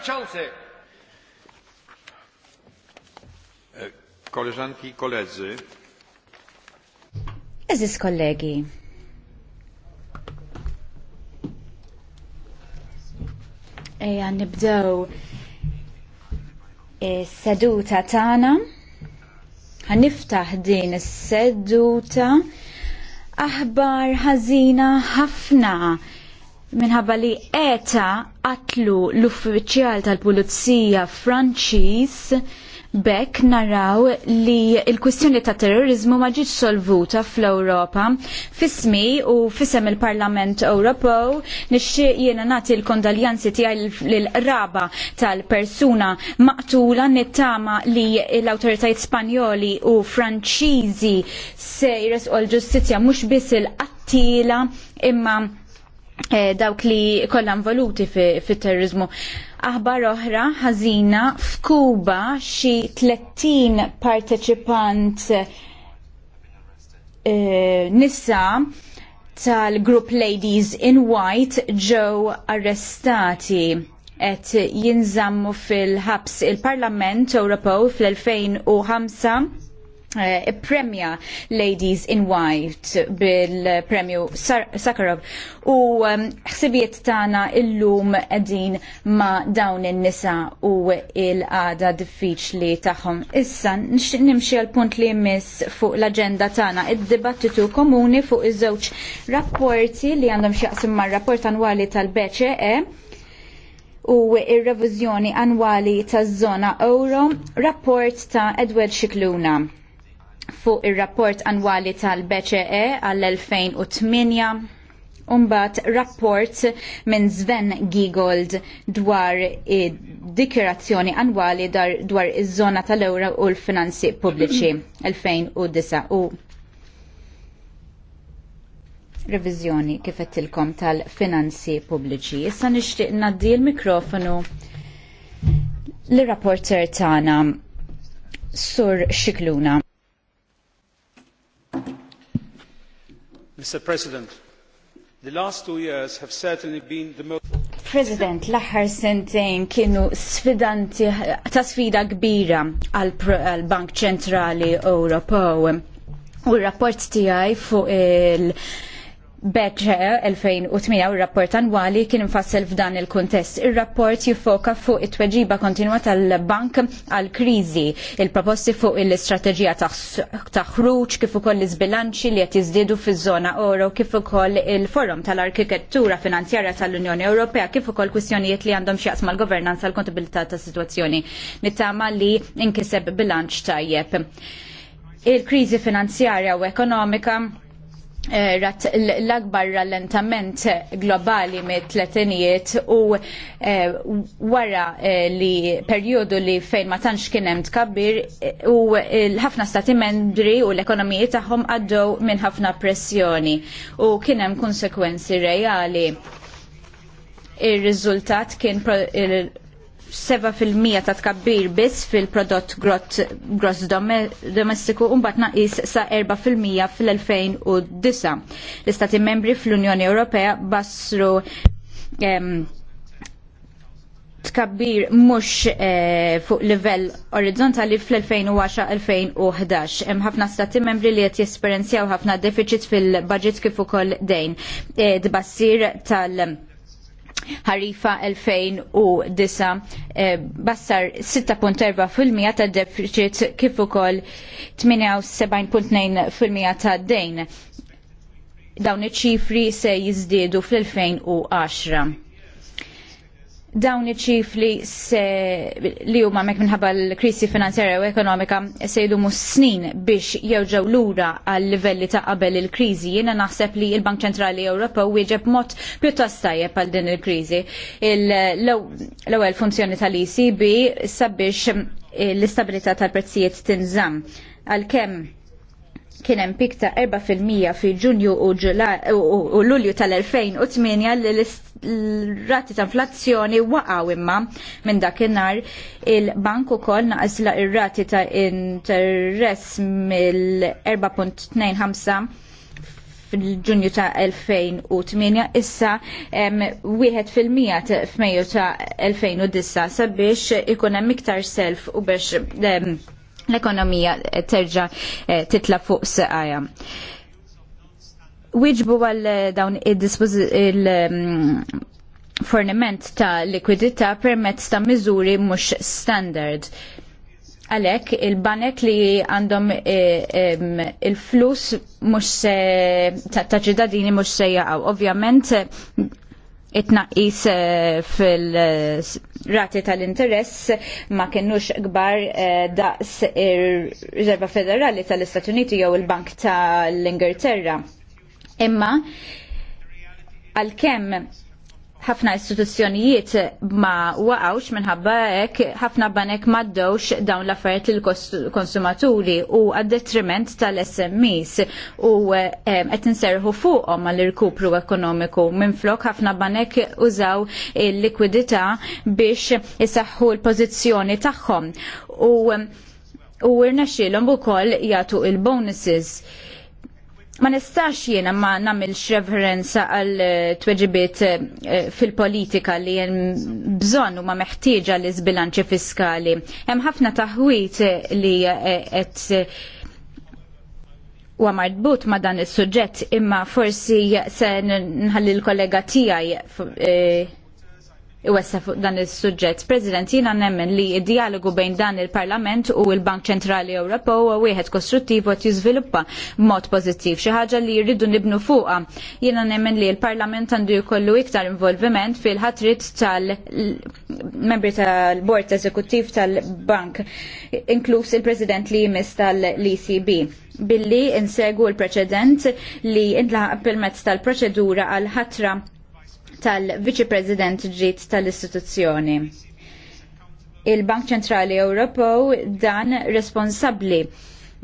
Przewodniczący! E, koleżanki i koledzy. Eżis kollegi. Eja nibdew e, seduta tana. Għaniftaħ din seduta aħbar ħażina ħafna minħabba li eta qatlu l-uffiċjal tal-pulizija Franċiż Bekk naraw li il-kwistjoni ta' terrorizmu ma ġietx solvuta fl-Ewropa. Fismi u fisem il-Parlament Ewropew nixtieq jiena nagħti l-kondaljanzi tiegħi lill-qraba tal-persuna maqtula nittama li l-awtoritajiet Spanjoli u Franċiżi se jresqu l-ġustizzja mhux biss il-qattila imma Eh, dawk li kollha involuti fit-terrorizmu. Aħbar oħra ħażina f'Kuba xi 30 parteċipant eh, nisa tal-grupp Ladies in White ġew arrestati et jinżammu fil-ħabs il-Parlament Ewropew fl-2005 Eh, premja Ladies in White bil-premju Sakharov u um, ħsibiet um, tagħna illum din ma dawn in-nisa u il-għada diffiċli tagħhom. Issa nixtieq nimxi għal punt li jmiss fuq l-aġenda tagħna id-dibattitu komuni fuq iż-żewġ rapporti li għandhom xieqsim mar-rapport annwali tal-BCE u ir revizjoni annwali taż-żona Euro, rapport ta' Edward Xikluna fuq ir-rapport annwali tal-BCE għall-2008 Umbat rapport minn Sven Giegold dwar id-dikjerazzjoni annwali dwar iż-żona tal-ewra u l-finanzi pubbliċi 2009 u revizjoni kif tal-finanzi pubbliċi. Issa nixtieq ngħaddi l-mikrofonu l-rapporter tagħna Sur Xikluna. Mr. President, the last two years have certainly been the most President, l-aħħar sentejn kienu sfidanti ta' sfida kbira għal Bank Ċentrali Ewropew. U r-rapport tiegħi fuq il- Beċe eh, 2008 u rapport annwali kien infassel f'dan il-kuntest. Il-rapport jifoka fuq it-tweġiba kontinua tal-bank għal-krizi, il-proposti fuq il-strategija ta' ħruġ kif ukoll l-izbilanċi li qed jiżdiedu fiż-żona Oro, kif ukoll il-forum tal-arkitettura finanzjarja tal-Unjoni Ewropea, kif ukoll kwistjonijiet li għandhom x'jaqs mal-governanza tal kontabilità tas-sitwazzjoni. Nittama li inkiseb bilanċ tajjeb. Il-krizi finanzjarja u ekonomika Eh, l-akbar rallentament globali me tletenijiet u eh, wara eh, li perjodu li fejn ma tantx kien hemm tkabbir u ħafna stati membri u l-ekonomiji tagħhom għaddew minn ħafna pressjoni u kien hemm konsekwenzi reali. Ir-riżultat kien 7% ta' tkabbir biss fil-prodott gross domestiku u mbagħad naqis sa' 4% fil-2009. L-Istati membri fl-Unjoni Ewropea basru tkabbir mhux eh, fuq livell orizzontali fl-2010-2011. Hemm ħafna stati membri li qed jesperenzjaw ħafna deficit fil-budget kif ukoll dejn. Eh, dbassir tal- ħarifa 2009 eh, bassar 6.4% ta' deficit kif ukoll 78.2% ta' dejn. Dawn iċ-ċifri se jiżdiedu fl-2010 dawn iċifli li huma mek minħabba l-krisi finanzjarja u ekonomika se jdumu snin biex jewġew lura għal livelli ta' qabel il-krizi. Jiena naħseb li l-Bank Ċentrali Ewropew wieġeb mod pjuttost tajjeb għal din il-krizi. L-ewwel funzjoni tal-ECB sabiex l-istabilità tal-prezzijiet tinżamm għalkemm kien hemm pikta 4% fi Ġunju u Lulju tal-2008 li l-rati ta' inflazzjoni waqgħu imma minn dakinhar il-bank ukoll naqasla ir-rati ta' interess mill-4.25 fil-ġunju ta' 2008 issa wieħed fil-mija f'Mejju ta' 2009 sabiex ikun hemm iktar self u biex l-ekonomija eh, terġa eh, titla fuq seqajja. Wieġbu għal eh, dawn il mm, forniment ta' likwidità permezz ta' miżuri mhux standard. Għalek, il-banek li għandhom il-flus mux ta' ċittadini mux sejjaqaw. Ovvjament, it-naqis eh, fil-rati tal-interess ma kienux gbar eh, daqs ir-Riserva Federali tal-Istati Uniti jew il-Bank tal-Ingilterra. Imma għal-kem ħafna istituzzjonijiet ma waqgħux minħabba hekk ħafna banek maddewx dawn l-affarijiet lill konsumaturi u għad-detriment tal-SMEs u eh, qed inserħu fuqhom għall irkupru ekonomiku minflok ħafna banek użaw il-likwidità biex isaħħu l-pożizzjoni tagħhom u u irnexxielhom ukoll jagħtu il-bonuses. il bonuses ma nistax jiena ma namil referenza għal eh, tweġibiet eh, fil-politika li jen bżonn u ma meħtieġa li zbilanċi fiskali. Hemm ħafna taħwit eh, li qed huwa marbut ma dan is-suġġett imma forsi se nħalli l-kollega tiegħi iwessa fuq dan is-suġġett. President, jiena nemmen li d-dialogu bejn dan il-Parlament u l-Bank Ċentrali Ewropew huwa wieħed kostruttiv u qed jiżviluppa b'mod pożittiv. Xi ħaġa li jridu nibnu fuqha. Jiena nemmen li l-Parlament għandu jkollu iktar involviment fil-ħatrit tal-membri tal-Bord Eżekuttiv tal-Bank, inkluż il-President li jmiss tal-ECB billi insegu l-preċedent li intlaħaq permezz tal-proċedura għal ħatra tal-Viċi President ġit tal-istituzzjoni. Il-Bank Ċentrali Ewropew dan responsabbli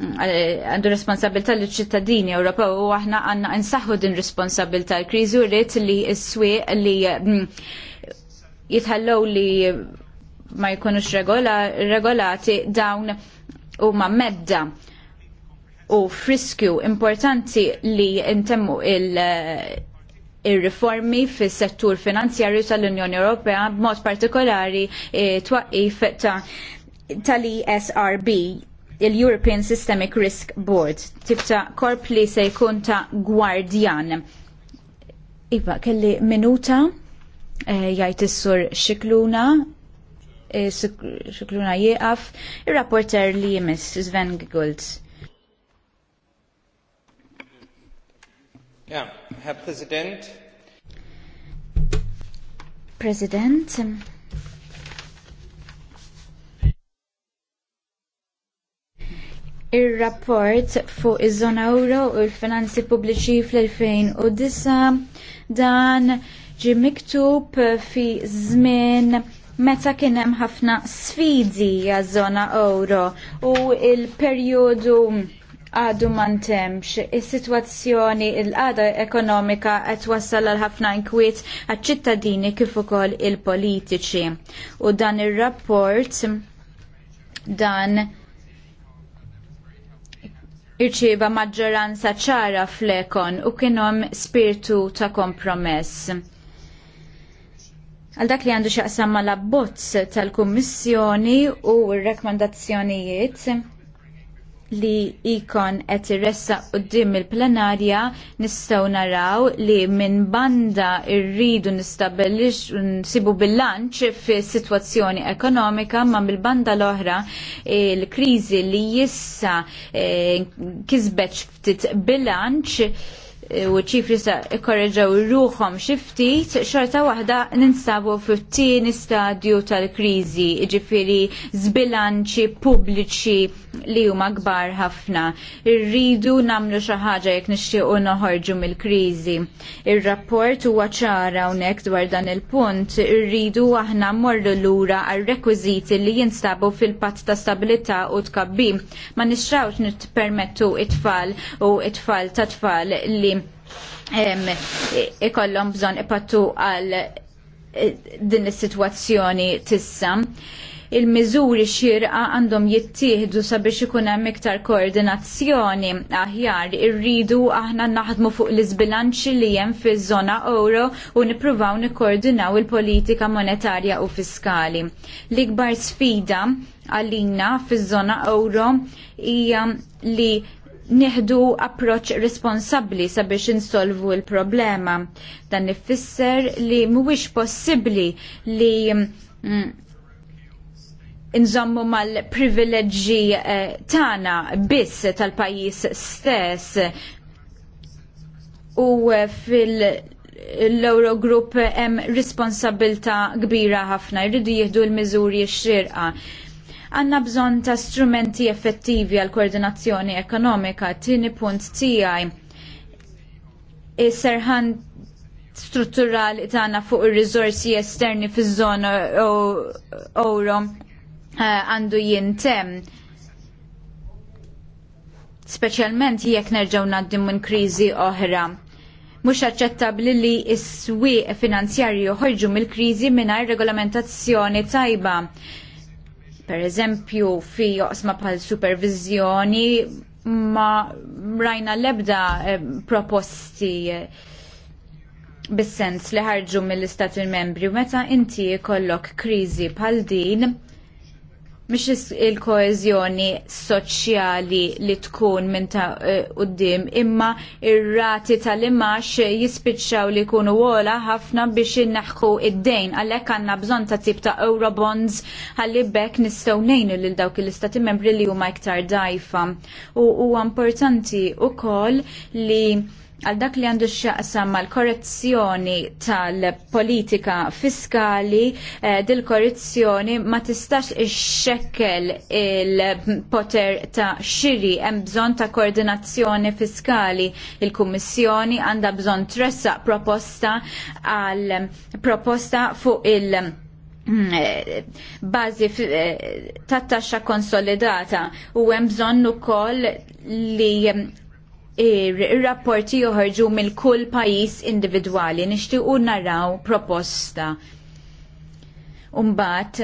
għandu responsabilità li ċittadini Ewropew u aħna għanna nsaħħu din responsabilità l-kriżi u rrit li s-swieq li mm, jitħallow li ma jkunux regolati dawn u ma medda u friskju importanti li intemmu il- ir-riformi fis settur finanzjarju tal-Unjoni Ewropea b'mod partikolari eh, twaqqif ta' tal-ESRB il-European Systemic Risk Board, tibta korp li se jkun ta' gwardjan. Iva, kelli minuta eh, jgħid is-sur Xikluna, eh, Xikluna jieqaf, ir-rapporter li jmiss Sven Gigult. Yeah. Herr Präsident. President. Ir-rapport fuq iż-żona euro u l-finanzi pubbliċi fl-2009 dan ġi miktub fi żmien meta kien hemm ħafna sfidi għaż-żona euro u l-perjodu għadu mantemx. Is-sitwazzjoni il għada ekonomika qed wassal għal ħafna inkwiet għaċ-ċittadini kif ukoll il-politiċi. U dan ir-rapport dan irċieva maġġoranza ċara flekon u kienhom spiritu ta' kompromess. Għal dak li għandu xaqsam mal bozz tal-Kummissjoni u r-rekomandazzjonijiet li ikon qed irressa qudiem il-plenarja nistgħu naraw li minn banda rridu nistabilix nsibu bilanċ fis-sitwazzjoni ekonomika ma mill-banda l-oħra il-kriżi eh, li jissa eh, kisbet ftit bilanċ u ċifri sa ikkorreġaw ruħom xiftit, xorta waħda ninsabu fit-tieni stadju tal-kriżi, ġifiri zbilanċi pubbliċi li huma kbar ħafna. Irridu namlu xi ħaġa jekk nixtiequ noħorġu mill-kriżi. Ir-rapport huwa ċara hawnhekk dwar dan il-punt, irridu aħna morru lura għar-rekwiżiti li jinstabu fil-patt ta' stabilità u tkabbim. Ma nixtrawx nitpermettu it-tfal u it-tfal ta' tfal li ikollhom bżonn ipattu għal eh, din is-sitwazzjoni tissa il-miżuri xirqa għandhom jittieħdu sabiex ikun hemm iktar koordinazzjoni aħjar irridu aħna naħdmu fuq l-iżbilanċi li hemm fiż-żona euro u nippruvaw nikkoordinaw il-politika monetarja u fiskali. L-ikbar sfida għalina fiż-żona euro hija li nieħdu approċ responsabbli sabiex insolvu l-problema. Dan ifisser li mhuwiex possibbli li mm, inżommu mal-privileġġi eh, tagħna biss tal-pajjiż stess u eh, fil- l eurogrupp hemm responsabilta kbira ħafna, jridu jieħdu l-miżuri x-xirqa għandna bżonn ta' strumenti effettivi għal koordinazzjoni ekonomika. Tieni punt tiegħi is-serħan strutturali tagħna fuq ir-riżorsi esterni fiż-żona euro eh, għandu jintemm speċjalment jekk nerġgħu ngħaddi minn kriżi oħra. Mhux aċċettabbli li s-swieq finanzjarji joħorġu mill-kriżi mingħajr regolamentazzjoni tajba. Per eżempju, fi joqsma bħal supervizjoni ma rajna l-ebda eh, proposti eh, bis-sens li ħarġu mill-istati membri meta inti kollok kriżi bħal din mhix il koezjoni soċjali li tkun minn ta' eh, quddiem, imma ir-rati tal-imax jispiċċaw li jkunu wola ħafna biex inneħħu id-dejn għalhekk għandna bżonn ta' tip ta' Eurobonds ħalli bekk nistgħu ngħinu lil dawk l-istati membri li huma iktar dajfa. U huwa importanti wkoll li għal dak li għandu xaqsam mal korrezzjoni tal-politika fiskali, eh, dil-korrezzjoni ma tistax xekkel il-poter ta' xiri, hemm bżon ta' koordinazzjoni fiskali. Il-Kummissjoni għandha bżon tressa proposta għal proposta fuq il- mm, bazi eh, ta' taxxa konsolidata u hemm bżonn ukoll li ir-rapporti joħorġu mill kull pajjiż individwali nixtiequ naraw proposta. Umbat,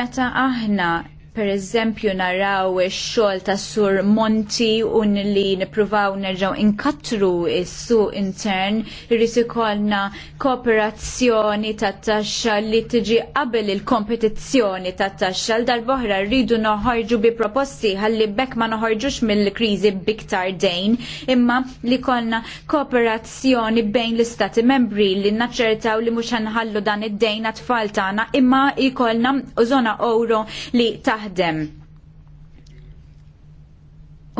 meta aħna per eżempju naraw xol ta' sur Monti un li nipruvaw nerġaw inkatru issu intern irrit ikollna kooperazzjoni ta' taxxa li tiġi qabel il-kompetizzjoni ta' taxxa l darboħra rridu noħorġu bi proposti ħalli bekk ma noħorġux mill-kriżi biktar dejn imma li kollna kooperazzjoni bejn l-istati membri li naċċertaw li mhux ħanħallu dan id-dejn għat-tfal tagħna imma jkollna żona euro li ta' taħdem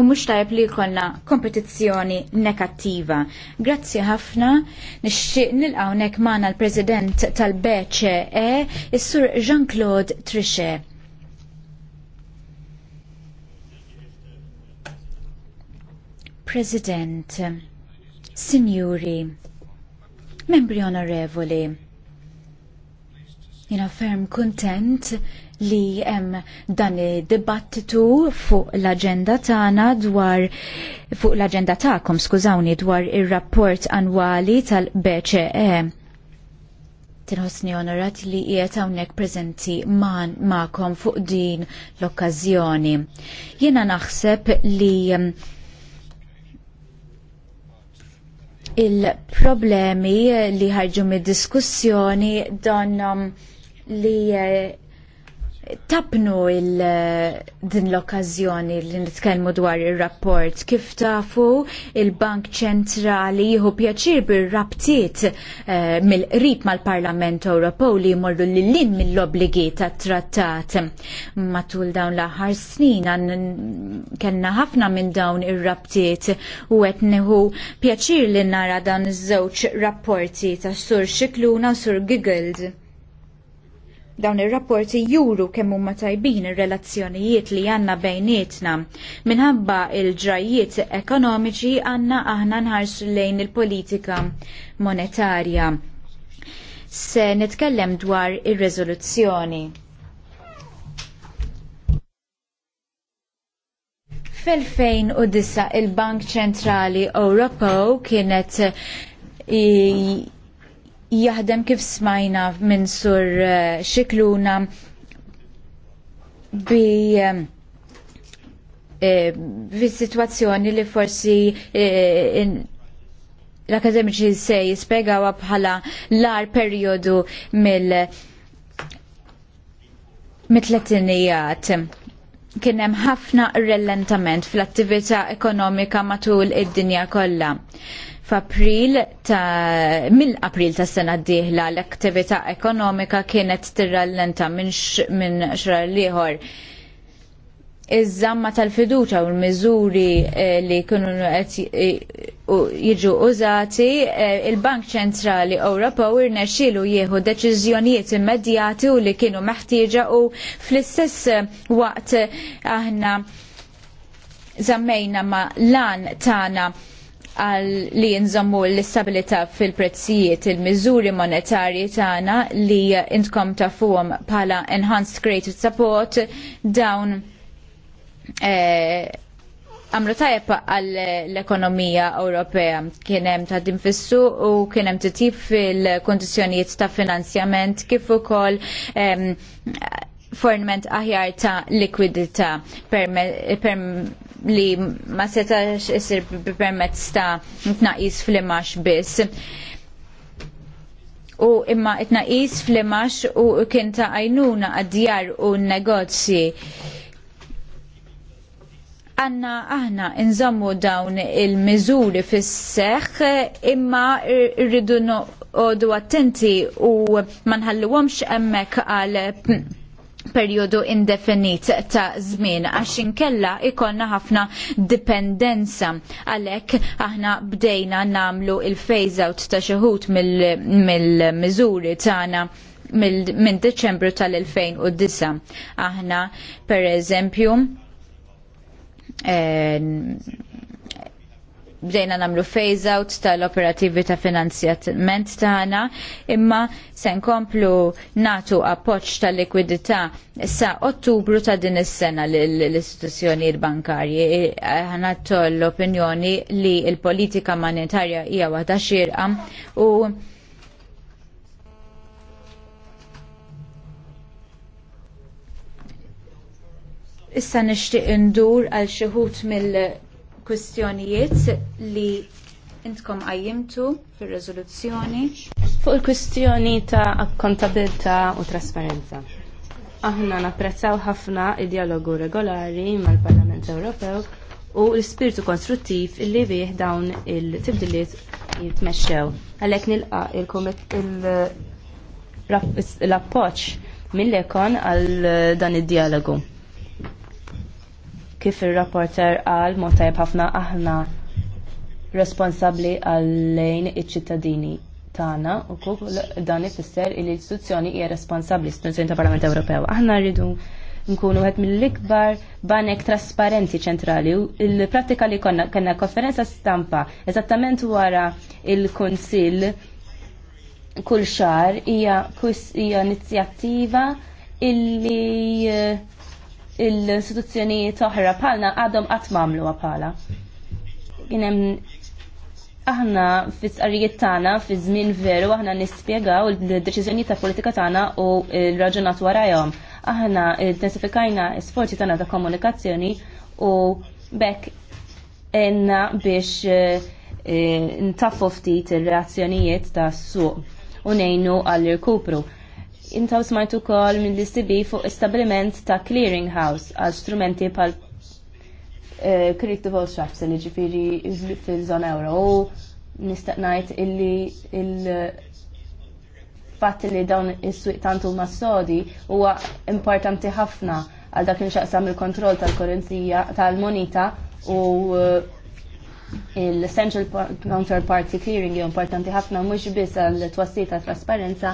U mhux tajb li jkollna kompetizzjoni nekattiva. Grazzi ħafna, nixtieq nilqaw nek magħna l-President tal-BCE, is-Sur Jean-Claude Trichet. President, Signori, Membri Onorevoli, jina ferm kontent li hemm dan dibattitu fuq l agenda tagħna dwar fuq l-aġenda tagħkom skużawni dwar ir-rapport annwali tal-BCE. Tinħossni onorat li qiegħed hawnhekk preżenti magħkom fuq din l-okkażjoni. Jiena naħseb li um, il-problemi li ħarġu mid-diskussjoni dan um, li uh, tapnu eh, din l-okkazjoni li nitkellmu dwar ir-rapport kif tafu il-Bank Ċentrali jieħu pjaċir bir-rabtiet eh, mill-qrib mal-Parlament Ewropew li jmorru lil lin mill-obligi tat-trattat. Matul dawn l-aħħar snin kellna ħafna minn dawn ir-rabtiet u qed neħu pjaċir li nara dan iż-żewġ rapporti ta' Sur Xikluna u Sur Giggled Dawn ir-rapporti juru kemm huma tajbin ir-relazzjonijiet li għandna bejnietna. Minħabba il-ġrajiet ekonomiċi għandna aħna nħarsu lejn il-politika monetarja. Se nitkellem dwar ir rezoluzzjoni Fil-2009 il-Bank Ċentrali Ewropew kienet jaħdem kif smajna minn sur eh, xikluna bi fi eh, eh, situazzjoni li forsi l-akademiċi se jispiegawa bħala l-ar periodu mill mitletinijat kien hemm ħafna rellentament fl-attività ekonomika matul id-dinja kollha f'April ta' mill-April ta' sena d-dieħla l-aktività ekonomika kienet tirrallenta minn min xrar liħor. Iż-żamma tal-fiduċa u l-miżuri eh, li kienu qed eh, jiġu użati, eh, il-Bank Ċentrali Ewropew irnexxielu jieħu deċiżjonijiet immedjati u li kienu meħtieġa u fl-istess waqt aħna zammejna ma lan tagħna għal li nżommu l istabilita fil-prezzijiet il-miżuri monetarji tagħna li intkom tafuhom bħala enhanced creative support dawn eh, għamlu e, tajab għal l-ekonomija Ewropea kienem ta' dinfissu u kienem titib fil-kondizjonijiet ta' finanzjament kif ukoll e, fornment aħjar ta' likwidità permezz li ma setax isir permezz ta' tnaqis fl-imax biss. U imma tnaqis fl-imax u kien ta' għajnuna għad-djar u negozji għanna aħna nżommu dawn il-mizuri fis seħħ imma rridu noqogħdu attenti u ma nħalluhomx hemmhekk għal periodu indefinit ta' żmien għax inkella ikonna ħafna dipendenza għalhekk aħna bdejna namlu il-phase out ta' xi mill-miżuri mil tagħna minn Deċembru tal-2009. Aħna per eżempju eh, bdejna namlu phase out tal-operativi ta' finanzjament tagħna, imma se nkomplu natu appoġġ tal-likwidità sa' Ottubru ta' din is-sena l-istituzzjonijiet bankarji. E, Ħanattu l-opinjoni li l-politika monetarja hija waħda xierqa u issa nixtieq indur għal xi mill- kwistjonijiet li intkom għajjimtu fil-rezoluzzjoni fuq il-kwistjoni ta' kontabilta u trasparenza. Aħna napprezzaw ħafna id-dialogu regolari mal-Parlament Ewropew u l spirtu konstruttiv illi bih dawn il-tibdiliet jitmexxew. Għalhekk nilqa' il-appoġġ mill-ekon għal dan id-dialogu. Kif ir-rapporter qal mod ħafna aħna responsabbli lejn iċ-ċittadini tagħna u kull dan ifisser li l-istituzzjoni hija responsabbli istituzzjoni ta' Parlament Ewropew. Aħna rridu nkunu għed mill-ikbar banek trasparenti ċentrali. Il-pratika li konna, kena konferenza stampa, eżattament wara il kunsill kull xar, hija inizjattiva illi eh, l-istituzzjonijiet oħra palna għadhom qatt għapala. bħala. Kien hemm aħna fis-qarijiet tagħna fi żmien veru aħna nispjegaw il-deċiżjoni ta' politika tagħna u l-raġunat warajom. Aħna intensifikajna sforzi tagħna ta' komunikazzjoni u bekk enna biex eh, ntaffu ftit ir-reazzjonijiet ta' suq u nejnu għall-irkupru intaw smajtu kol minn l istibi fuq establiment ta' clearing house għal strumenti pal Crypto xafs li ġifiri fil-zona euro u nistaqnajt illi il- fatt li dawn is swiq tantu ma' sodi huwa importanti ħafna għal dak li xaqsam il-kontroll tal-korenzija tal-monita u eh, Il-Central Counterparty Clearing ju importanti ħafna mhux biss għal twassi ta' trasparenza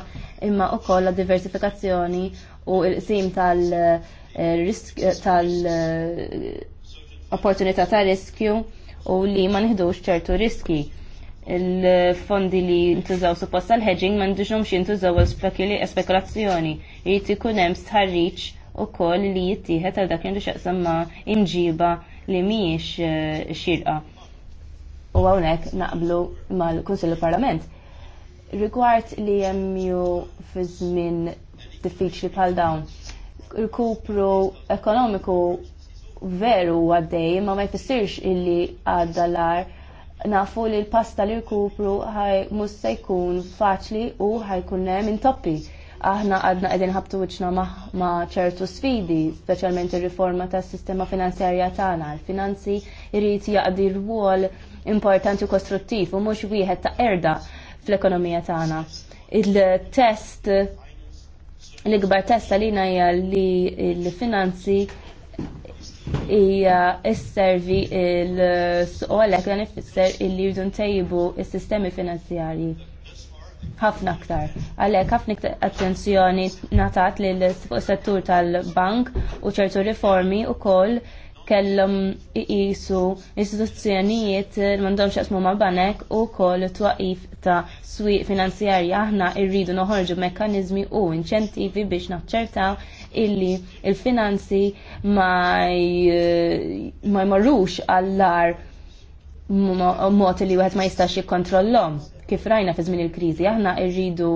imma wkoll għad diversifikazzjoni u l-qsim tal-risk tal-opportunità ta' riskju u li ma nħidux ċertu riski il-fondi li ntużaw suppost tal-hedging m'għandux jintużaw l-spekulazzjoni. Jrid ikun hemm stħarriġ u koll li jittieħed għal dak li xaqsam ma' imġiba li miex eh, xirqa u għawnek naqblu mal-Kunsillu Parlament. Rigward li jemmju fi żmien diffiċli bħal dawn, il-kupru ekonomiku veru għaddej, ma ma jfissirx illi għadda l-ar nafu li l-pasta li l-kupru ħaj musta jkun faċli u ħajkun hemm intoppi. Aħna għadna qegħdin ħabtu wiċċna ma' ċertu sfidi, speċjalment ir-riforma tas-sistema finanzjarja tagħna. Il-finanzi jrid jaqdi rwol importanti u kostruttiv u mhux wieħed ta' erda fl-ekonomija tagħna. Il-test l-ikbar test għalina hija li l-finanzi hija isservi l-suq għalhekk dan ifisser illi jridu ntejbu s-sistemi finanzjarji ħafna aktar. Għalhekk ħafna attenzjoni natat lill settur tal-bank u ċertu riformi wkoll kellhom iqisu istituzzjonijiet li m'għandhomx jaqsmu ma' banek u wkoll twaqif ta' swieq finanzjarji aħna rridu noħorġu mekkaniżmi u inċentivi biex naċċertaw illi il-finanzi ma jmorrux għallar mod li wieħed ma jistax jikkontrollhom kif rajna fi żmien il-kriżi aħna rridu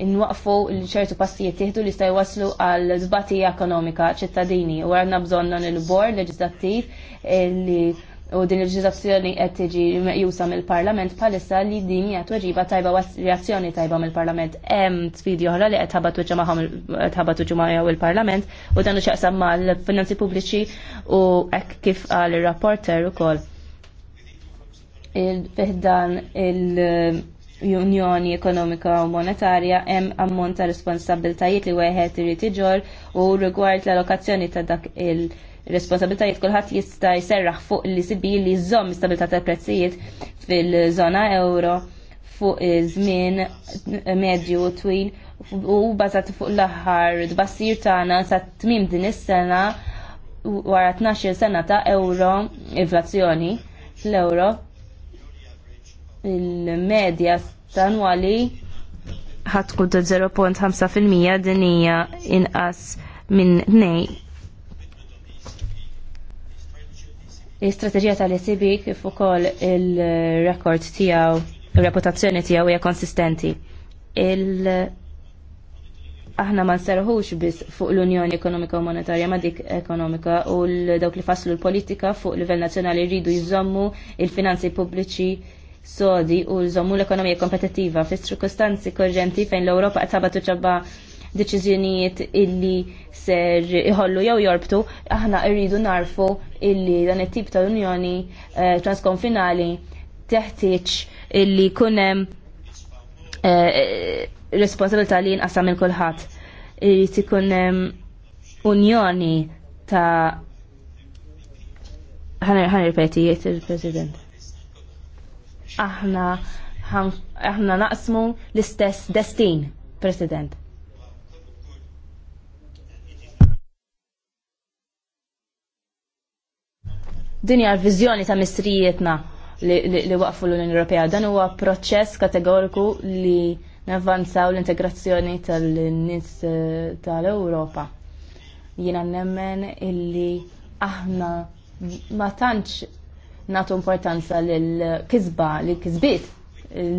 inwaqfu l ċertu passijiet tieħdu li sta' jwaslu għal zbati ekonomika ċittadini u għanna bżonna l-bord leġislattiv eh, li u din il-ġizazzjoni qed tiġi meqjusa mill-Parlament bħalissa li din hija tweġiba tajba reazzjoni tajba mill-Parlament. Hemm sfidi oħra li qed ħabat wiċċa magħhom ħabat il-Parlament u dan xaqsam mal-finanzi pubbliċi u hekk kif qal ir-rapporter ukoll. Il-fihdan il-, il Unjoni Ekonomika u Monetarja hemm ammont ta' responsabiltajiet li wieħed irid iġor u rigward l-allokazzjoni ta' dak il- responsabiltajiet kulħadd jista' jserraħ fuq li sibi li jżomm stabilità tal prezzijiet fil-żona euro fuq żmien medju u twil u bażat fuq l-aħħar tbassir tagħna sa tmiem din is-sena wara 12 sena ta' euro inflazzjoni fl-euro il-medja tanwali ħatku da 0.5% din hija inqas minn nej. l strategija tal-ECB kif ukoll il-rekord tiegħu, il reputazzjoni tiegħu hija konsistenti. Il aħna ma nserħux biss fuq l-Unjoni Ekonomika u Monetarja ma dik ekonomika u dawk li faslu l-politika fuq livell nazzjonali jridu jżommu il-finanzi pubbliċi sodi u l-żommu l-ekonomija kompetittiva fi sirkustanzi korġenti fejn l-Ewropa qed tabatu ċabba deċiżjonijiet illi ser iħollu jew jorbtu, aħna rridu narfu illi dan it-tip ta' unjoni eh, transkonfinali teħtieġ illi hemm eh, responsabilità li jinqasam il kulħadd Irid ikun hemm unjoni ta' ħan ripeti jgħid il-President aħna aħna naqsmu l-istess destin, President. Dinja l-vizjoni ta' mistrijietna li, li, li waqfu l-Unjoni Ewropea. Dan huwa proċess kategoriku li navvanzaw l-integrazzjoni tal-nis eh, tal-Ewropa. Jiena nemmen illi aħna ma tantx natu importanza l-kizba, l-kizbit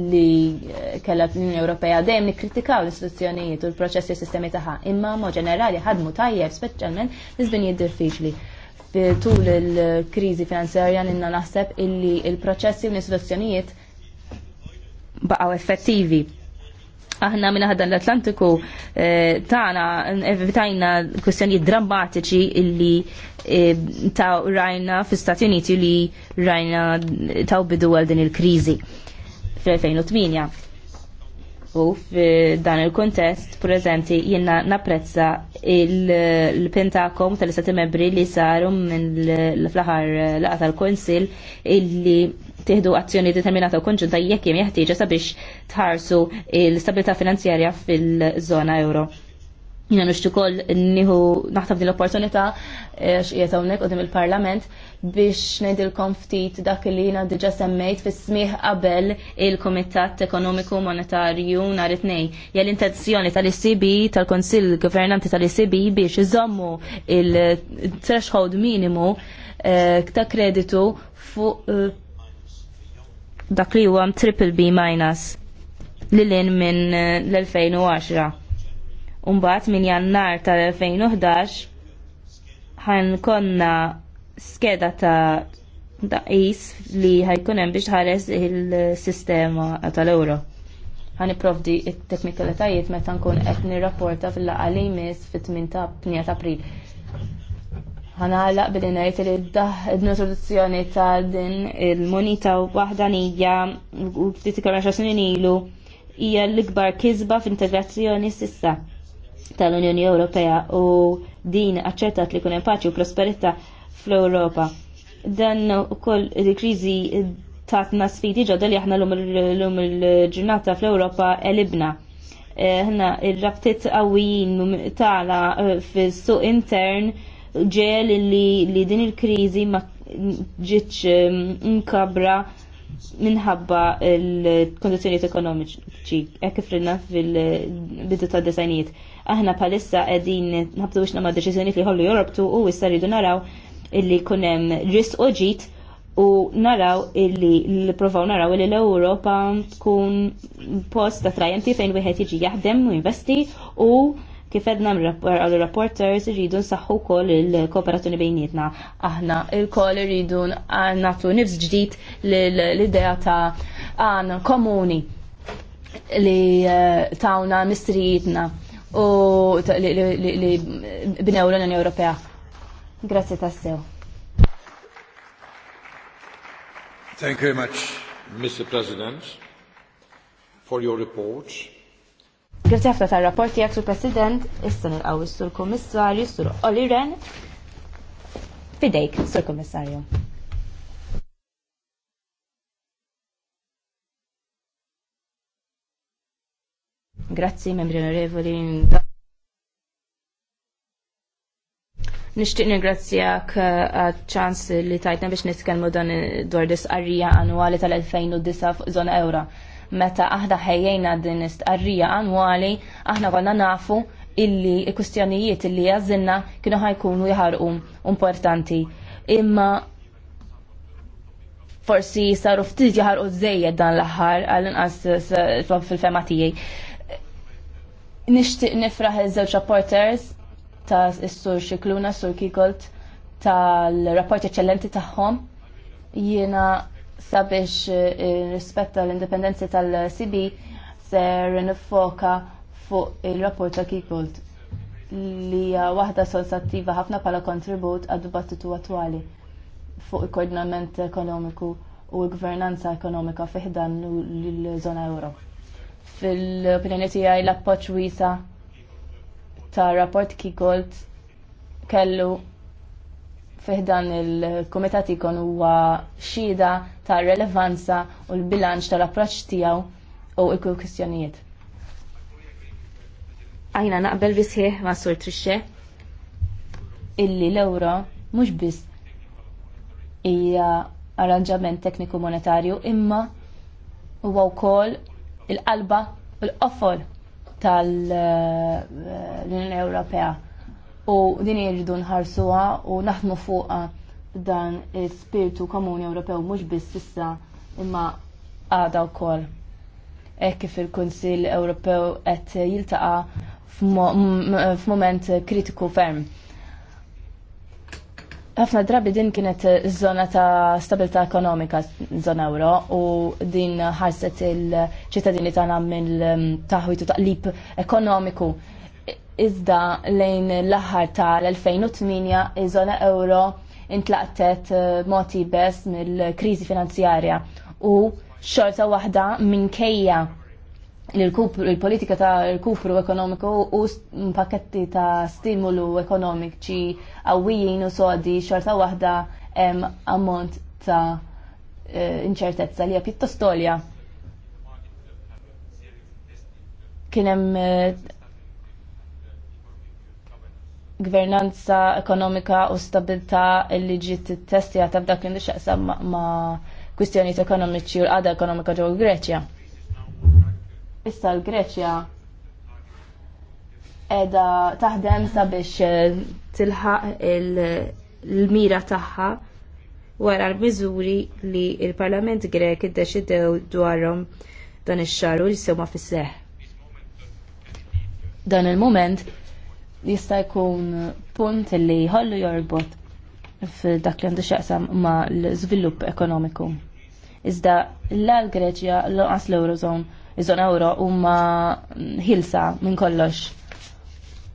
li eh, kellha l-Unjoni Ewropea dejjem nikkritikaw l-istituzzjonijiet u l-proċessi sistemi tagħha, imma mod ġenerali ħadmu tajjeb speċjalment l-iżbinijiet diffiċli. Tul il-kriżi finanzjarja ninna naħseb illi il-proċessi u l-istituzzjonijiet baqgħu effettivi aħna minna ħadan l-Atlantiku eh, tagħna evitajna kwestjonijiet drammatiċi illi eh, ta' rajna fl-Stati Uniti li rajna ta' bidu għal din il-kriżi fl-2008. U f'dan il-kontest eżempju, jenna napprezza il-pentakom tal-istati membri li saru minn l-flaħar laqa tal-Konsil illi tieħdu azzjoni determinata u konġunta jekk hemm jeħtieġa sabiex tħarsu l-istabilità finanzjarja fil-żona euro. Jina nixtu kol nieħu naħtab din l-opportunità eh, x'qiegħed hawnhekk qudiem il-Parlament biex ngħidilkom ftit dak li jiena diġà semmejt fis-smieħ qabel il-Kumitat Ekonomiku Monetarju nhar it-tnejn. Hija l-intenzjoni tal icb tal konsil Governanti tal icb biex iżommu il-threshold minimu eh, ta' kreditu fuq eh, dak li huwa triple B minus li lin minn eh, l-2010. Umbat minn jannar tal-2011 ħan konna skeda ta' daqis li ħajkun hemm biex ħares il-sistema tal-euro. Għan iprovdi il teknikalitajiet meta nkun qed nirrapporta fil-laqgħa li jmiss fit-8 ta' 8 April ħanaqlaq billi ngħid li d-introduzzjoni ta' din il-monita nija u ftit ikkommerċa snin ilu hija l-ikbar kisba f'integrazzjoni sissa tal-Unjoni Ewropea u din aċċettat li kunem hemm paċi u prosperità fl-Ewropa. Dan ukoll il-kriżi tatna sfidi ġodda li aħna l-lum il-ġurnata fl-Ewropa elibna. Eh, ħna ir-rabtiet qawwijin tagħna eh, fis-suq intern ġel li, li din il-krizi ma ġietx nkabra um, minħabba l-kondizjoniet ekonomiċi, ekk frinna fil-bidu ta' desajnijiet Aħna palissa qegħdin nabdu biex nama deċizjoniet li ħollu jorobtu u issa rridu naraw illi kunem ġis oġit u naraw illi l-provaw naraw illi l-Europa tkun post ta' trajenti fejn wieħed jiġi jaħdem u investi u Kif edna għal rapporters rridu nsaħħu wkoll il-kooperazzjoni bejnietna. Aħna il-koll rridu nagħtu nifs ġdid l-idea ta' għan komuni li eh, tawna mistrijietna u li bnew l-Unjoni Ewropea. Grazzi tassew. Thank you very much, Mr. President, for your report. Grazie ħafna ta' rapporti għak sur President, issa nilqaw sur Komissarju, sur Oliren. Fidejk, sur Komissarju. Grazzi, membri onorevoli. Nishtiq ningrazzjak uh, għad-ċans li tajtna biex nitkellmu dan eh, dwar disqarrija annwali tal-2009 fuq zona ewra meta aħna ħejjejna din istqarrija annwali aħna konna nafu illi il kustjonijiet illi jazzinna kienu ħajkunu jħarqu importanti. Imma forsi saru ftit jħarqu żejjed dan l-aħħar għall-inqas fil-fema tiegħi. Nixtieq nifraħ iż-żewġ rapporters ta' s-sur Xikluna, s-sur Kikolt tal-rapport eċċellenti tagħhom. Jiena sabiex eh, eh, rispetta l-indipendenzi tal-CB ser nifoka fuq il-rapport ta' Kikult li waħda solsattiva ħafna bħala kontribut għad dibattitu attwali fuq il-koordinament ekonomiku u l-gvernanza ekonomika fiħdan l-żona euro. Fil-opinjoni tiegħi l-appoġġ wiesa ta' rapport Kikult kellu fiħdan il-Komitat ikon huwa xhieda ta' relevanza u l-bilanċ tal-approċċ tiegħu u ikul kwistjonijiet. Ajna naqbel bisħieħ ma' Sur Trixxe illi l-euro mhux biss hija arranġament tekniku monetarju imma huwa wkoll il-qalba u l-qofol tal-Unjoni Ewropea u din irridu nħarsuha u naħdmu fuqha dan il-spiritu komuni Ewropew mhux biss issa imma għada wkoll. Hekk kif il-Kunsill Ewropew qed jiltaqa' f'moment kritiku ferm. Ħafna drabi din kienet zona ta' stabilta ekonomika zona euro u din ħarset il-ċittadini tagħna mill taħwitu ta' taqlib ekonomiku iżda lejn l-aħħar tal-2008 iż-żona euro intlaqtet eh, moti bes mill-kriżi finanzjarja u xorta waħda minkejja l-politika ta' kupru ekonomiku u pakketti ta' stimulu ekonomiċi għawijin u sodi xorta waħda ammont ta' eh, inċertezza li hija pjuttost tolja. Kien hemm eh, gvernanza ekonomika u stabilta li ġiet testijata f'dak li xaqsam ma' kwistjonijiet ekonomiċi u l għada ekonomika ġewwa Greċja. Issa l-Greċja edha taħdem sabiex eh, tilħaq il-mira tagħha wara l-miżuri li l parlament Grek iddeċidew dwarhom dan ix-xahar u jissewma fis-seħħ. Dan il-moment jista' jkun punt li jħollu jorbot f'dak li għandu xaqsam ma l-żvilupp ekonomiku. Iżda l-Greċja l-qas l-Eurozone, iżon żona euro huma ħilsa minn kollox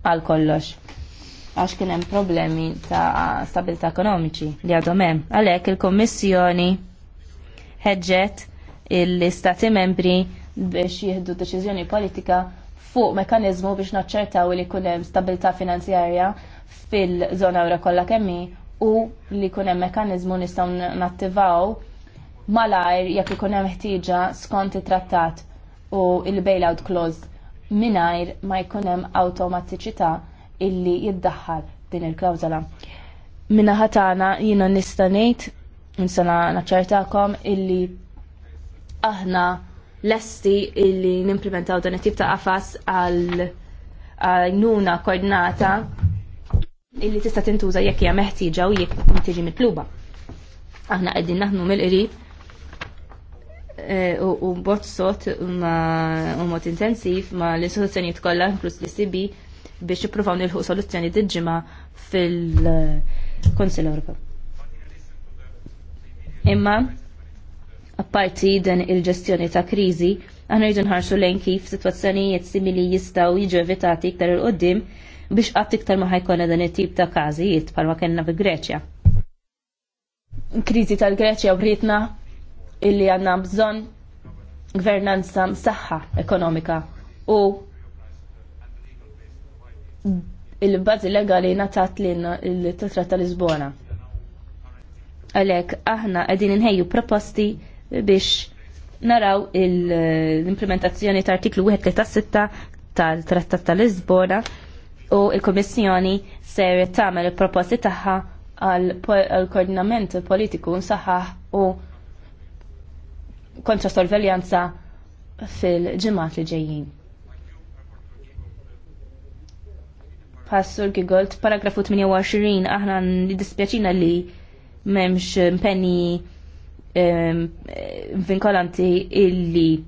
għal kollox għax kien hemm problemi ta' stabilità ekonomiċi li għadhom hemm. Għalhekk il-Kommissjoni ħeġġet l istati membri biex jieħdu deċiżjoni politika fuq mekanizmu biex naċċertaw li kunem stabilta finanzjarja fil-zona ura kollha kemmi u li kunem mekanizmu nistgħu nattivaw malajr jekk ikun hemm ħtieġa skont it-trattat u il-bailout clause mingħajr ma jkun hemm awtomatiċità illi jiddaħħal din il klawzala Minna ħatana jiena nista' ngħid, nista' naċċertakom illi aħna lesti li nimplementaw dan it-tip ta' qafas għal nuna koordinata illi tista' tintuża jekk hija meħtieġa u jekk tiġi mitluba. Aħna qegħdin naħnu mill-qrib eh, u bot sot u mod intensiv ma l-istituzzjonijiet kollha inkluż l-ICB biex jippruvaw nilħu soluzzjoni diġima fil-Konsil eh, Ewropew. Imma Apparti dan il-ġestjoni ta' kriżi, aħna rridu nħarsu lejn kif sitwazzjonijiet simili jistgħu jiġu evitati iktar il qoddim biex qatt iktar ma ħajkonna dan it-tip ta' każijiet bħalma kellna bi Greċja. Kriżi tal-Greċja britna illi għandna bżonn gvernanza msaħħa ekonomika u il-bazi legali natat li il-titrat tal-Lisbona. Għalek, aħna għedin nħejju proposti biex naraw l-implementazzjoni ta' artiklu 136 tal-Trattat tal-Lisbona u il-Komissjoni ser tagħmel il-proposti tagħha għal koordinament politiku nsaħħaħ u kontra sorveljanza fil-ġimgħat li ġejjin. Passur Gigolt, paragrafu 28, aħna dispjaċina li memx impenni vinkolanti illi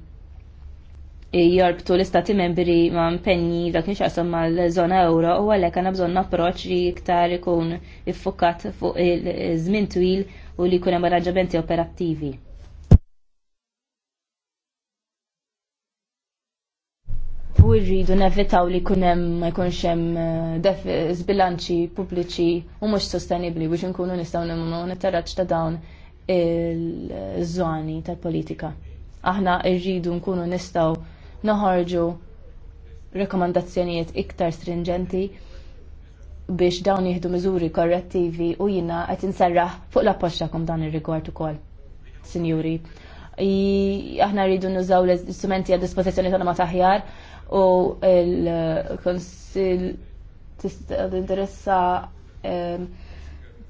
jorbtu l-istati membri ma' impenni dak nxaqsam ma' l-zona euro u għalek għana bżon approċ li iktar ikun iffukat fuq il-żmien twil u li jkun hemm arranġamenti operattivi. U rridu nevitaw li jkun hemm ma jkunx hemm eh, eh, zbilanċi pubbliċi u mhux sostenibbli biex inkunu nistgħu nimmu ta' dawn il-żoni tal-politika. Aħna rridu nkunu nistgħu noħorġu rekomandazzjonijiet iktar stringenti biex dawn jieħdu miżuri korrettivi u jina qed nserraħ fuq l-appoġġ tagħkom dan ir-rigward ukoll. Sinjuri, aħna rridu nużaw l-istrumenti għad dispożizzjoni tal ma taħjar u l-Konsil interessa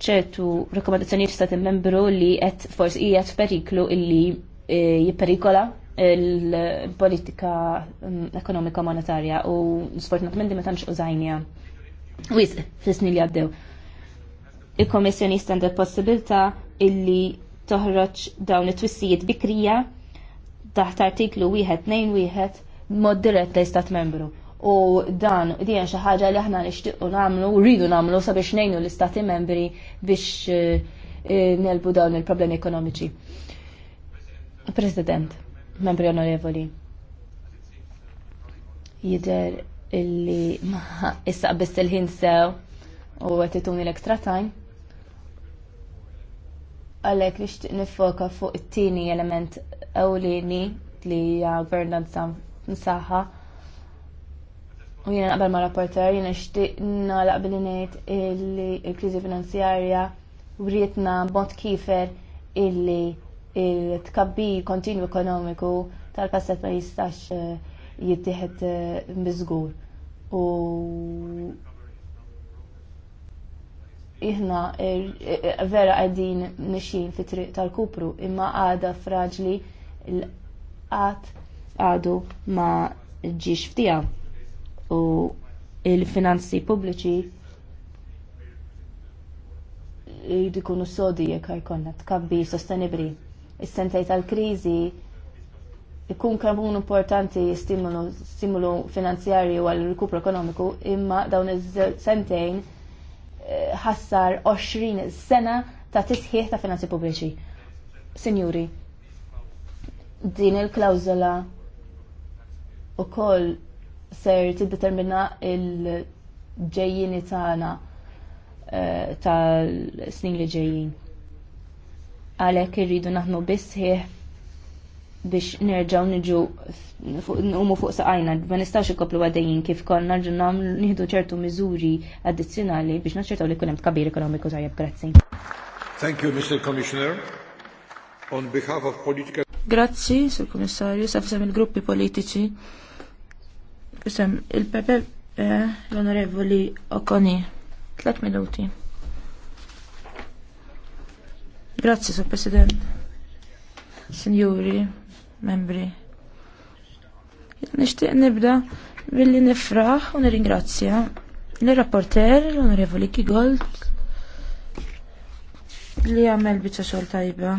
ċertu rekomendazzjonijiet stati membru li qed forsi hija f'periklu illi e, jipperikola il-politika mm, ekonomika monetarja u sfortunatament ma tantx użajnija. Wis fis-snin li għaddew. Il-Kommissjoni standard possibilità illi toħroġ dawn it-twissijiet bikrija taħt artiklu wieħed nejn wieħed mod dirett l-Istat membru u dan di xi ħaġa li aħna nixtiequ nagħmlu u rridu nagħmlu sabiex ngħinu l-istati membri biex eh, eh, nelbu dawn il-problemi ekonomiċi. President, membri onorevoli, jider illi ma issa biss il-ħin sew u għetituni l-extra time. Għalek li nifoka fuq it-tini element ewlieni li hija governanza nsaħħa U jena naqbel ma' rapporter, jena xtiq nalaq billi ngħid illi l-kriżi finanzjarja wrietna b'mod kifer illi il-tkabbi kontinu ekonomiku tal-kasset ma jistax eh, jittieħed eh, mbizgur. U jihna eh, vera għadin nixin fit triq tal-kupru imma għada fraġli l-għat għadu ma ġiex ftijaw u il-finanzi pubbliċi jridu jkunu sodi jekk jkollna tkabbi sostenibbli. Is-sentej tal-kriżi ikun kemm importanti stimulu, finanzjari finanzjarju għal rikupru ekonomiku imma dawn iż-sentejn eh, ħassar 20 sena ta' tisħiħ ta' finanzi pubbliċi. Sinjuri, din il-klawzola u koll ser tiddetermina il-ġejjini tagħna eh, tal-snin li ġejjin. Għalhekk irridu naħnu ħieħ biex nerġgħu niġu umu fuq saqajna, ma nistax ikoplu għadejjin kif konna ġunnam nieħdu ċertu miżuri addizzjonali biex naċċertaw li hemm kabir ekonomiku tajjeb, grazzi. Thank you, Mr. Commissioner. On behalf of political... Grazzi, Sir Commissario, sa' il-gruppi politiċi. Isem, il-Pepe eh, l-Onorevoli Okoni, tlet minuti. Grazie, Sir President. Signori, membri. Nishtiq nibda billi nifraħ u nirringrazzja l-rapporter, l-Onorevoli Kigold, li għamel bieċa xol tajba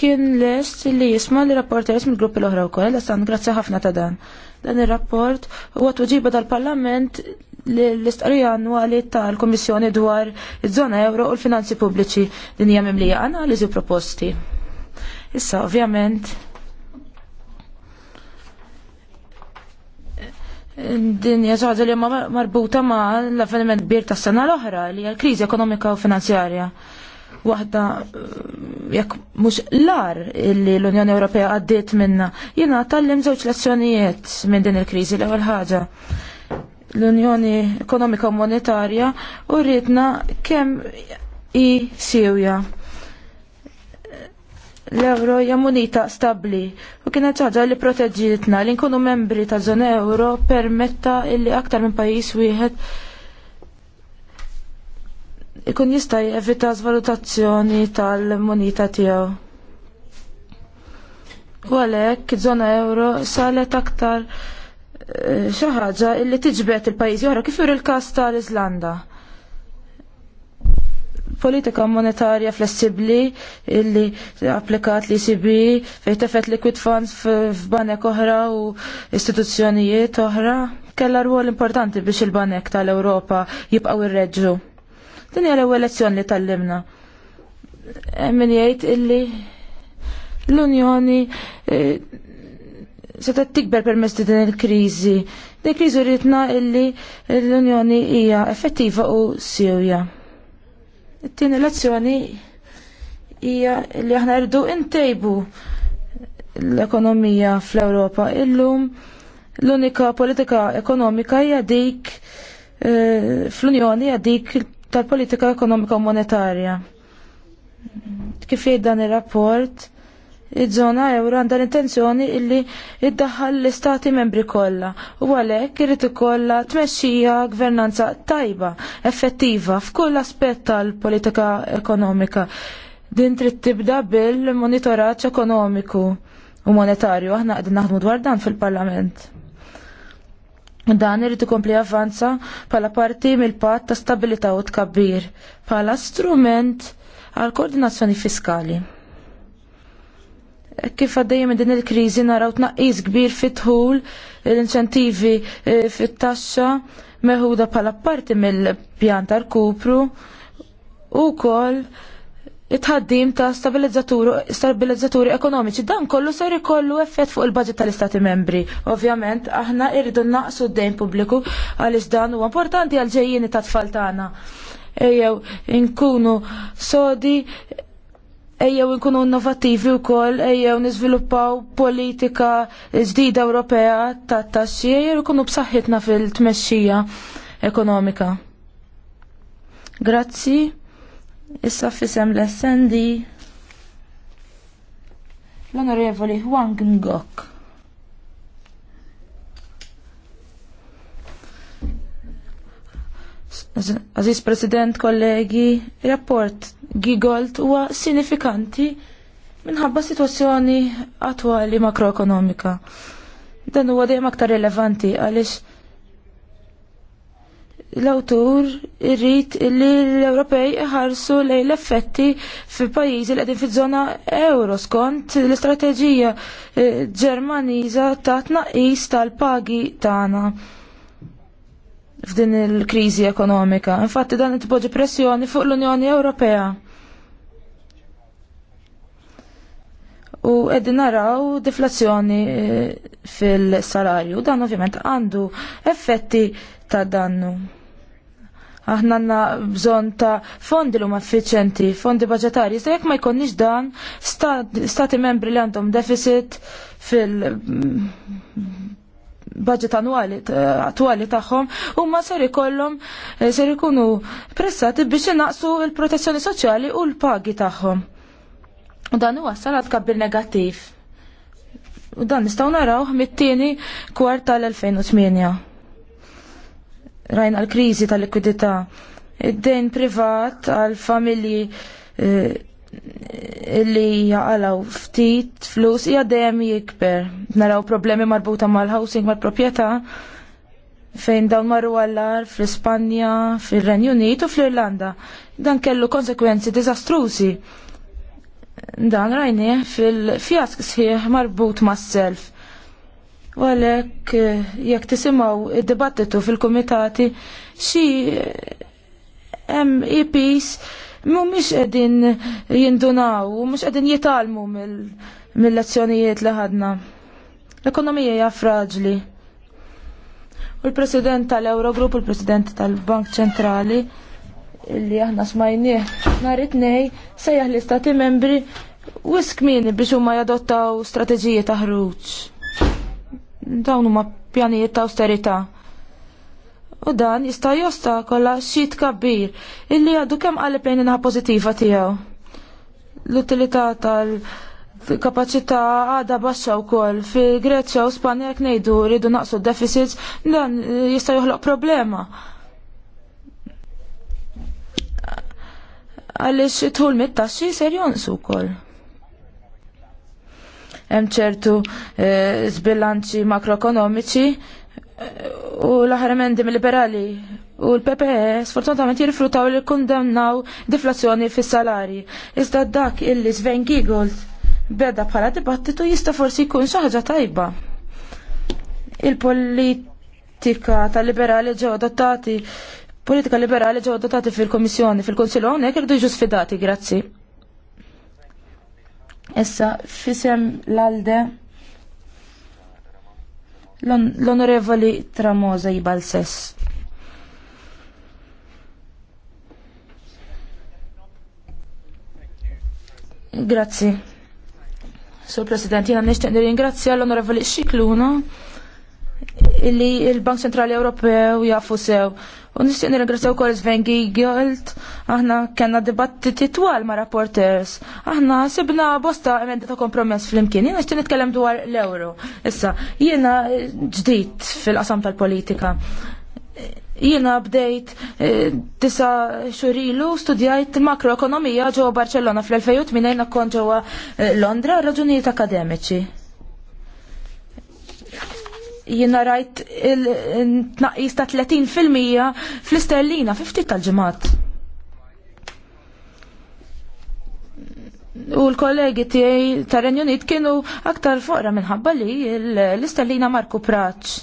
kien lest li jisma li rapporters mill gruppi l-oħra u koll, san grazzi ħafna ta' dan. Dan il-rapport u huwa uġiba tal-Parlament l-istqarrija annwali tal-Komissjoni dwar iż-żona euro u l-finanzi pubbliċi din hija mimlija li u proposti. Issa, ovvjament, din jazaħdu li marbuta ma l-avveniment bir tas sena l-oħra li għal-krizi kriżi ekonomika u finanzjarja waħda eh, jekk mhux lar li l-Unjoni Ewropea għaddiet minna. Jiena tallim żewġ lezzjonijiet minn din il-kriżi l-ewwel ħaġa. L-Unjoni Ekonomika u Monetarja u rritna kemm i Sewja l-euro hija munita stabbli u kienet ħaġa li proteġġitna li nkunu membri ta' żona euro permetta illi aktar minn pajjiż wieħed ikun jista' evita żvalutazzjoni tal-monita tiegħu. U għalhekk iż-żona euro salet aktar eh, xi ħaġa illi tiġbed il-pajjiżi oħra kif jur il-każ tal izlanda Politika monetarja flessibbli illi applikat li sibi fejn tefet liquid funds f'banek oħra u istituzzjonijiet oħra kellha rwol importanti biex il-banek tal-Ewropa jibqgħu irreġġu. Din hija l-ewwel lezzjoni li tallimna. Min jgħid illi l-Unjoni eh, se tikber permezz din il-kriżi. Din kriżi rritna illi l-Unjoni hija effettiva u sewja. It-tieni lezzjoni hija li aħna rridu intejbu l-ekonomija fl-Ewropa illum l-unika politika ekonomika hija dik eh, fl-Unjoni hija dik tal-politika ekonomika u monetarja. Kif dan ir-rapport, iż-żona euro għandha l-intenzjoni illi iddaħħal l-istati membri kollha u għalhekk irid ikollha tmexxija gvernanza tajba, effettiva f'kull aspett tal-politika ekonomika. Din trid tibda bil-monitoraġġ ekonomiku u monetarju aħna qegħdin naħdmu dwar dan fil-Parlament. Dan irid ikompli avanza bħala parti mill-patt ta' stabilità u tkabbir bħala strument għal koordinazzjoni fiskali. E kif għaddejjem din il-kriżi naraw tnaqqis kbir fit-tħul l-inċentivi e, fit-taxxa meħuda bħala parti mill-pjan tal-kupru u kol it-ħaddim ta' stabilizzaturi ekonomiċi. Dan kollu ser ikollu effett fuq il-budget tal-Istati membri. Ovvjament, aħna irridu naqsu d-dejn pubbliku għaliex dan huwa importanti għal ġejjini ta' tfal tagħna. Ejjew inkunu sodi, ejjew inkunu innovattivi wkoll, ejjew niżviluppaw politika ġdida Ewropea ta' taxxi, ejjew ikunu b'saħħitna fil-tmexxija ekonomika. Grazzi. Issa fisem l-essendi l-onorevoli Huang Ngok. Aziz President, kollegi, rapport Gigolt huwa sinifikanti minħabba situazzjoni attwali makroekonomika. Dan huwa dejjem aktar rilevanti għaliex l-awtur irrit li l-Ewropej iħarsu lejn l-effetti fil pajjiżi li qegħdin fiż-żona euro skont l-istrateġija eh, Ġermaniża ta' tnaqqis tal-pagi tagħna f'din il-kriżi ekonomika. Infatti dan itpoġġi pressjoni fuq l-Unjoni Ewropea. U qegħdin naraw deflazzjoni eh, fil-salarju. Dan ovvjament għandu effetti ta' dannu. Aħna għandna bżonn ta' fondi l effiċenti, fondi budgetari. jista' jekk ma jkonniġ dan, stati membri li għandhom deficit fil mm, budget annwali attwali tagħhom huma ser ikollhom eh, ser ikunu pressati biex inaqsu l-protezzjoni soċjali u l-pagi tagħhom. U dan huwa għad kabbir negattiv. U dan nistgħu naraw mit-tieni kwart tal-2008 rajna l-kriżi tal-likwidità. Id-dejn privat għal familji eh, li jaqalaw ftit flus hija dejjem jikber. Naraw problemi marbuta mal-housing mal-proprjetà fejn dawn marru għallar fl-Ispanja, fil-Renju Unit u fl-Irlanda. Dan kellu konsekwenzi dizastrużi. Dan rajni fil-fjask sħiħ marbut mas-self. U għalek, eh, jek tisimaw id-dibattitu fil-komitati, xi eh, MEPs mumiex edin jindunaw, u mux edin jitalmu mill-azzjonijiet li ħadna. L-ekonomija hija fraġli. U l-President tal-Eurogrupp u l-President tal-Bank Ċentrali illi aħna smajnieh nhar it-tnej sejjaħ l-istati membri wisk mini biex huma jadottaw strateġiji ta' ħruġ. Dawn huma pjanijiet ta' austerità. U dan jista' jostakola xit kabbir illi għadu kemm qalib lejn inha pożittiva tiegħu. L-utilità tal-kapaċità għada baxxa wkoll fi Greċja u Spanja jekk ngħidu rridu naqsu d-deficits dan jista' joħloq problema. Għaliex it mit-taxxi ser jonqsu wkoll hemm ċertu eh, sbilanċi makroekonomiċi eh, u l-aħħar emendi mill-liberali u l-PPE sfortunatament jirfrutaw li kundemnaw deflazzjoni fis-salari. Iżda dak illi Sven Giegold beda bħala dibattitu jista' forsi jkun xi ħaġa tajba. Il-politika tal-liberali ġew adottati politika liberali ġew adottati fil-Komissjoni fil-Kunsill hawnhekk irdu jiġu sfidati, grazzi. Essa fisem l-alde l-onorevoli Tramosa Ibalses. Grazie. Sur President, jina nishtiq ringrazzja l-onorevoli Xikluna illi il-Bank Centrali Ewropew jafu sew U nixtieq nirringrazzjaw ukoll Sven Giegold, aħna kellna dibattiti twal ma' rapporters. Aħna sibna bosta emenda ta' kompromess flimkien. Jiena nixtieq kellem dwar l-euro. Issa, jiena ġdid fil-qasam tal-politika. Jiena bdejt eh, tisa xurilu studjajt makroekonomija ġewwa Barcellona fl-2008 minna kon ġewwa eh, Londra raġunijiet akademiċi jina rajt il-tnaqis ta' 30% fl-isterlina, 50 tal-ġemat. U l-kollegi tiegħi tar Renjonit kienu aktar foqra minħabba li l istellina Marku Praċ.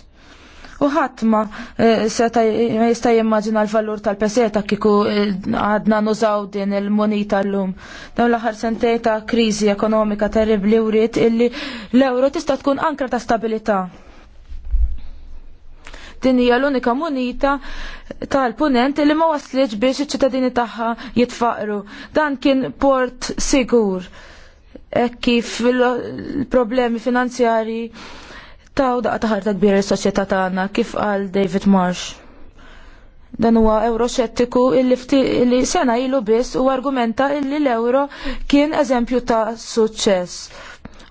U ħatma eh, seta jista' jimmaġina l-valur tal-peseta kieku eh, għadna nużaw din il-monita llum. Dawn l-aħħar sentej kriżi ekonomika terribli u rrid illi l-euro tista' tkun ankra ta' stabilità. Din hija l-unika munita tal-punent li ma waslitx biex iċ-ċittadini tagħha jitfaqru. Dan kien port sigur. Hekk kif il-problemi finanzjari taw daqqa taħarta kbira l-soċjetà tagħna kif qal David Marsh. Dan huwa euroxettiku illi sena ilu biss u argumenta illi l-euro kien eżempju ta' suċċess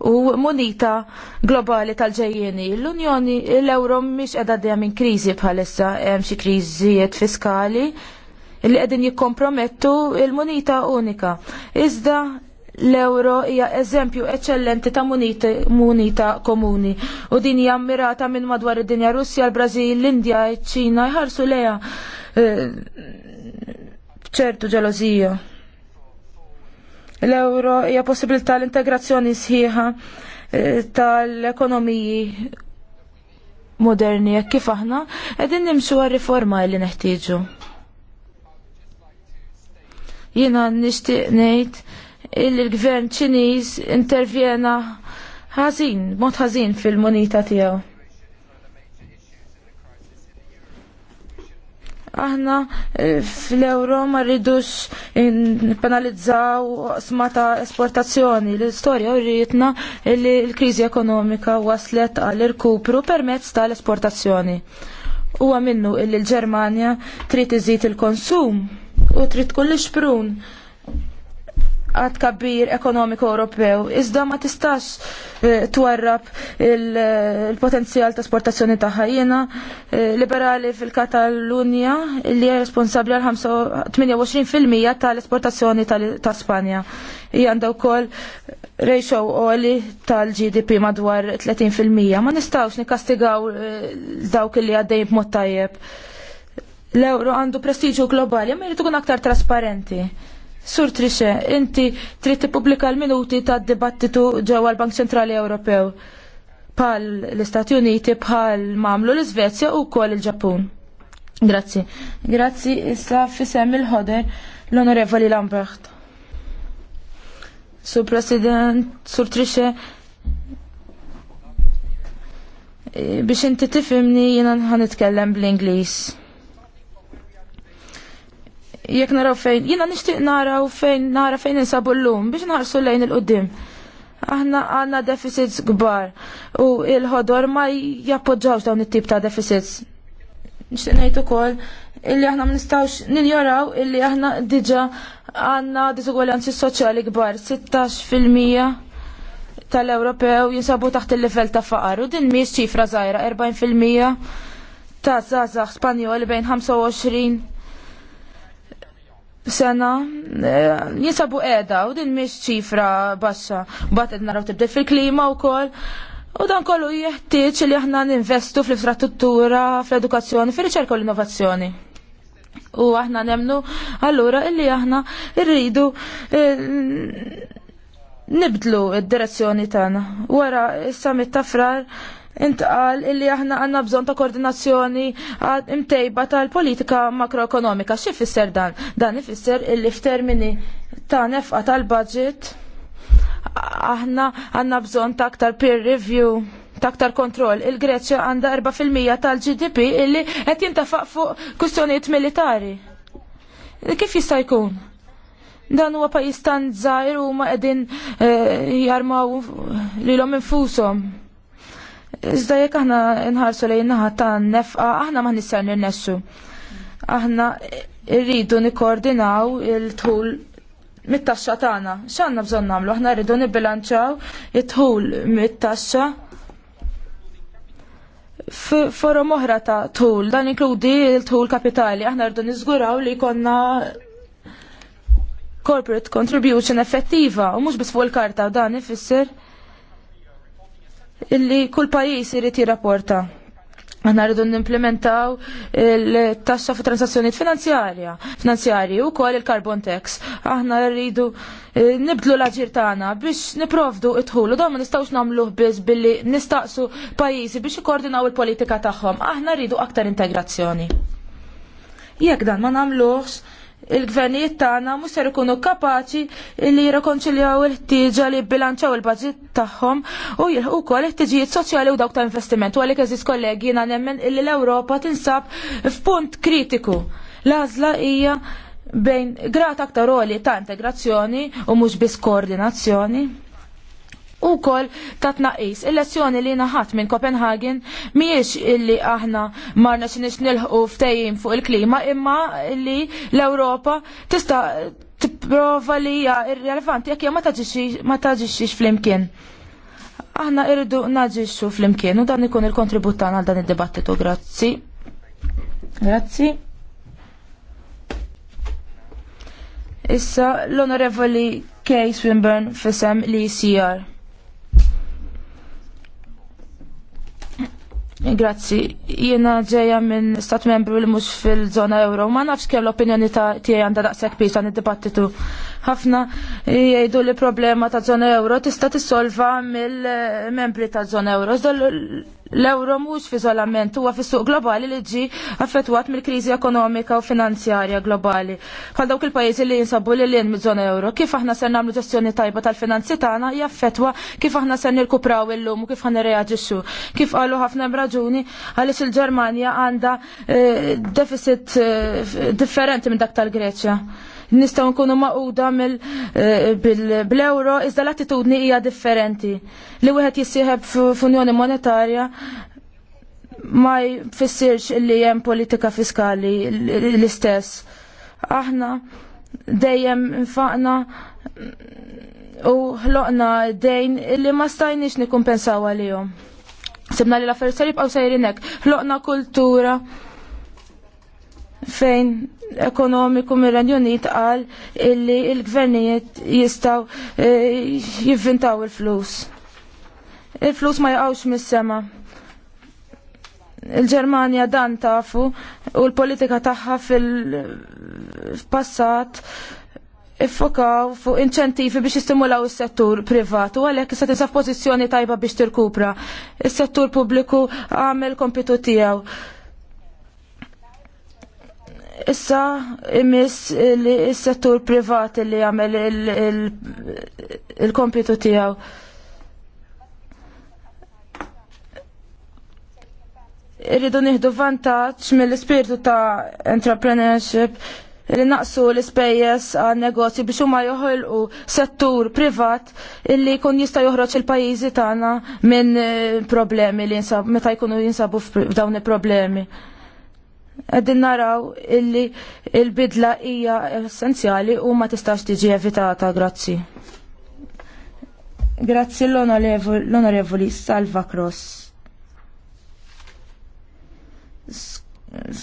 u monita globali tal-ġejjeni. L-Unjoni, l-Euro mish qiegħda dejjem minn kriżi bħalissa hemm xi kriżijiet fiskali li qegħdin jikkompromettu il-monita unika. Iżda l-euro hija eżempju eċċellenti ta' munita, munita komuni u din hija ammirata minn madwar id-dinja Russja, l-Brażil, l-Indja, iċ ċina jħarsu leha eh, ċertu ġelożija l-euro hija possibilità l-integrazzjoni sħiħa eh, tal-ekonomiji moderni jekk kif aħna qegħdin nimxu għar-riforma li neħtieġu. Jiena nixtieq ngħid illi l-gvern Ċiniż intervjena ħażin, mod ħażin fil-monita tiegħu. Aħna eh, fl-euro ma rridux penalizzaw smata esportazzjoni. L-istorja urritna li l-krizi ekonomika waslet għal-irkupru permezz tal-esportazzjoni. Huwa minnu il-Ġermanja trid iżid il-konsum u trid tkun prun għad kabbir ekonomiku Ewropew. Iżda ma tistax e, eh, twarrab eh, il-potenzjal ta' sportazzjoni ta' ħajjina eh, liberali fil-Katalunja li hija responsabbli għal 28% tal-esportazzjoni ta' Spanja. Hija għandha wkoll ratio oli tal-GDP madwar 30%. Ma nistawx nikastigaw dawk li għaddejn b'mod tajjeb l-euro għandu prestiġu globali, ma jritu aktar trasparenti. Sur Trixe, inti trid tippubblika l-minuti tad dibattitu ġewwa l-Bank Ċentrali Ewropew bħal l-Istati Uniti bħal mamlu l-Iżvezja u wkoll il-Ġappun. Grazzi. Grazzi issa fisem il-ħoder l-Onorevoli Lambert. Sur President, Sur Trixe, biex inti tifimni jina nħan bl-Inglis jekk naraw fejn, jiena nixtieq naraw fejn nara fejn insabu llum biex nħarsu lejn il-qudiem. Aħna għandna deficits kbar u il-ħodor ma jappoġġawx dawn it-tip ta' deficits. Nixtieq ngħid ukoll illi aħna mnistawx ninjoraw illi aħna diġà għandna disugwalanzi soċjali kbar 16 fil-mija tal-Ewropew jinsabu taħt il-livell ta' faqar u din mis ċifra żgħira 40% ta' zazax Spanjol bejn 25 sena eh, jinsabu qiegħda u din mhix ċifra baxxa. Mbagħad qed naraw tibdil fil-klima wkoll. U dan kollu jeħtieġ li aħna ninvestu fl-infrastruttura, fl-edukazzjoni, fir-riċerka u l-innovazzjoni. U aħna nemnu allura illi aħna rridu eh, nibdlu id-direzzjoni tagħna. Wara is-summit ta' frar intqal illi aħna għanna bżon ta' koordinazzjoni imtejba tal-politika makroekonomika. Xie fisser dan? Dan ifisser illi f'termini ta' nefqa tal-budget aħna għanna bżon ta' aktar peer review ta' aktar kontroll. Il-Greċja għandha 4% tal-GDP illi qed jintafaq fuq kwistjonijiet militari. Kif jista' jkun? Dan huwa pajjiż tan u huma qegħdin eh, jarmaw lilhom infushom. Iżda jekk aħna nħarsu lejn naħa ta' nefqa, aħna ma nissar nirnessu. Aħna rridu nikkoordinaw il-tul mit-taxxa tagħna. X'għandna bżonn nagħmlu? Aħna rridu nibbilanċaw it-tul mit-taxxa forum oħra ta' tul, dan inkludi l-tul kapitali. Aħna rridu niżguraw li jkollna corporate contribution effettiva u mhux biss fuq il-karta dan ifisser illi kull pajis irrit jirrapporta. Għanna rridu n-implementaw il-tassa fu transazzjoni finanzjarja, finanzjarji u kol il-carbon tax. Aħna rridu eh, nibdlu l-ġir biex niprovdu itħulu. Dawn ma nistgħux nagħmluh biss billi nistaqsu pajjiżi biex ikkoordinaw il-politika tagħhom. Aħna rridu aktar integrazzjoni. Jekk dan ma nagħmluhx, il-gvernijiet tagħna mhux ser ikunu kapaċi li jirrekonċiljaw il-ħtieġa li bilanċaw il-baġit tagħhom u jilħu wkoll il-ħtiġijiet soċjali u dawk ta' investiment u għalhekk eżis kollegi jiena nemmen illi l-Ewropa tinsab f'punt kritiku. L-għażla hija bejn grat aktar roli ta' integrazzjoni u mhux biss koordinazzjoni u kol ta' tnaqis. Il-lezzjoni li naħat minn Copenhagen miex illi aħna marna xinix nilħu ftejim fuq il-klima imma illi l-Europa tista' tipprova li hija irrelevanti jekk ma taġixx flimkien. Aħna irridu naġixxu flimkien u dan ikun il-kontribut tagħna għal dan id-dibattitu. Grazzi. Grazzi. Issa l-Onorevoli Kay Swinburne fissem li ecr Grazzi, jiena ġeja minn stat membru li mhux fil-żona euro, ma nafx kell opinjoni ta' tiegħi għandha daqshekk pisa nid-dibattitu ħafna jgħidu li problema ta' zona euro tista' tissolva mill-membri ta' zona euro. L-euro mhux fi iżolament huwa fis-suq globali li ġi affettwat mill-kriżi ekonomika u finanzjarja globali. Bħal dawk il-pajjiżi li jinsabu li lien miż-żona euro, kif aħna ser nagħmlu ġestjoni tajba tal-finanzi tagħna jaffettwa kif aħna ser nirkupraw illum u kif aħna reaġixxu. Kif qalu ħafna raġuni għaliex il-Ġermanja għandha eh, deficit eh, differenti minn dak tal-Greċja nistgħu nkunu maquda eh, bil-euro iżda l-attitudni hija differenti. Li wieħed jissieħeb f'Unjoni Monetarja ma jfissirx li hemm politika fiskali l-istess. Aħna dejjem infaqna u ħloqna dejn li ma stajniex nikkumpensaw għalihom. Sibna li l-affarijiet ser jibqgħu sejrinek. Ħloqna kultura fejn ekonomiku mir ranjonit qal illi il-gvernijiet jistaw eh, jivvintaw il-flus. Il-flus ma jgħawx mis-sema. Il-Ġermanja dan tafu u l-politika tagħha fil-passat iffokaw fuq inċentivi biex jistimulaw is-settur privat u għalhekk issa tinsab tajba biex tirkupra. il settur pubbliku għamel kompitu tiegħu Issa imis il-settur privat li għamel il-kompitu tijaw. Irridu nieħdu vantaġġ mill-ispirtu ta' entrepreneurship li naqsu l-ispejjeż għan negozju biex huma joħolqu settur privat illi jkun jista' joħroġ il-pajjiżi tagħna minn problemi li jinsab meta jkunu jinsabu f'dawn il-problemi. Għedin naraw illi il-bidla hija essenzjali u ma tistax tiġi evitata, grazzi. Grazzi l-onorevoli Salva Cross.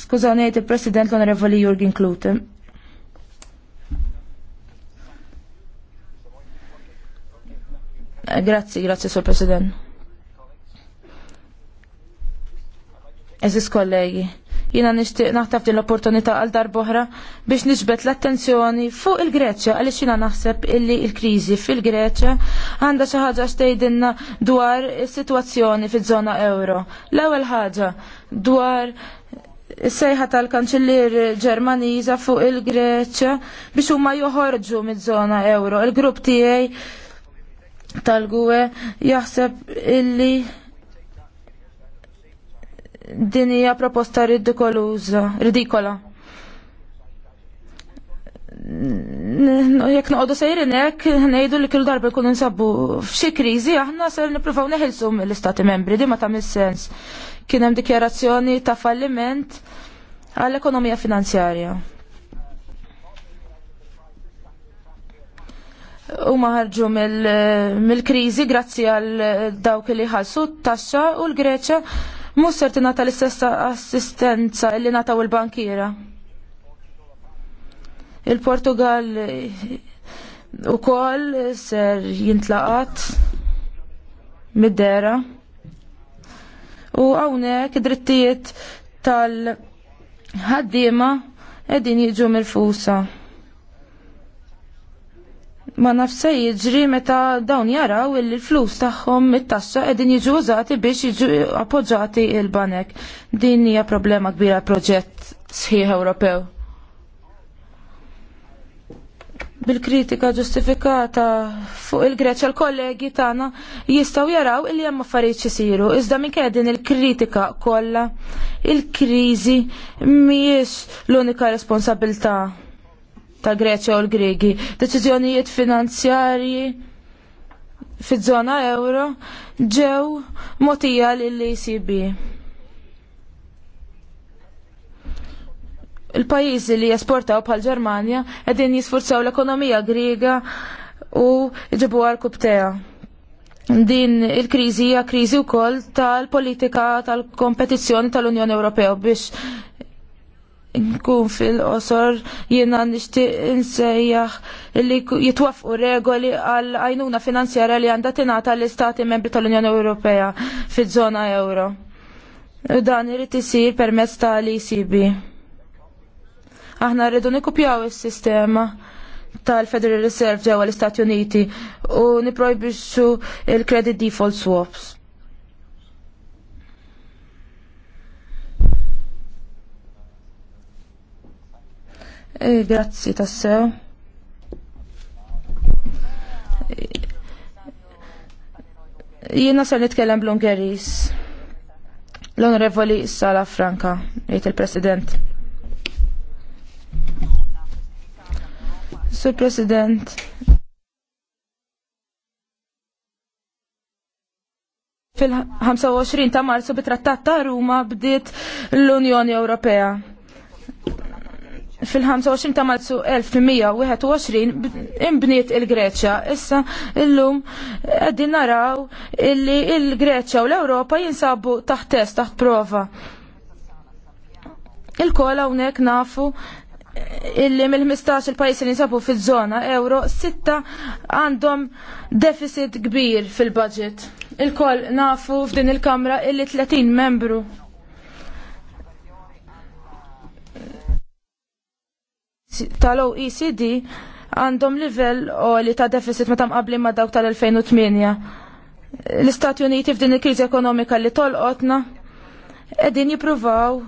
Skużanejt il-President l-onorevoli Jurgin Klute. Grazzi, grazzi sur President. Eżis kollegi. Jina nishtiq naħtaf din l-opportunità għal darboħra biex nisbet l-attenzjoni fuq il-Greċja għaliex jina naħseb illi il-kriżi fil-Greċja għandha xi ħaġa xtejdinna dwar is-sitwazzjoni fiż-żona euro. L-ewwel ħaġa dwar sejħa tal kanċillir Ġermaniża fuq il-Greċja biex huma joħorġu miż-żona euro. Il-grupp tiegħi tal-gwe jaħseb illi din hija proposta ridikoluża, ridikola. Jekk noqogħdu sejrin hekk ngħidu li kull darba jkunu insabbu f'xi kriżi aħna ser nippruvaw neħilsu mill-istati membri, di ma tagħmel sens. Kien hemm dikjarazzjoni ta' falliment għall-ekonomija finanzjarja. u maħarġu mill-krizi grazzi għal dawk li ħassu t-taxxa u l-Greċa mhux ser l istessa assistenza li nataw il-bankiera. Il-Portugal eh, ukoll ser jintlaqat mid-dera. U hawnhekk id-drittijiet tal-ħaddiema qegħdin jiġu mil fusa ma nafse jiġri meta dawn jaraw illi l-flus tagħhom mit-taxxa qegħdin jiġu użati biex jiġu appoġġati il-banek. Din hija problema kbira proġett sħiħ Ewropew. Bil-kritika ġustifikata fuq il-Greċa l-kollegi tagħna jistgħu jaraw illi hemm affarijiet xisiru iżda minn kedin il-kritika kollha il-kriżi mhijiex l-unika responsabilità ta' Greċja u l-Grigi. Deċiżjonijiet finanzjarji fiż-żona euro ġew motija l ecb Il-pajjiżi li jesportaw bħal Ġermanja qegħdin jisforzaw l-ekonomija Griega u ġibu għal teha din il-krizi hija krizi wkoll tal-politika tal-kompetizzjoni tal-Unjoni Ewropea biex nkun fil-qosor jiena nixtieq insejjaħ li jitwafqu regoli għal għajnuna finanzjarja li għandha tingħata l-istati membri tal-Unjoni Ewropea fiż-żona euro. U dan irid isir permezz tal-ECB. Aħna rridu nikupjaw is-sistema tal-Federal Reserve ġewwa l-Istati Uniti u niprojbixxu il-credit default swaps. E, grazzi tassew. Jiena ser nitkellem bl-Ungeris. L-Onorevoli Sala Franka, jgħid il-President. Sur President, fil-25 ta' marzu bit-trattat ta' Ruma bdiet l-Unjoni Ewropea fil-25 ta' marzu 1121 imbniet il-Greċja. Issa illum qegħdin naraw illi il-Greċja u l-Ewropa jinsabu taħt test, taħt prova. Il-kol hawnhekk nafu illi mill-15 il-pajis li nsabu fil-żona euro, sitta għandhom deficit kbir fil-budget. Il-kol nafu f'din il-kamra illi 30 membru tal-OECD għandhom livell li ta' deficit ma' qabli ma' dawk tal-2008. L-Istati Uniti f'din il-kriżi ekonomika li tolqotna edin jipruvaw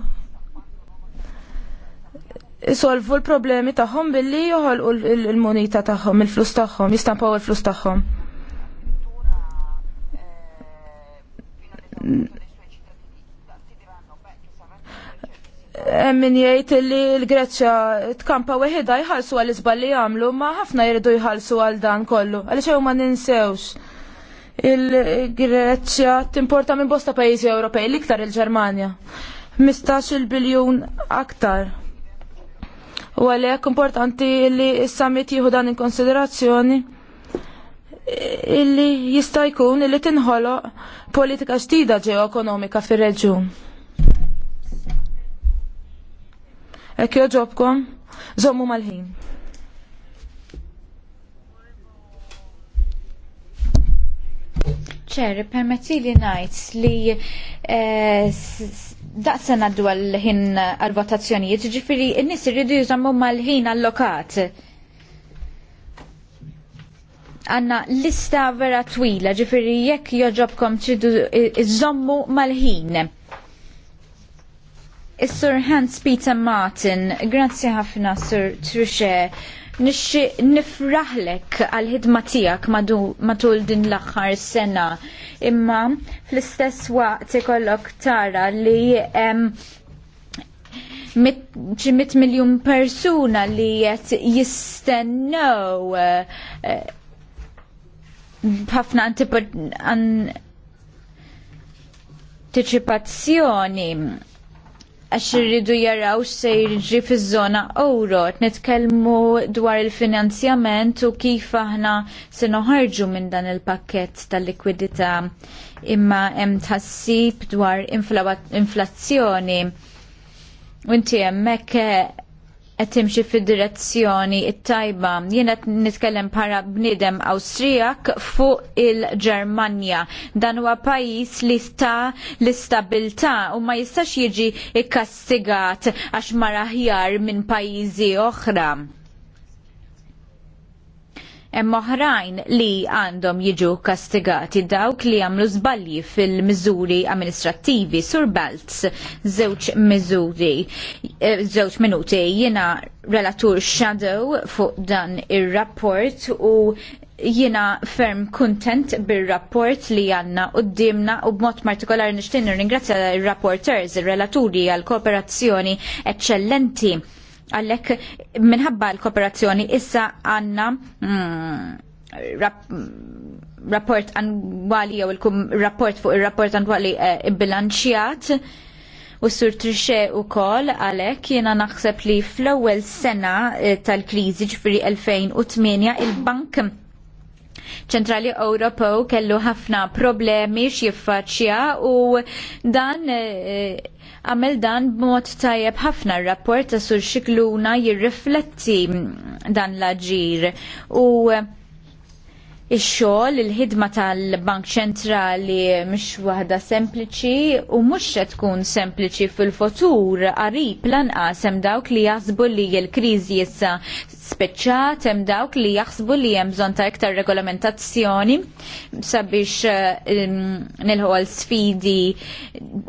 isolvu l-problemi tagħhom billi joħolqu l-munita tagħhom, il-flus tagħhom, jistampaw il-flus tagħhom. min jgħid li l-Greċja tkampa weħida jħallsu għal iżbal li jagħmlu, ma ħafna jridu jħallsu għal dan kollu. Għaliex hemm ma ninsewx il-Greċja timporta minn bosta pajjiżi Ewropej l-iktar il-Ġermanja. 15 biljun aktar. U għalhekk importanti li s-summit jieħu dan in konsiderazzjoni illi jista' jkun illi tinħoloq politika ġdida ekonomika fir-reġjun. Ek joġobkom, zommu mal-ħin. ċer, permetti li najt li eh, daqsen għaddu għal-ħin għal-votazzjonijiet, ġifiri, n-nis irridu jużammu mal-ħin allokat. Għanna lista vera twila, ġifiri, jekk joġobkom ċiddu iżommu mal-ħin. Is-Sur Hans Peter Martin, grazzi ħafna Sur Trushe. nixi nifraħlek għal-ħidma tiegħek matul din l-aħħar sena. Imma fl-istess waqt ikollok tara li hemm mit miljun persuna li qed jistennew eh, ħafna anticipazzjoni għax irridu jaraw se jiġri fiż-żona euro, nitkellmu dwar il-finanzjament u kif aħna se noħarġu minn dan il-pakkett tal-likwidità imma hemm tħassib dwar inflazzjoni. U inti hemmhekk qed timxi fid-direzzjoni it-tajba. Jiena qed nitkellem para bniedem Awstrijak fuq il-Ġermanja. Dan huwa pajjiż li sta l-istabilità u ma jistax jiġi ikkastigat għax mara minn pajjiżi oħra hemm oħrajn li għandhom jiġu kastigati dawk li għamlu żbalji fil-miżuri amministrattivi sur Belts żewġ miżuri eh, żewġ minuti jiena relatur shadow fuq dan ir-rapport u jina ferm kontent bil-rapport li għanna u d-dimna u b mot partikolari nishtin ringrazzja il-rapporters, il-relaturi għal-kooperazzjoni eccellenti Għalhekk minħabba l-kooperazzjoni issa għandna mm, rapport annwali jew il-rapport fuq ir-rapport il bilanċjat u s sur trixe u kol għalek jena naħseb li fl-ewwel sena eh, tal-kriżi ġifri 2008 il-bank ċentrali Ewropew kellu ħafna problemi x'jiffaċċja u dan eh, eh, għamel dan b'mod tajjeb ħafna r-rapport ta' sur xikluna jirrifletti dan l-aġir u Ix-xogħol il-ħidma tal-Bank Ċentrali mhux waħda sempliċi u mhux se tkun sempliċi fil-futur qarib lanqas hemm dawk li jaħsbu li l-kriżi issa spiċċa hemm dawk li jaħsbu li hemm bżonn ta' iktar regolamentazzjoni sabiex eh, nilħu għal sfidi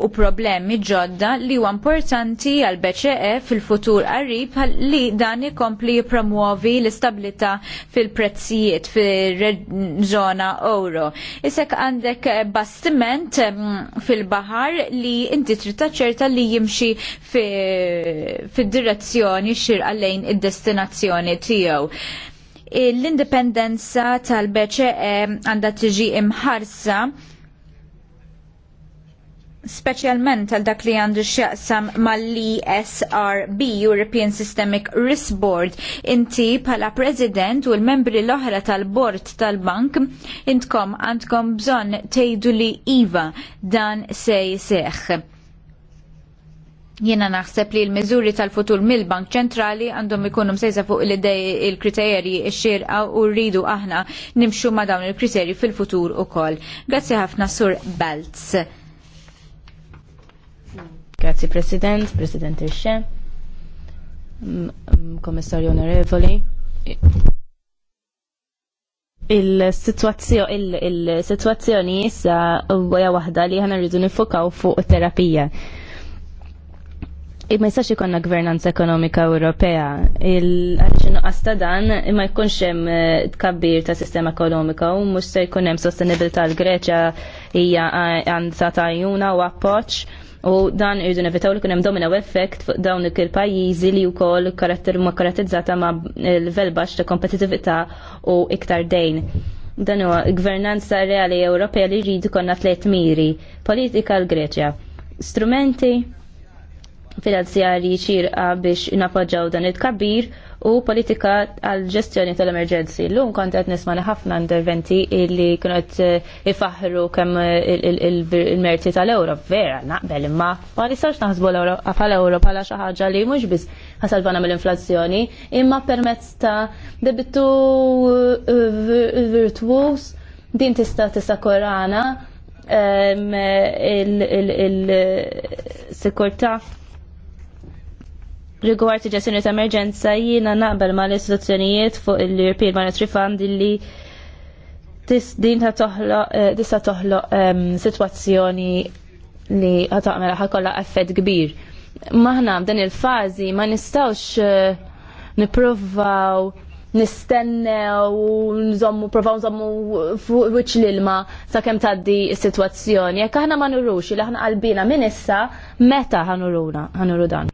u problemi ġodda li huwa importanti għal BCE fil-futur qarib li dan ikompli jippromuovi l-istabilità fil-prezzijiet fil-żona euro. Isek għandek bastiment mm, fil-bahar li inti trid taċċerta li jimxi fid-direzzjoni xir għallejn id-destinazzjoni l-opinjoni tiegħu l-indipendenza tal-BCE għandha tiġi imħarsa specialment għal dak li għandu xjaqsam mal-ESRB, European Systemic Risk Board. Inti pala president u l-membri l-oħra tal-bord tal-bank, intkom għandkom bżon tejdu li IVA dan se jiseħ Jiena naħseb li l-miżuri tal-futur mill-Bank ċentrali għandhom ikunu msejsa fuq l-idej il-kriterji xirqa u rridu aħna nimxu ma dawn il-kriterji fil-futur u kol. Grazzi ħafna sur Belz. Grazzi President, President Irxe, Komissarju Onorevoli. Il-situazzjoni issa huwa waħda li ħana rridu nifukaw fuq terapija ma jistax ikonna gvernanza ekonomika Ewropea. Għaliex nuqqas ta' dan ma jkunx hemm eh, tkabbir ta' sistema ekonomika u mhux se jkun hemm sostenibilità l-Greċja hija eh, għandha tajjuna u appoġġ. U dan irridu nevitaw li kunem hemm domino effekt fuq dawn il-pajjiżi li wkoll karatter ma karatterizzata ma' l velbax ta' kompetitività u iktar dejn dan huwa gvernanza reali Ewropea li jridu konna tliet miri, politika l-Greċja, strumenti finanzjari xirqa biex napoġġaw dan it-kabir u politika għal ġestjoni tal-emerġenzi. L-lum kontet nisma ħafna interventi li kienet eh, ifaħru kemm il-merti tal-Ewro. Vera, naqbel imma ma nistax naħsbu l-Ewro bħala xi ħaġa li mhux biss ħasalvana mill-inflazzjoni, imma permezz ta' debitu eh, virtuos din tista' tista' korana ehm, il-sikurta' Rigward ġessjoni ta' emerġenza jiena naqbel ma' l-istituzzjonijiet fuq il-European Monetary Fund illi din ta' toħloq eh, tista' toħloq ehm, sitwazzjoni li ħataqmela ħakolla effett kbir. Maħna f'dan il-fażi ma nistgħux eh, nippruvaw nistennew nżommu provaw nżommu fuq wiċ l-ilma sa' kem taddi situazzjoni Jekk aħna ma nurux, il aħna qalbina minn issa, meta ħanuruna, ħanuru dan.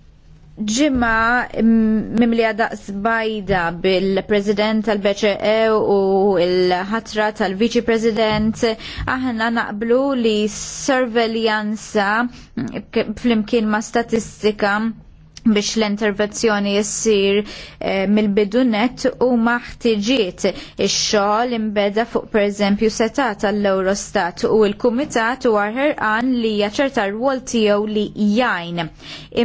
ġimma mimli daqs bajda bil-President tal-BCE u il-ħatra tal-Viċi President aħna naqblu li surveljanza flimkien ma' statistika biex l-intervenzjoni jessir eh, mill-bidunet u maħtiġiet ix-xogħol imbeda fuq pereżempju setat għall-Eurostat u l-Kumitat u għan li jaċerta r-wol tiegħu li jgħin.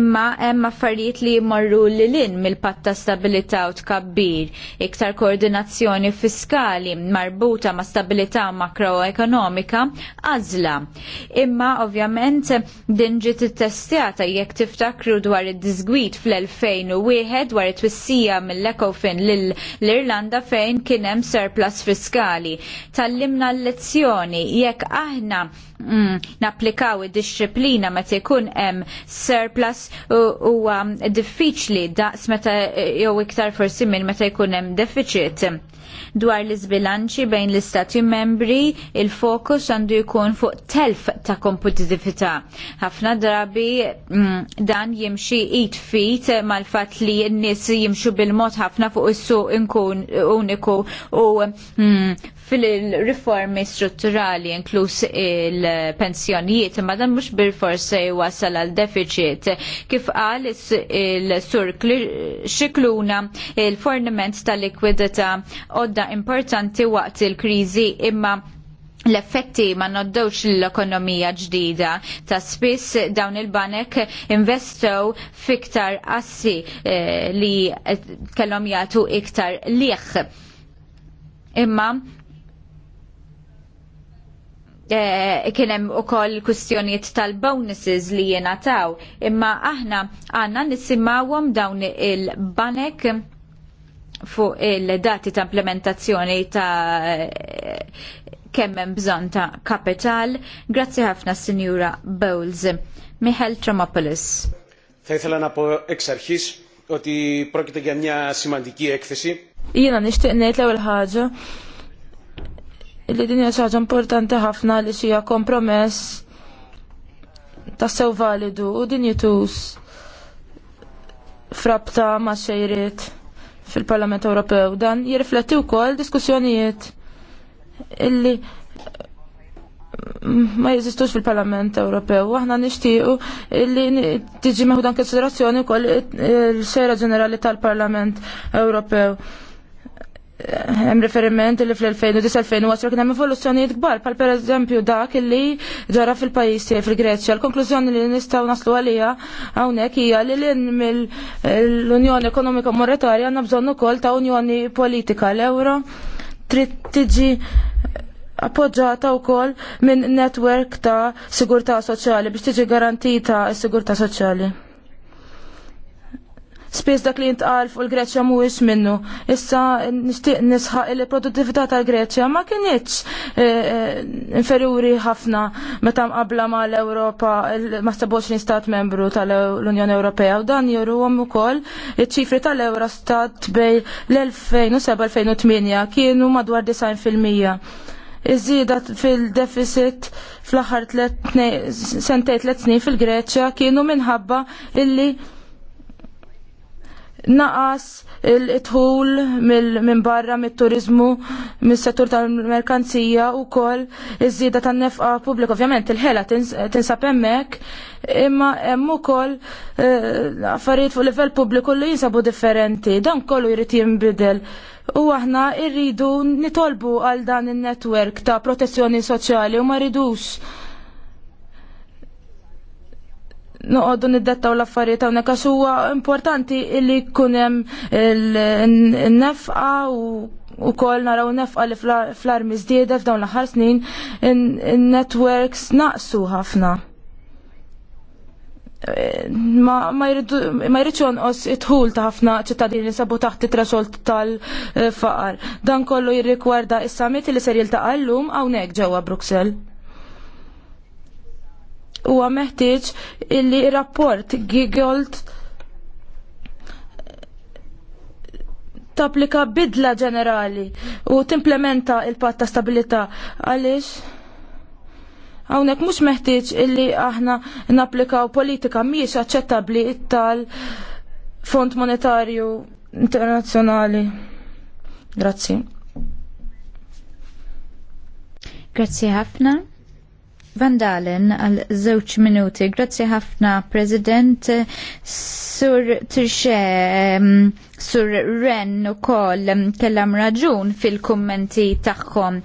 Imma hemm affarijiet li jmorru lilin mill-patta stabilità u tkabbir, iktar koordinazzjoni fiskali marbuta ma' stabilità makroekonomika għażla. Imma ovvjament din ġiet it-testjata jekk tiftakru dwar id żgwid fl-2001 dwar it-twissija mill-Ecofin l-Irlanda fejn kien hemm surplus fiskali. Tallimna l-lezzjoni jekk aħna mm, napplikaw id-disciplina meta jkun hemm surplus huwa diffiċli daqs meta eh, jew iktar forsi minn meta jkun hemm deficit dwar l-izbilanċi bejn l-istati membri, il-fokus għandu jkun fuq telf ta' kompetitività. Ħafna drabi mm, dan jimxi it fit mal-fat li n-nis jimxu bil-mod ħafna fuq is-suq uniku u mm, fil-riformi strutturali inkluż il-pensjonijiet imma dan mhux bil-fors wasal għal deficit kif qal il-sur xikluna il-forniment tal-likwidità għodda importanti waqt il-kriżi imma l-effetti ma noddewx l-ekonomija ġdida ta' spiss dawn il-banek investow fiktar assi eh, li kellhom jagħtu iktar liħ. Imma Eh, kien kienem u koll kustjoniet tal-bonuses li taw. imma aħna għanna nisimawom dawn il-banek fuq il-dati ta' implementazzjoni ta' kemmen bżon ta' kapital. Grazzi ħafna, Sinjura Bowles. Michael Tromopoulos. Θα ήθελα να πω εξ αρχής ότι πρόκειται για μια σημαντική έκθεση. Jena nishtiq nejt l illi din hija ħaġa importanti ħafna li hija kompromess ta' sew validu u din jitus frabta ma' xejriet fil-Parlament Ewropew dan jirrifletti wkoll diskussjonijiet illi ma jeżistux fil-Parlament Ewropew. Aħna nixtiequ illi tiġi dan konsiderazzjoni wkoll il-xejra ġenerali tal-Parlament Ewropew hemm referiment li fl-2009-2010 kien hemm evoluzzjonijiet kbar, pal pereżempju dak li ġara fil-pajjiż fil-Greċja. L-konklużjoni li nistgħu naslu għalija hawnhekk hija li lin mill-Unjoni Ekonomika Monetarja għandna bżonn ukoll ta' Unjoni Politika l-Ewro trid tiġi appoġġata wkoll minn netwerk ta' sigurtà soċjali biex tiġi garantita s-sigurtà soċjali. Spiss dak li jintqal fuq il-Greċja mhuwiex minnu. Issa nixtieq nisħaq il-produttività tal-Greċja ma kienitx eh, eh, inferjuri ħafna meta mqabbla mal-Ewropa ma 27 stat membru tal-Unjoni Ewropea u dan juruhom ukoll iċ-ċifri tal-Eurostat bej l-2007-2008 kienu madwar 90 fil-mija fil-deficit fl-aħħar sentej tliet snin fil-Greċja kienu minħabba illi naqas il-tħul minn barra mit-turizmu mis-settur tal-merkanzija u kol iż-żieda tan-nefqa pubblika. Ovvjament il-ħela tinsab hemmhekk imma hemm ukoll eh, affarijiet fuq livell pubbliku li jinsabu differenti. Dan kollu jrid jinbidel. U aħna rridu nitolbu għal dan in netwerk ta' protezzjoni soċjali u ma rridux noqogħdu niddettaw l-affarijiet hawnhekk għax huwa importanti illi jkun hemm il-nefqa u wkoll naraw nefqa li fl-armi żdieda f'dawn l-aħħar snin in-networks naqsu ħafna. Ma jridx jonqos it-ħul ta' ħafna ċittadini li sabu taħt it-traxolt tal-faqar. Dan kollu jirrikwarda is-summit li ser jiltaqa' llum hawnhekk ġewwa Bruxelles huwa meħtieġ illi rapport Gigold tapplika bidla ġenerali u timplementa il-patt ta' stabilità għaliex hawnhekk mhux meħtieġ illi aħna napplikaw politika mhijiex aċċettabbli tal-Fond Monetarju Internazzjonali. Grazzi. Grazzi ħafna. Vandalen għal żewġ minuti. Grazzi ħafna, President. Sur Trixie, Sur Ren u koll kellam raġun fil-kommenti tagħhom.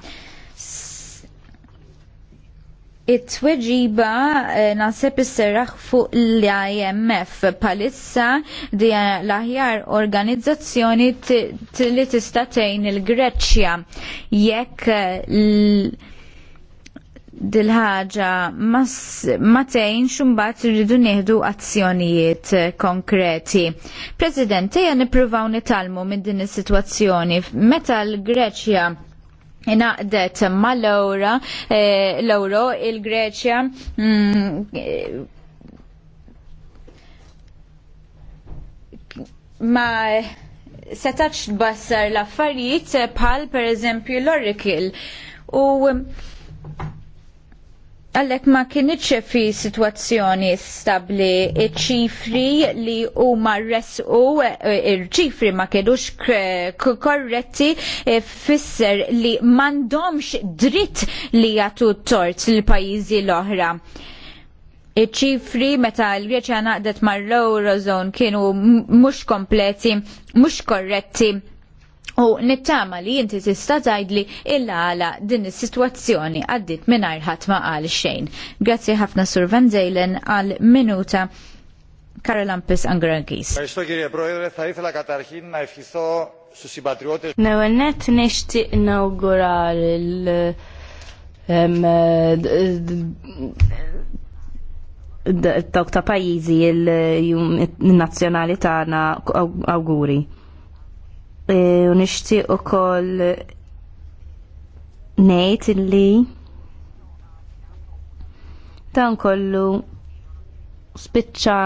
It-tweġiba eh, naħseb isserraħ fuq l-IMF palissa di l-aħjar organizzazzjoni li tista' tgħin il-Greċja jekk eh, dil-ħaġa ma tgħin xumbat rridu nieħdu azzjonijiet konkreti. President, ejja nippruvaw nitalmu minn din is-sitwazzjoni meta l-Greċja inaqdet ma eh, l-ewra, l-euro, il-Greċja mm, ma setax tbassar l-affarijiet bħal pereżempju l orikil U Għallek ma kienieċ fi situazzjoni stabli ċifri li huma u eh, ċifri ma kienux korretti eh, fisser li mandomx dritt li jagħtu tort l-pajjiżi l-oħra. Iċ-ċifri meta l-Greċja naqdet mar eurozone kienu mhux kompleti, mhux korretti U nittama li inti tista' tgħidli illa għala din is-sitwazzjoni għaddit mingħajr ħadd ma qal xejn. Grazzi ħafna Sur Van Zeylen għal minuta Karolampis Angrangis. Nawennet net nixtieq nawgura l dawk ta' pajjiżi il-nazzjonali tagħna awguri. E, u nixtieq ukoll ngħid illi dan kollu spiċċa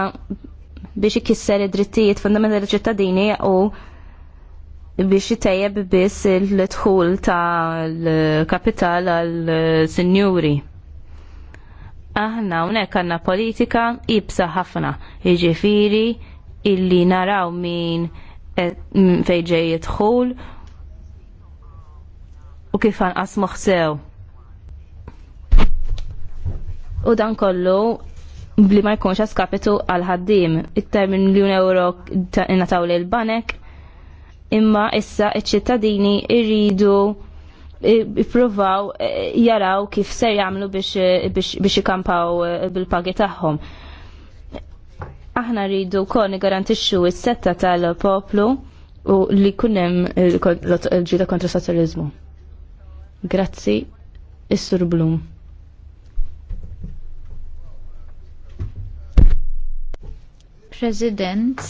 biex ikisser id-drittijiet fundamentali ċittadini u biex jitejjeb biss il-dħul tal-kapital għal-sinjuri. Aħna unek għanna politika ibsa ħafna, iġifiri illi naraw min Eh, fejġej jitħol u kif għanqas sew. U dan kollu bli ma jkunx askapitu għal ħaddim. Il-termin miljon euro nataw li l-banek imma issa iċ-ċittadini irridu ippruvaw eh, jaraw kif ser jagħmlu biex ikampaw eh, bil-pagi tagħhom. Aħna rridu wkoll nigarantixxu s-setta tal-poplu u li kunem l-ġida kontra soċjalizmu. Grazzi, Issur Blum. President,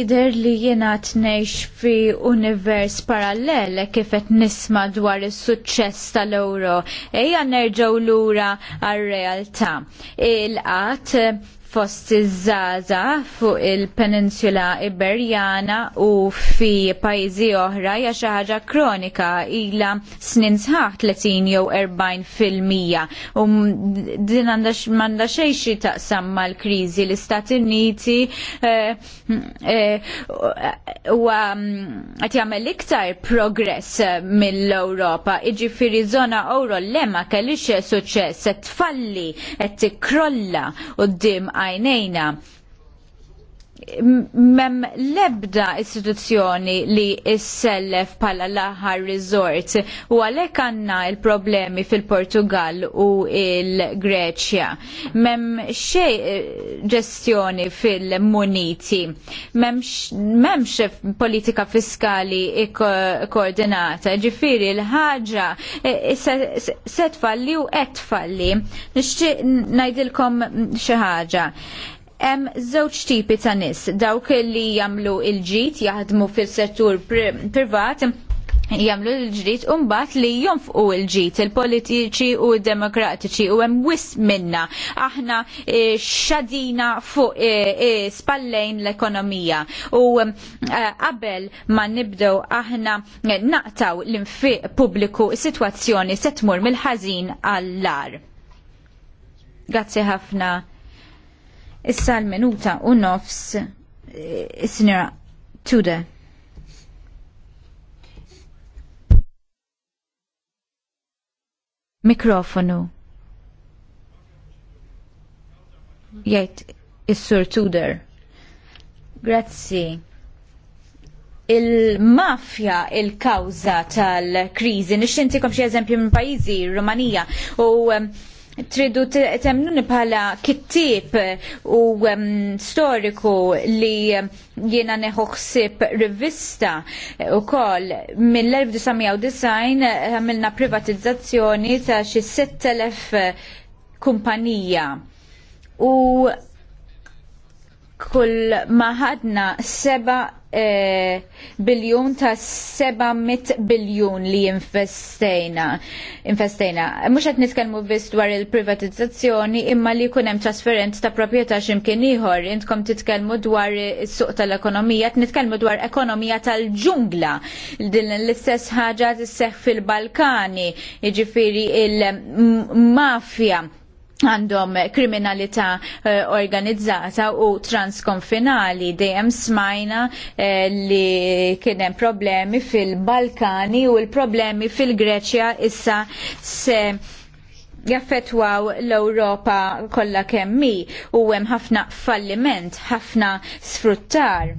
jider li jena tnejx fi univers parallel e kif qed nisma dwar is-suċċess tal-euro. Ejja nerġgħu lura għar-realtà. Il-qatt fost iż-żaza fuq il-peninsula Iberjana u fi pajjiżi oħra hija xi ħaġa kronika ilha snin sħaħ 30 jew 40 fil-mija. U din m'għandha xejn xi taqsam mal-kriżi l-Istati Uniti eh, eh, eh, huwa mm, qed jagħmel iktar progress mill-Ewropa. Jiġifieri żona Ewro lemma kellix suċċess qed tfalli qed tikkrolla quddiem għajnejna mem lebda istituzzjoni li s-sellef pala l-aħħar resort u għalhekk għandna il-problemi fil-Portugal u il-Greċja. Mem xe eh, ġestjoni fil-muniti, xe politika fiskali koordinata, ġifiri l-ħaġa eh, set falli u etfalli. falli. Nixtieq ngħidilkom xi ħaġa. Hemm żewġ tipi ta' nis. dawk li jagħmlu il-ġid jaħdmu fil-settur privat jamlu l-ġrit unbat li jonfqu l-ġit il-politiċi u demokratiċi u hemm wis minna aħna eh, xadina fuq eh, eh, spallejn l-ekonomija u qabel ma nibdew aħna naqtaw l-infiq pubbliku situazzjoni se tmur mill-ħażin għall-lar. Grazzi ħafna Issa l-minuta u nofs is-sinjora eh, Tude. Mikrofonu. Jgħid is-sur Tudor. Grazzi. Il-mafja il-kawza tal-krizi. kom xie eżempju minn pajizi, Rumanija, u tridu temnuni bħala kittib eh, u storiku li jiena neħu ħsieb rivista eh, u koll mill-1990 eh, għamilna privatizzazzjoni ta' xi 6000 kumpanija u kull maħadna seba E, biljun ta' 700 biljun li infestejna. Infestejna. Mux għet nitkelmu biss dwar il-privatizzazzjoni imma li kunem trasferent ta' proprjetà ximkien ieħor. Intkom titkelmu dwar is-suq tal-ekonomija, nitkellmu dwar ekonomija tal-ġungla. Din l-istess ħaġa tisseħħ fil-Balkani, jiġifieri il-mafja għandhom kriminalità eh, organizzata u transkonfinali. Dejjem smajna eh, li kien hemm problemi fil-Balkani u l-problemi fil-Greċja issa se jaffetwaw l-Europa kollha kemmi u hemm ħafna falliment, ħafna sfruttar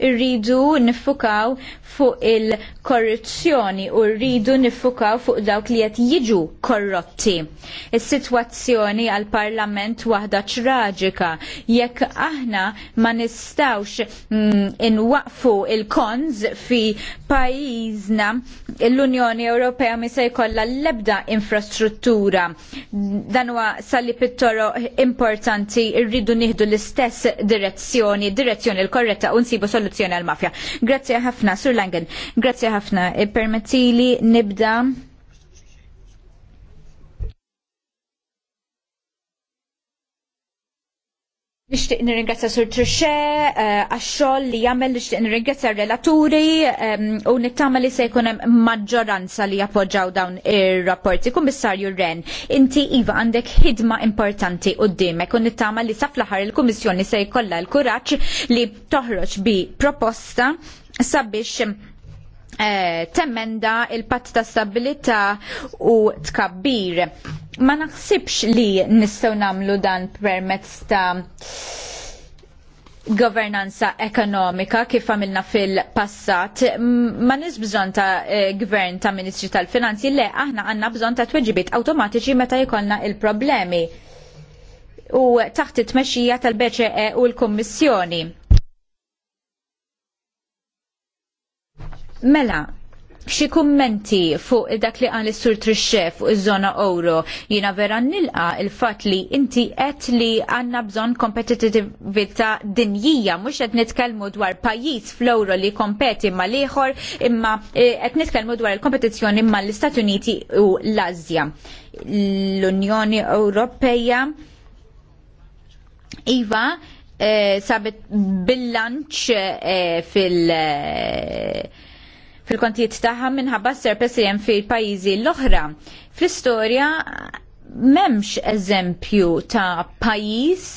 rridu niffukaw fuq il-korruzzjoni u rridu nifukaw fuq dawk li qed jiġu korrotti. Is-sitwazzjoni għall parlament waħda traġika jekk aħna ma nistawx mm, inwaqfu il-konz fi pajjiżna l-Unjoni Ewropea ma se jkollha l-ebda infrastruttura. Dan huwa sali pittoro importanti rridu nieħdu l-istess direzzjoni, direzzjoni l-korretta u nsibu sol soluzzjoni għal-mafja. Grazie ħafna, Sur Langen, Grazie ħafna, e Permetti li nibda Nishtiq nirringrazzja Sur Trixxe eh, għax-xogħol li jagħmel nixtieq nirringrazzja r-relaturi ehm, u nittama li se jkun hemm maġġoranza li jappoġġaw dawn ir-rapporti. Kummissarju Ren, inti iva għandek ħidma importanti qudiemek u nittama li sa fl-aħħar il-Kummissjoni se jkollha l-kuraġġ li toħroġ bi proposta sabiex Eh, temmenda il-patt ta' stabilità u tkabbir. Ma naħsibx li nistgħu nagħmlu dan permezz ta' governanza ekonomika kif għamilna fil-passat, ma nis bżon ta' eh, gvern ta' Ministri tal-Finanzi, le aħna għanna bżon ta' tweġibit automatiċi meta jkollna il-problemi u taħt it-tmexxija tal-BCE u l-Kommissjoni. Mela, xi kummenti fuq dak li għan sur trixxef fuq iż-żona euro jina vera nilqa il-fatt li inti qed li għandna bżonn kompetitività dinjija mhux qed nitkellmu dwar pajjiż fl-euro li kompeti ma l-ieħor imma eh, qed nitkellmu dwar il-kompetizzjoni ma l-Istati Uniti u l-Asja. L-Unjoni Ewropeja Iva, eh, sabet bilanċ eh, fil- fil-kontijiet tagħha minħabba s-serpes li hemm fil-pajjiżi l-oħra. Fl-istorja m'hemmx eżempju ta' pajjiż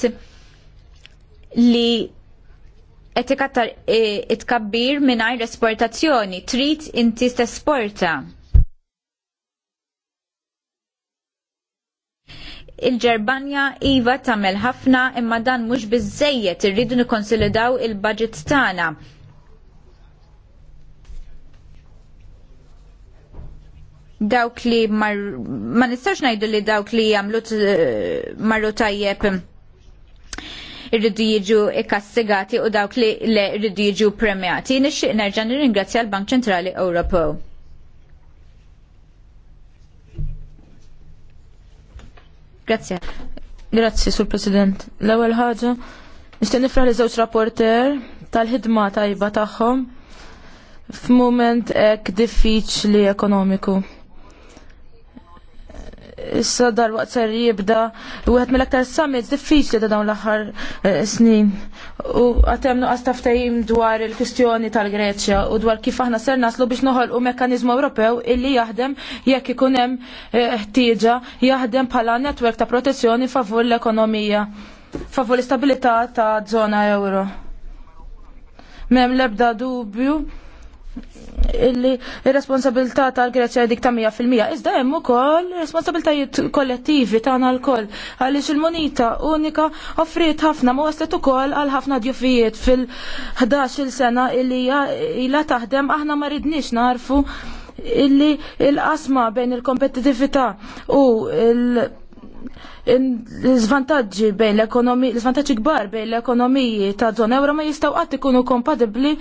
li qed ikattar itkabbir mingħajr esportazzjoni, trid inti tesporta. il-ġerbanja iva tagħmel ħafna imma dan mhux biżejjed irridu nikkonsolidaw il-budget tagħna. dawk li mar, ma nistax najdu li dawk li jamlu marru tajjeb irridu jiġu ikkastigati u dawk li le irridu jiġu premjati. Nixxieq nerġa' nirringrazzja l-Bank Ċentrali Ewropew. Grazie. Grazie, Sur President. L-ewwel ħaġa, nixtieq nifraħ li żewġ rapporter tal-ħidma tajba tagħhom f'mument hekk diffiċli ekonomiku issa waqt ser jibda u għet mill-aktar summits diffiċli ta' dawn l-axar eh, snin. U għatem nuqqas taftajim dwar il-kustjoni tal-Greċja u dwar kif aħna ser naslu biex noħol u mekanizmu Ewropew illi jaħdem jekk ikunem eh, ħtieġa jaħdem bħala netwerk ta' protezzjoni favur l-ekonomija, favur l-istabilità ta' zona euro. Mem lebda dubju illi ir-responsabilità tal-Greċja dik ta' 100%. Iżda hemm ukoll responsabiltajiet kollettivi tagħna lkoll għaliex il-munita unika offriet ħafna ma waslet ukoll għal ħafna djufijiet fil-11 sena illi ilha taħdem aħna ma ridniex narfu illi l-qasma bejn il-kompetitività u il- l-svantaġġi bejn l-ekonomija, l-svantaġġi kbar bejn l-ekonomiji ta' zona euro ma jistgħu qatt ikunu kompatibbli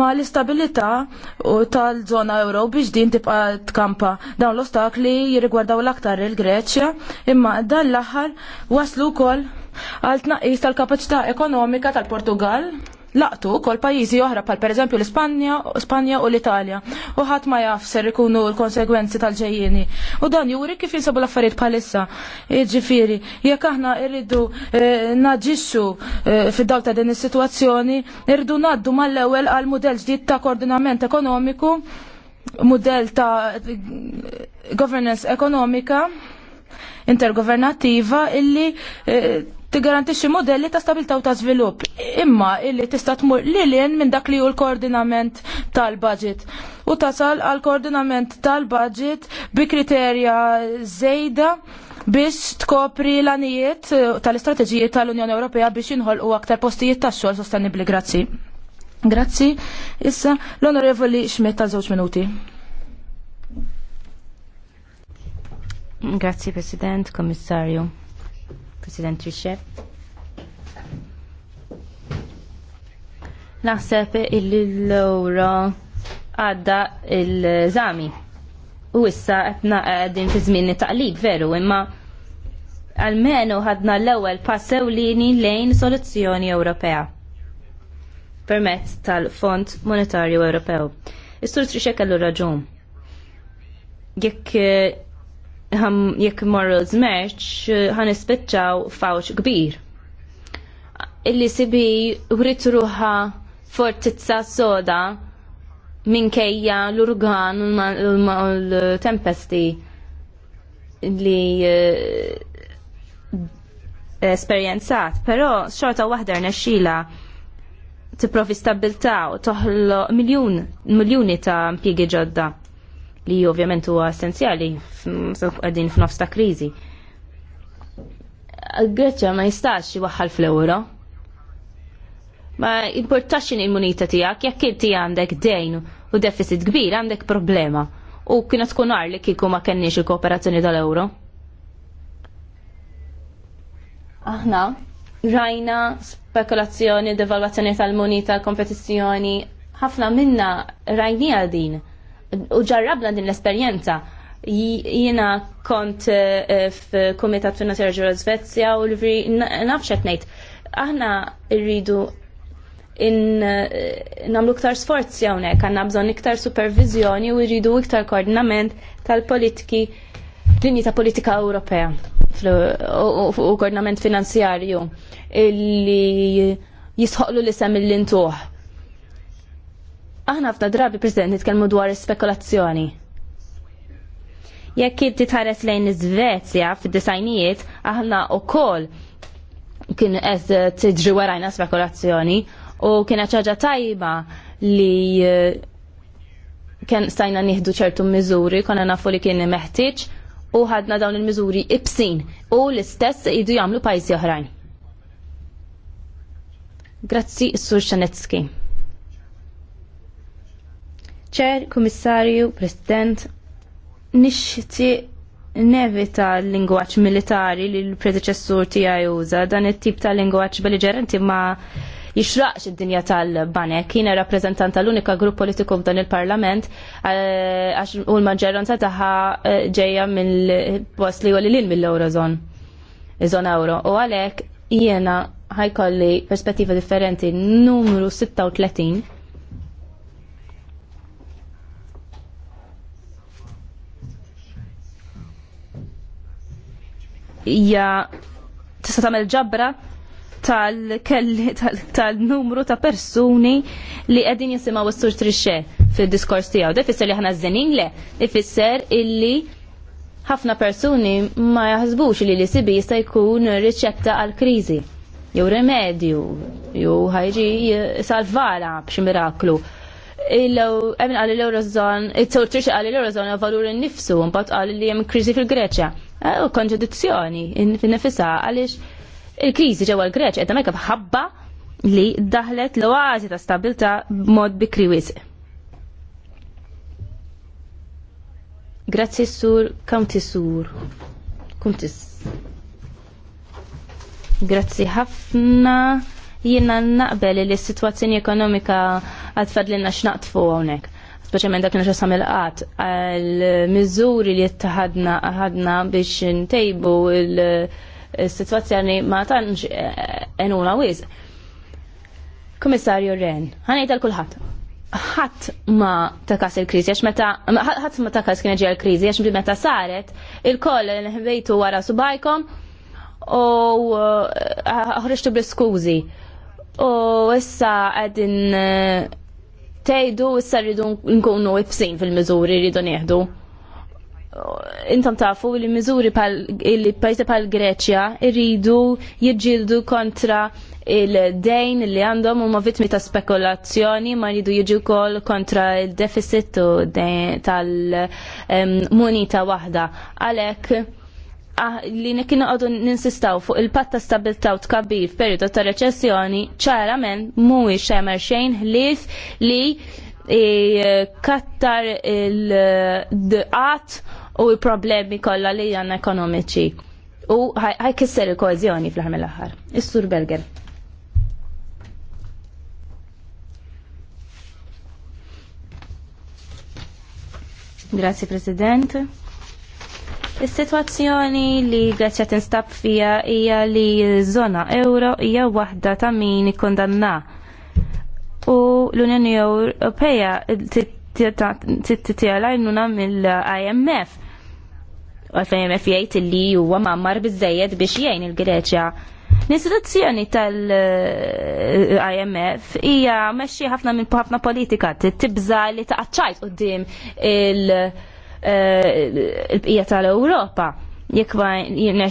ma l-istabilità u tal-zona euro biex din tibqa tkampa. Dawn l-ostakli jirrigwardaw l-aktar il-Greċja, imma dan l-aħħar waslu kol għal tnaqqis tal-kapacità ekonomika tal-Portugal laqtu kol pajizi oħra pal per eżempju l-Ispanja, Spanja u l-Italja. U ħadd ma jaf ser ikunu l-konsegwenzi tal-ġejjieni. U dan juri kif jinsabu l-affarijiet bħalissa. Ġifieri, jekk aħna rridu eh, naġixxu eh, fid-dawl ta' din is-sitwazzjoni, irridu ngħaddu mal-ewwel għal mudell ġdid ta' koordinament ekonomiku, mudell ta' governance ekonomika intergovernativa illi eh, tigarantixxi modelli ta' stabilta u ta' żvilupp, imma illi tista' tmur lilien minn dak li hu l-koordinament tal-budget u tasal għal koordinament tal-budget bi kriterja żejda biex tkopri l-anijiet eh, tal-istrateġijiet tal-Unjoni Ewropea biex jinħolqu aktar postijiet tax-xogħol sostenibbli. Grazzi. Grazzi. Issa l-Onorevoli Schmidt ta' żewġ minuti. Grazzi President, Kommissarju. President Trichet. Naħseb il-lura għadda il-żami. U issa għetna għedin fi żmien taqlib veru, imma għalmenu ħadna l-ewwel passew lini lejn soluzzjoni Ewropea permezz tal-Fond Monetarju Ewropew. Istur sur Trixek kellu raġun. Jekk eh, jekk morru zmerċ ħan ispiċċaw fawċ kbir. Illi sibi writ ruħa fortizza soda minkejja l-urgan u l-tempesti li eh, esperienzat, pero xorta waħda rnexxila tiprofi stabilta u toħlo miljoni ta' impjiegi ġodda li ovvjament huwa essenzjali qegħdin f'nofs ta' kriżi. Greċja ma jistax waħħal fl-euro. Ma importax il-munita tiegħek jekk inti għandek dejn u deficit kbir għandek problema. U kienu tkun għar li kieku ma kenniex il-kooperazzjoni tal-euro. Aħna rajna spekulazzjoni, devalwazzjoni tal-munita, kompetizzjoni, ħafna minna rajnija din u ġarrabna din l-esperjenza jiena kont eh, eh, f'Kumitat Finanzjarju ġura Svezja u l vri nafxet ngħid aħna rridu in eh, namlu iktar sforzi hawnhekk, għandna bżonn iktar supervizjoni u jridu iktar koordinament tal-politiki linji ta' politika Ewropea u koordinament finanzjarju li jisħoqlu li semmi l-intuħ Aħna f'ta drabi President nitkellmu dwar spekulazzjoni. Jekk inti tħares lejn iż-Svezja fid-disajnijiet, aħna wkoll kien qed tiġri warajna spekulazzjoni u kienet ħaġa tajba li eh, kien stajna nieħdu ċertu miżuri, konna nafu li kien meħtieġ u ħadna dawn il-miżuri ibsin u l-istess idu jagħmlu pajjiżi oħrajn. Grazzi, Sur Xanetski ċer, kummissarju, president, nixti nevita l-lingwaċ militari li l-predeċessur tiegħi juża dan it-tip ta' lingwaċ belliġerenti ma jixraqx id-dinja tal-banek. Jiena rappreżentant tal-unika grupp politiku f'dan il-Parlament eh, għax u l maġġeranza tagħha eh, ġejja mill-post li lil mill-Eurozon. zon euro. U għalhekk jiena ħajkolli perspettiva differenti numru 36 hija tista' tagħmel ġabra tal-numru ta' persuni li qegħdin jisimgħu s-sur trixxe fil diskors tiegħu. Da fisser li aħna żenin le, ifisser illi ħafna persuni ma jaħsbux li li sibi jista' jkun riċetta għal kriżi jew remedju, jew ħajġi salvara b'xi miraklu. Emin għalli l-Eurozon, il-tortur għalli l-Eurozon għavalur n-nifsu, mbat għalli li jem krizi fil-Greċja. U konġedizzjoni, n nifisa għalix il-krizi ġewa l-Greċja, edda mekka bħabba li daħlet l-oazi ta' stabilta mod bikri wisq. Grazzi sur, kam tisur, kum tis. Grazzi ħafna, jina naqbel li s-situazzjoni ekonomika għatfad li naxnaqt fuq għonek speċjalment dak li naxa samil qat għal-mizzuri li jittaħadna ħadna biex ntejbu il-situazzjoni ma tantx eh, enuna wiz. Komissarju Ren, ħanajt għal-kulħat. ħadd ma takas il-kriżi għax meta ħadd ma takas kien ġej il-kriżi għax meta saret il-koll li wara subajkom u eh, ħriġtu bl-skużi u issa għedin eh, tejdu issa rridu nkunu ibsin fil-mizuri rridu nieħdu. Intom tafu li miżuri li pajsa pal Greċja rridu jiġġieldu kontra il-dejn li għandhom huma vittmi ta' spekulazzjoni ma rridu jiġu wkoll kontra il-deficit tal-munita waħda. Għalhekk Ah, li kienu għadu ninsistaw fuq il-patta stabilta u tkabbir f'periodu ta' reċessjoni ċarament mhuwiex xemer xejn ħlief li e, kattar il-dqat u il-problemi kollha li għandna ekonomiċi u għaj kisser il-koezjoni fl ħarmi l ħar Is-Sur Berger. Grazie Presidente. Is-sitwazzjoni li Greċja tinstab fija hija li żona euro hija waħda ta' min ikkondanna. U l-Unjoni Ewropea titjala jnuna mill-IMF. l imf jgħid li huwa mammar biżejjed biex jgħin il-Greċja L-istituzzjoni tal-IMF hija mexxi ħafna minn ħafna politika tibża li taqaċċajt qudiem il- Eh, il-bqija tal-Ewropa jekk ma ma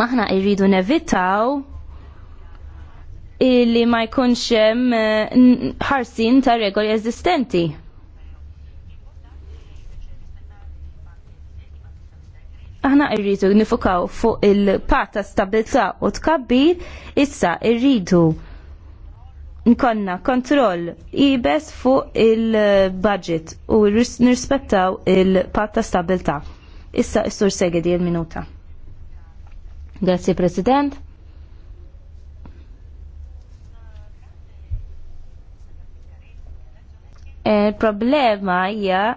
Maħna irridu nevitaw illi ma jkunx hemm eh, ħarsin ta' regoli eżistenti. aħna irridu nifukaw fuq il-pat ta' stabilità u tkabbir, issa irridu nkonna kontroll ibes fuq il-budget u nirrispettaw il-patta stabilta. Issa s-sur segedi il-minuta. Grazie President. Il-problema eh, hija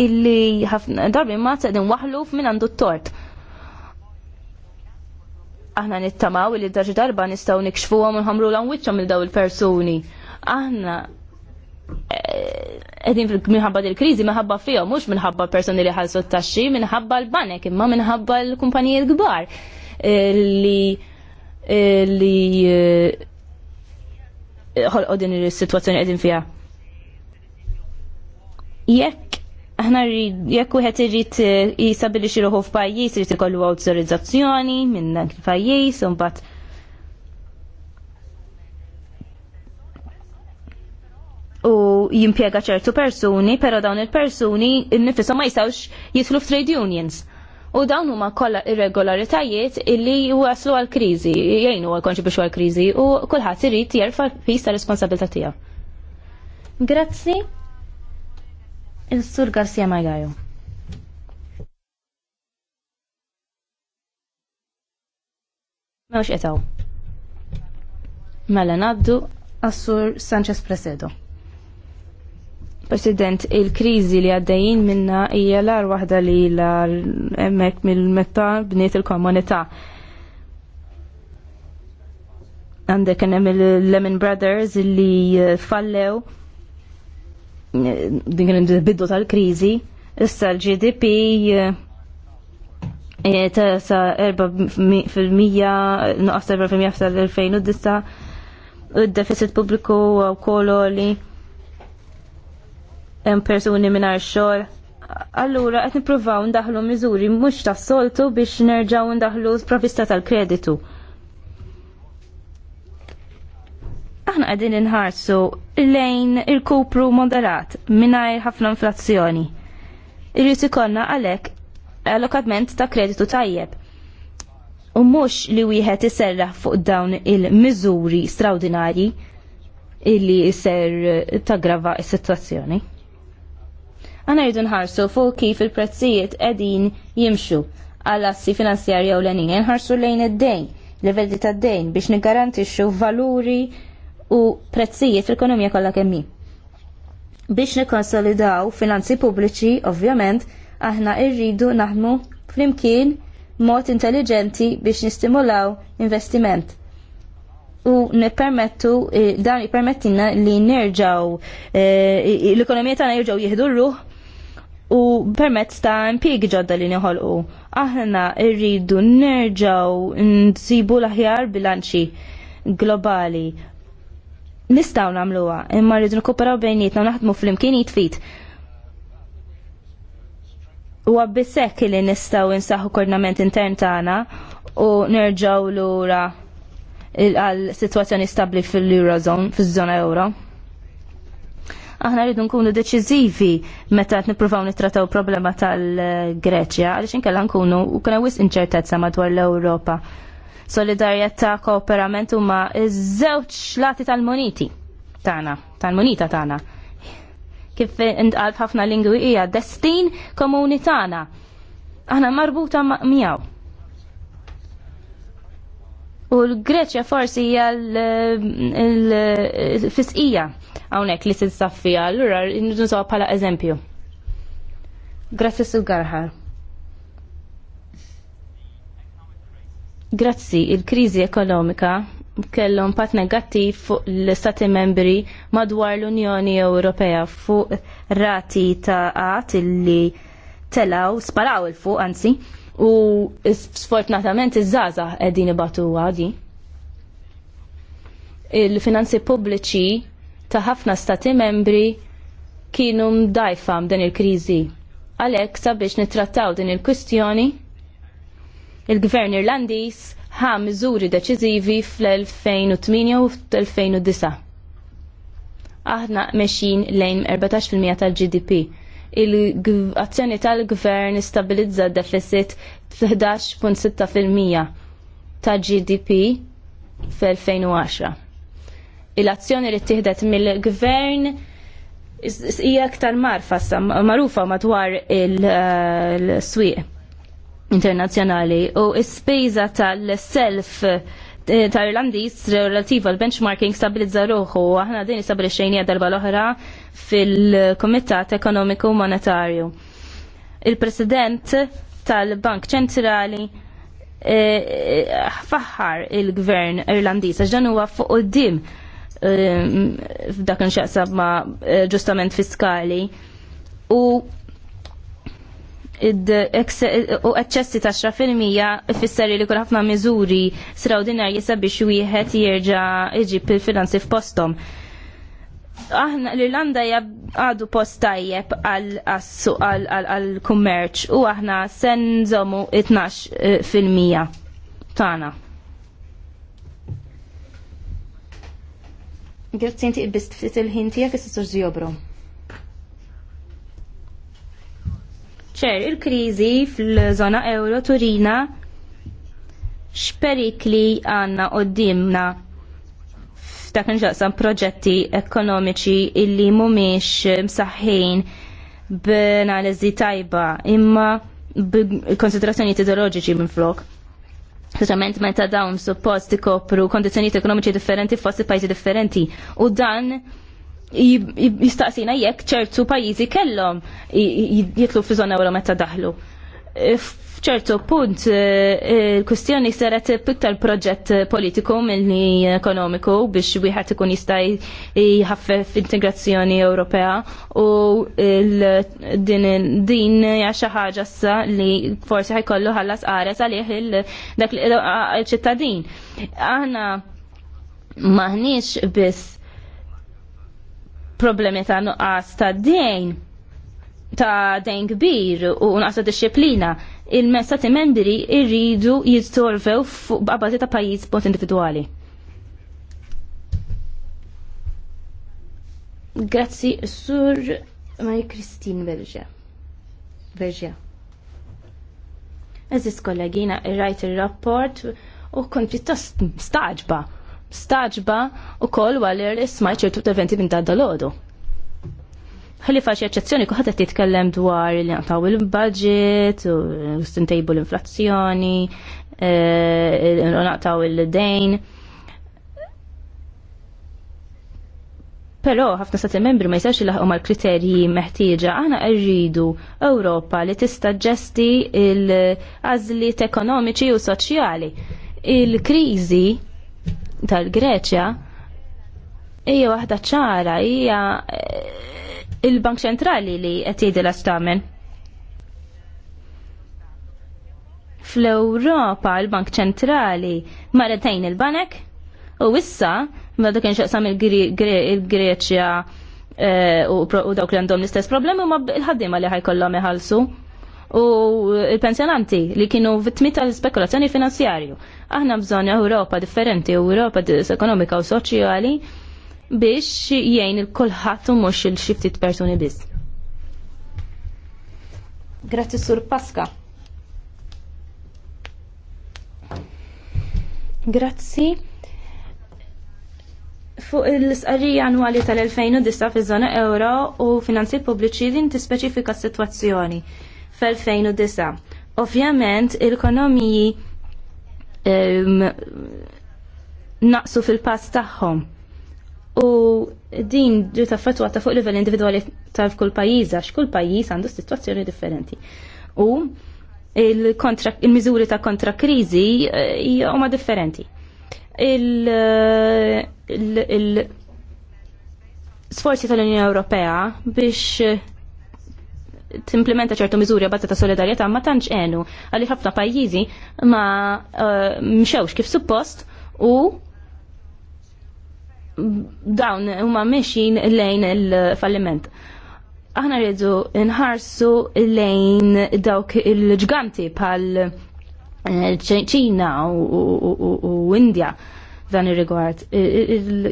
illi ħafna darbi ma taqdin waħlu f'min għandu t-tort aħna nittamaw li darġi darba nistaw nikxfu għom unħamru l wiċċom il-daw il-personi. Aħna edin eh, minħabba dil-krizi, minħabba fija, mux minħabba personi li ħalsu t-taxxi, minħabba l-banek, imma minħabba l-kumpaniji l-gbar eh, li eh, li ħol din il-situazzjoni edin fija. Jekk aħna jekk wieħed irid eh, jistabilixxi ruħu f'pajjiż irid ikollu awtorizzazzjoni minn dak il-pajjiż u mbagħad u jimpjega ċertu persuni, pero dawn il-persuni nifisom ma jistgħux jidħlu f'trade unions. U dawn huma kollha irregolaritajiet illi waslu għal kriżi, jgħinu għal biex għal kriżi u kulħadd irid jerfa' fis ta' responsabilità tiegħu. Grazzi il-Sur Garcia Margajo. Mewx etaw. Mela naddu għas-Sur Sanchez Presedo. President, il-krizi li għaddejjin minna hija l-ar waħda li l-ar emmek mill-metta bniet il-komunità. Għandek hemm il-Lemon Brothers li fallew din biddu tal-kriżi, issa l-GDP tesa 4% nuqqas 4% l 2009 u d-deficit pubbliku u kololi hemm persuni mingħajr xogħol. Allura qed nippruvaw ndaħlu miżuri mhux tas-soltu biex nerġa'w ndaħlu profista tal-kreditu. aħna qegħdin inħarsu lejn il-kupru moderat mingħajr ħafna inflazzjoni. Irrid ikollna għalhekk allokament ta' kreditu tajjeb. U mhux li wieħed iserraħ fuq dawn il-miżuri straordinarji illi jisser tagrava is-sitwazzjoni. Għana rridu nħarsu fuq kif il-prezzijiet qegħdin jimxu għal-assi finanzjarja u l-għanin nħarsu lejn id-dejn livelli ta' dejn biex nigarantixxu valuri u prezzijiet fil ekonomija kollha kemm Biex nikkonsolidaw finanzi pubbliċi, ovvjament, aħna rridu naħdmu flimkien mod intelligenti biex nistimulaw investiment u nipermettu eh, dan jipermettina li nerġaw eh, l-ekonomija tagħna jerġgħu jieħdu rruħ u permezz ta' impjiegi ġodda li nieħolqu. Aħna rridu nerġaw nsibu l-aħjar bilanċi globali nistaw namluwa, imma rridu nkoperaw bejnietna u naħdmu fl-imkien jitfit. U għabbissek li nistaw insaħu koordinament intern tagħna u nerġaw lura għal situazzjoni stabli fil-Eurozone, fil-żona euro. Aħna rridu nkunu deċiżivi meta qed nippruvaw nittrataw problema tal-Greċja għaliex inkella nkunu u kien wisq inċertezza madwar l-Ewropa solidarjetà kooperament huma iż-żewġ lati tal-moniti tagħna, tal-monita tagħna. Kif intqal ħafna lingwi hija destin komuni tagħna. Aħna marbuta miegħu. U l-Greċja forsi hija l-fisqija hawnhekk li titsaffija, allura nżuha bħala eżempju. Grazzi sul Garħar. Grazzi, il-kriżi ekonomika kellu impatt negattiv fuq l-Stati membri madwar l-Unjoni Ewropea fuq rati ta' għat illi telaw, sparaw il-fuq anzi, u sfortunatament iż-żaza qegħdin ibatu għadi. Il-finanzi pubbliċi ta' ħafna stati membri kienu mdajfa din il-kriżi. Għalhekk sabiex nittrattaw din il kustjoni il-gvern Irlandiż ħa miżuri deċiżivi fl-2008 u fl-2009. Aħna meċin lejn 14% tal-GDP. Il-azzjoni tal-gvern stabilizza deficit fl 11.6% tal-GDP fl-2010. Il-azzjoni li tihdet mill-gvern hija aktar marfa marufa madwar il-swieq eh, internazzjonali u s-spejza tal-self eh, tal-Irlandis relativ għal benchmarking stabilizza ruħu aħna din hija darba l-oħra fil-Komitat Ekonomiku Monetarju. Il-President tal-Bank Ċentrali eh, faħħar il-Gvern Irlandiż għax dan huwa fuq qudiem eh, f'dak inxaqsab ma' ġustament fiskali u u eċċessi ta' xra filmija mija li kull ħafna miżuri straordinarji sabiex wieħed jirġa' iġib il-finanzi f'posthom. Aħna l-Irlanda għadu post tajjeb għal-kummerċ u aħna sen nżommu 12 eh, fil-mija tagħna. Grazzi inti qbist ftit il-ħin tiegħek is-sur ċer, il-krizi fil-zona euro turina xperikli għanna qoddimna f'dak nġaqsam proġetti ekonomiċi illi mumiex msaħħin b'analiżi tajba imma b'konsiderazzjoni ideoloġiċi minn flok. Speċjalment meta dawn suppost ikopru kondizjonijiet ekonomiċi differenti fossi pajjiżi differenti u dan jistaqsina jekk ċertu pajjiżi kellhom jitlu fi żona ewro meta daħlu. F'ċertu punt e, e, il-kustjoni seret iktar proġett politiku milli ekonomiku biex wieħed ikun jista' jħaffef integrazzjoni Ewropea u din hija xi ħaġa issa li forsi ħajkollu ħallas qares għalih dak il-ċittadin. Aħna maħniex biss problemi ta' nuqqas ta' dejn ta' dejn kbir u nuqqas ta' disċiplina il-messati membri irridu jizzorvew fuq babazi ta' pajjiż bot individwali. Grazzi, sur Maj Kristin Verġa. Verġa. Eżis kollegina, rajt il-rapport u kontri pjuttost staġba staġba u koll għalir ismaj ċertu eventi minn dadda l-ħodu. Għalli faċi eccezzjoni kuħat għat jitkellem dwar li għataw il-budget, u stintejbu l-inflazzjoni, għataw eh, il-dejn. Pero ħafna sati membri ma laħu ma mal kriterji meħtieġa aħna rridu Ewropa li tista' ġesti l-għażliet ekonomiċi u soċjali. Il-kriżi tal-Greċja hija waħda ċara hija eh, il-Bank Ċentrali li qed jidilha stamen. Fl-Ewropa l-Bank Ċentrali marretejn il-banek u issa meta kien xaqsam il-Greċja eh, u dawk li għandhom l-istess problemi ma l-ħaddiema li ħajkollhom iħallsu u il-pensjonanti li kienu vittmi tal-spekulazzjoni finanzjarju. Aħna bżonn Ewropa differenti, Ewropa ekonomika u soċjali biex jgħin il-kolħat u mux il-xiftit personi biss. Grazzi sur Pasqa. Grazzi fuq l-isqarrija annwali tal-2009 fiż-żona euro u finanzi pubbliċi din tispeċifika s-sitwazzjoni fl-2009. Ovvjament, l-ekonomiji um, ehm, naqsu fil-pass tagħhom. U din ġu ta' fuq livell individwali ta' f'kull pajjiż għax kull pajjiż għandu sitwazzjoni differenti. U il-miżuri ta' kontra kriżi eh, huma differenti. Il-sforzi eh, tal-Unjoni Ewropea biex timplementa ċertu miżuri bazza ta' solidarjetà ma tantx għenu għalli ħafna pajjiżi ma eh, mxewx kif suppost u dawn huma mexjin lejn il-falliment. Aħna rridu nħarsu lejn dawk il-ġganti bħal eh, ċina u Indja dan ir-rigward.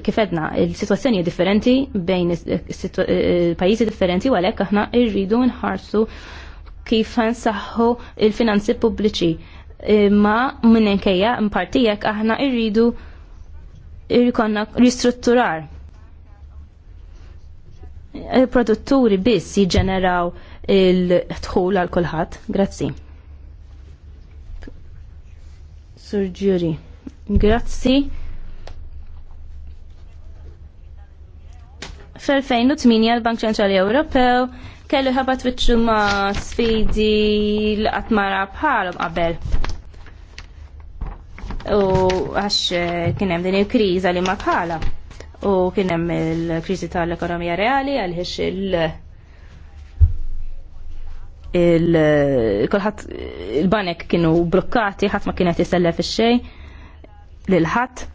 Kif edna, il-sitwazzjoni differenti bejn eh, eh, eh, pajjiżi differenti u għalhekk aħna rridu nħarsu kif nsaħħu il-finanzi pubbliċi. Ma minnenkejja partijek aħna rridu irkonna ristrutturar. Il-produtturi biss jiġġeneraw il-tħul għal kulħadd. Grazzi. Surġuri. Grazzi. Fl-2008 l-Bank Ċentrali Ewropew kellu ħabat twitxu ma sfidi l qatt mara bħalhom qabel. U għax eh, kien hemm din il-kriża li ma bħala. U kien hemm il-kriżi tal-ekonomija reali ħiex il- il kolħat il-banek kienu blokkati, ħadd ma kienet jisellef ix-xejn lil ħadd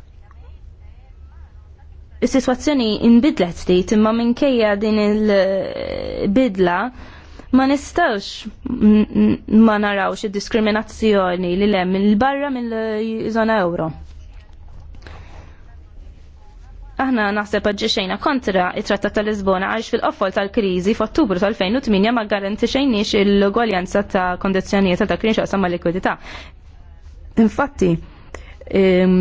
Is-sitwazzjoni inbidlet ftit imma minkejja din il-bidla ma nistawx ma narawx id-diskriminazzjoni li lem il-barra mill-żona euro. Aħna naħseb għadġi xejna kontra it-Trattat tal-Lisbona għax fil-qoffol tal kriżi f'Ottubru tal-2008 ma garantixejniex il-ugwaljanza ta' kondizzjonijiet ta' dak li nxaqsam ma' likwidità. Infatti,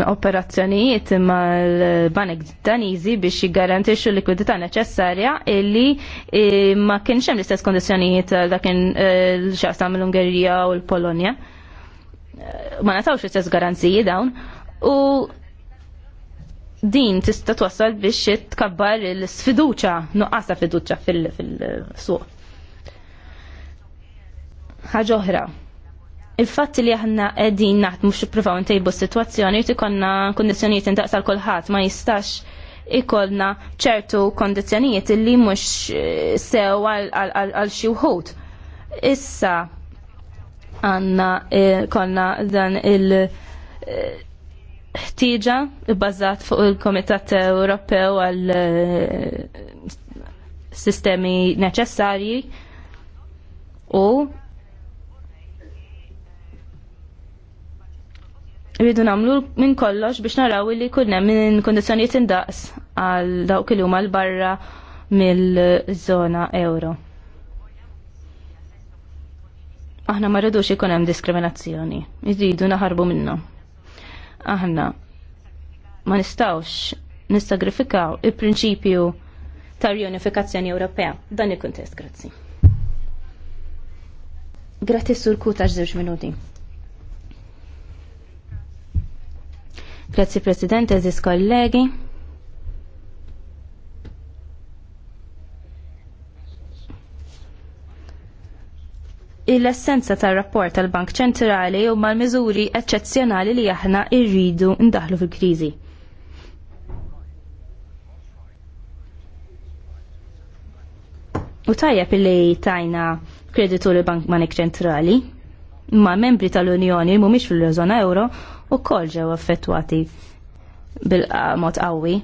operazzjonijiet mal-banek danizi biex jgarantixxu l-likwidità neċessarja illi ma kienx hemm l-istess kondizzjonijiet dakin eh, l-xaqs mill-Ungerija u l-Polonja. Eh, ma natawx l-istess garanziji dawn. U din tista' twassal biex tkabbar l-sfiduċa, nuqqas ta' fiduċa fil-suq. Ħaġa oħra il-fatt li aħna qegħdin naħdmu x'ipprovaw ntejbu s-sitwazzjoni jt ikollna kundizzjonijiet n l kulħadd ma jistax ikollna ċertu kondizjoniet li mhux eh, sew għal xi wħud. Issa għandna eh, konna dan il- eh, ħtieġa bazzat fuq il-Komitat Ewropew għal sistemi neċessarji u Rridu namlu minn kollox biex naraw li kunna minn kondizjoniet indaqs għal dawk li huma l-barra mill-żona euro. Aħna ma rridux ikun hemm diskriminazzjoni, jridu naħarbu minnhom. Aħna ma nistawx nissagrifikaw il-prinċipju tar unifikazzjoni Ewropea. Dan il-kuntest, grazzi. Grazzi sur kutax żewġ minuti. Grazie President, eżis kollegi. l-essenza tar-rapport tal-Bank Ċentrali u mal-miżuri eċċezzjonali li aħna rridu ndaħlu fil-kriżi. U tajjeb li tajna kreditu l-Bank Manik Ċentrali ma membri tal-Unjoni mhumiex fil-żona euro u kol ġew affettwati bil-mod qawwi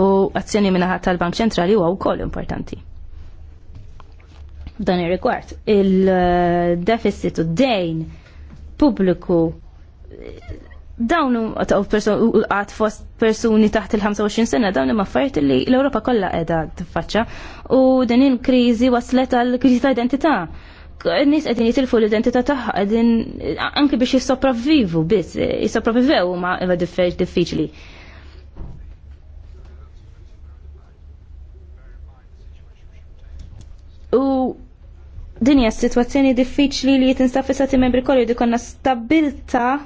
u azzjoni minnaħat tal-Bank Ċentrali huwa wkoll importanti. Dan ir-rigward, il-deficit u d-dejn pubbliku dawn għat fost persuni taħt il-25 sena dawn ma affarijiet li l-Ewropa kollha qiegħda tiffaċċa u din il-kriżi waslet għal kriżi ta' identità nis qegħdin jitilfu l-identità tagħha qegħdin anke biex jissopravvivu biss, jissopravvivew ma' diffiċli. U dinja situazzjoni diffiċli li jitinstab fi stati membri kollu li konna stabilta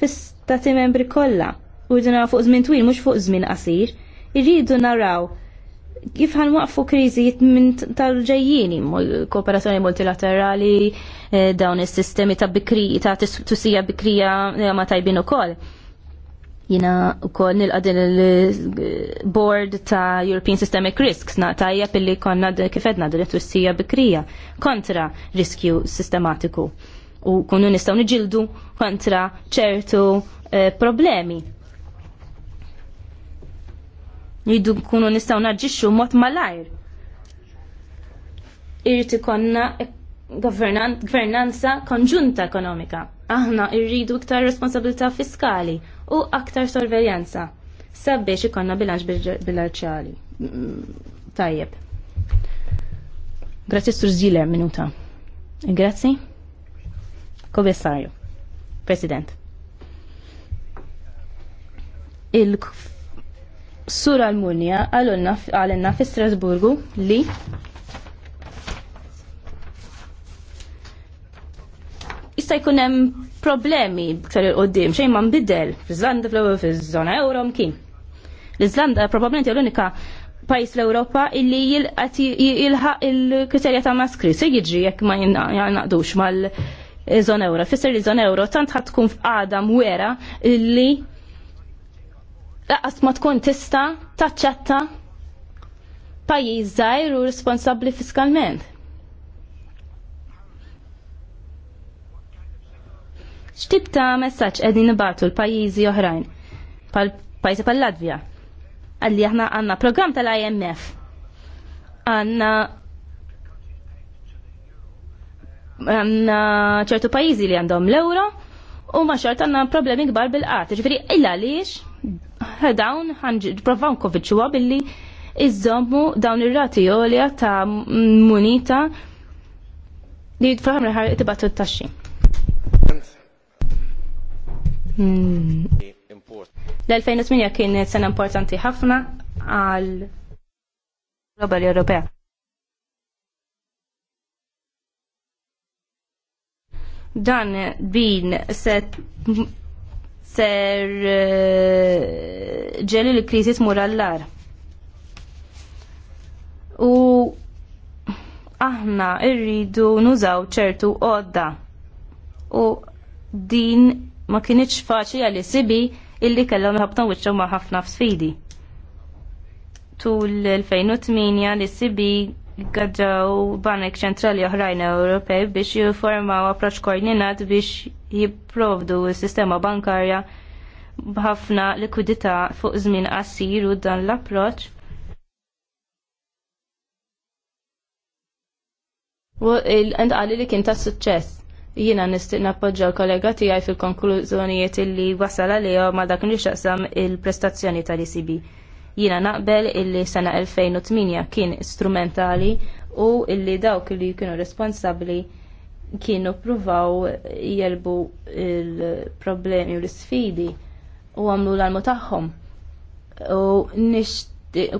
fi stati membri kollha. U jidina fuq żmien twil mhux fuq żmien qasir. Irridu naraw kif ħan waqfu kriżijiet minn tal-ġejjini, kooperazzjoni multilaterali, eh, dawn is-sistemi ta' bikrija, ta' tussija bikrija ma tajbin ukoll. Jina u nilqa din il-board eh, ta' European Systemic Risks na tajja pilli konna kifedna din it-tussija bikrija kontra riskju sistematiku u kunu nistaw niġildu kontra ċertu eh, problemi jridu kunu nistgħu naġġiċu mod malajr. Irid konna governanza konġunta ekonomika. Aħna rridu iktar responsabilità fiskali u aktar sorveljanza sabiex ikonna bilanċ bilanċjali. Mm, tajjeb. Grazie Sur minuta. Grazzi. Kobessarju. President. Il Sur Almunia għalenna fi Strasburgu li jista' jkun hemm problemi b'ktar il-qoddim xejn ma nbidel fl-Iżlanda fl fiż-żona Ewro mkien. L-Iżlanda probabbilment l-unika pajis l-Ewropa illi jilħaq il-kriterja ta' maskri. Se jiġri jekk ma jnaqdux mal-żona eh, Ewro. Fisser li żona Ewro tant ħad tkun f'qada mwera illi laqas ma tkun tista taċċetta pajjiż żgħir u responsabbli fiskalment. X'tib ta' messaġġ qegħdin nibatu l-pajjiżi oħrajn pal pajjiżi pal latvja Għalli aħna għandna programm tal-IMF. Għandna għandna ċertu pajjiżi li għandhom l-euro u ma xort għandna problemi kbar bil-qat. Ġifieri illa għaliex dawn ħanġiprofaw nkoviċuwa billi iżommu dawn ir-rati għolja ta' munita li jitfaħam l-ħar tibatu taxxi hmm. L-2008 kienet sena importanti ħafna għal global Ewropea. Dan bin set ser eh, ġeli l-krizi tmur għallar. U aħna irridu nużaw ċertu għodda. U din ma kienieċ faċli għalli sibi illi kellhom ħabtan wiċċaw ma' ħafna sfidi. Tul 2008 li sibi għadġaw banek ċentrali oħrajn Ewropej biex jiformaw approċ koordinat biex jipprovdu s-sistema bankarja bħafna likwidità fuq żmien qasir u dan l-approċ. U li kien ta' suċċess. Jiena nistiq nappoġġa l-kollega tiegħi fil-konklużjonijiet illi wasal għalihom ma dak nixtaqsam il-prestazzjoni tal-ECB. Jiena naqbel illi sena 2008 kien strumentali u illi dawk li kienu responsabbli kienu pruvaw jelbu il-problemi u l isfidi u għamlu l-almu tagħhom. U nix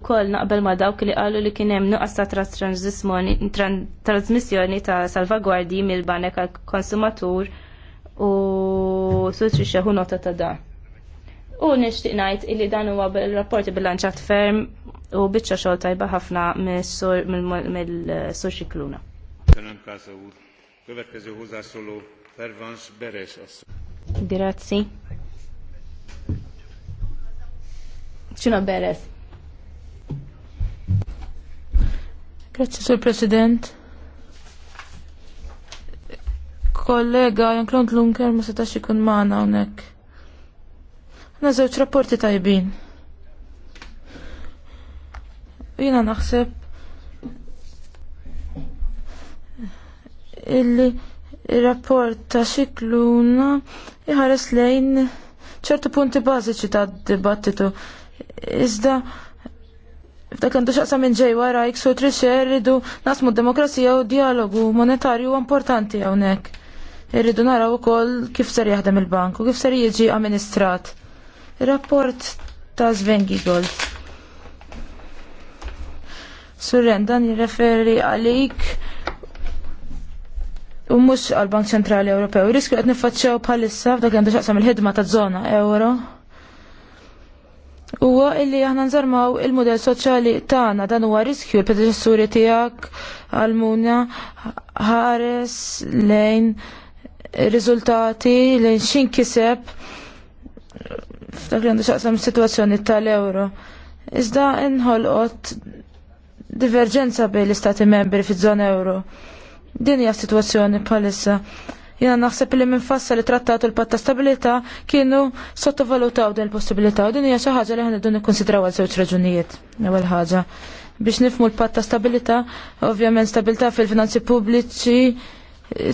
ukoll naqbel ma dawk li qalu li kien hemm nuqqas ta' trasmissjoni ta' salvagwardji mill-banek għall konsumatur u sutri xeħu nota ta' dan. U nixtieq ngħid illi dan huwa rapporti bil-lanċat ferm u biċċa xogħol tajba ħafna mill-sur xikluna. Grazzi. ċino Beres? Grazzi, Sur President. Kollega, Janklont unker ma setax ikun maħna unek. Na żewġ rapporti tajbin. Jina naħseb illi il-rapport ta' xikluna iħares lejn ċertu punti bażiċi ta' dibattitu. Iżda f'dak għandu xaqsa minn ġej wara iksu trixxe rridu nasmu demokrazija u dialogu monetarju importanti hawnhekk. Irridu naraw ukoll kif ser jaħdem il-bank u kif ser jiġi amministrat. Rapport ta' Sven Gigold. Surren, dan jirreferi għalik u mux għal-Bank Centrali Ewropew. Riskju għed nifacċaw bħalissa f'dak għandu xaqsam il-ħidma ta' zona euro. Huwa illi aħna nżarmaw il-modell soċjali tagħna dan huwa riskju l-predeċessuri tiegħek għal-Muna ħares lejn riżultati lejn x'inkiseb kiseb f'dak li għandu xaqsam situazzjoni tal-euro. Iżda inħolqot diverġenza bej l-istati membri fi zon euro. Din hija situazzjoni bħalissa. Jena naħseb li minn fassa li trattat u l-patta stabilita kienu sottovalutaw din il possibilita u din hija xi ħaġa li ħaniddu nikkonsidraw għal żewġ raġunijiet. Ewwel ħaġa biex nifmu l-patta stabilita, ovvjament stabilita fil-finanzi pubbliċi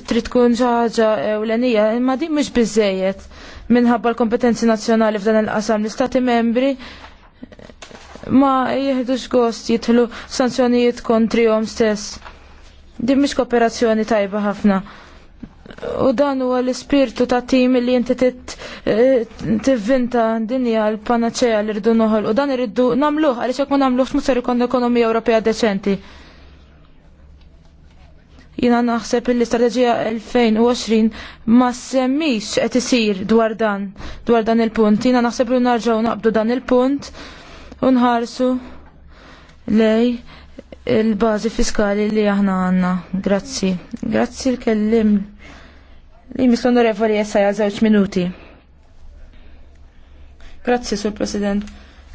trid tkun xi ħaġa ewlenija, imma din mhux biżejjed minħabba l-kompetenzi nazzjonali f'dan il-qasam l-istati membri ma jihdux gost jitħlu sanzjonijiet kontrihom stess. Din mish kooperazzjoni tajba ħafna. U dan huwa l-ispirtu ta' tim li inti eh, tivvinta dinja l panaċeja li rridu noħol. U dan irridu namluħ, għaliex jekk ma namluħx mhux ser ikun ekonomija Ewropea deċenti. Jina naħseb l-istrateġija 2020 ma semmix qed isir dwar dan, dwar dan il-punt. Jina naħseb li narġgħu naqbdu dan il-punt u nħarsu lej il-bażi fiskali li aħna għandna. Grazzi. Grazzi l-kellim li mis-onorevoli għal żewġ minuti. Grazzi, Sur President.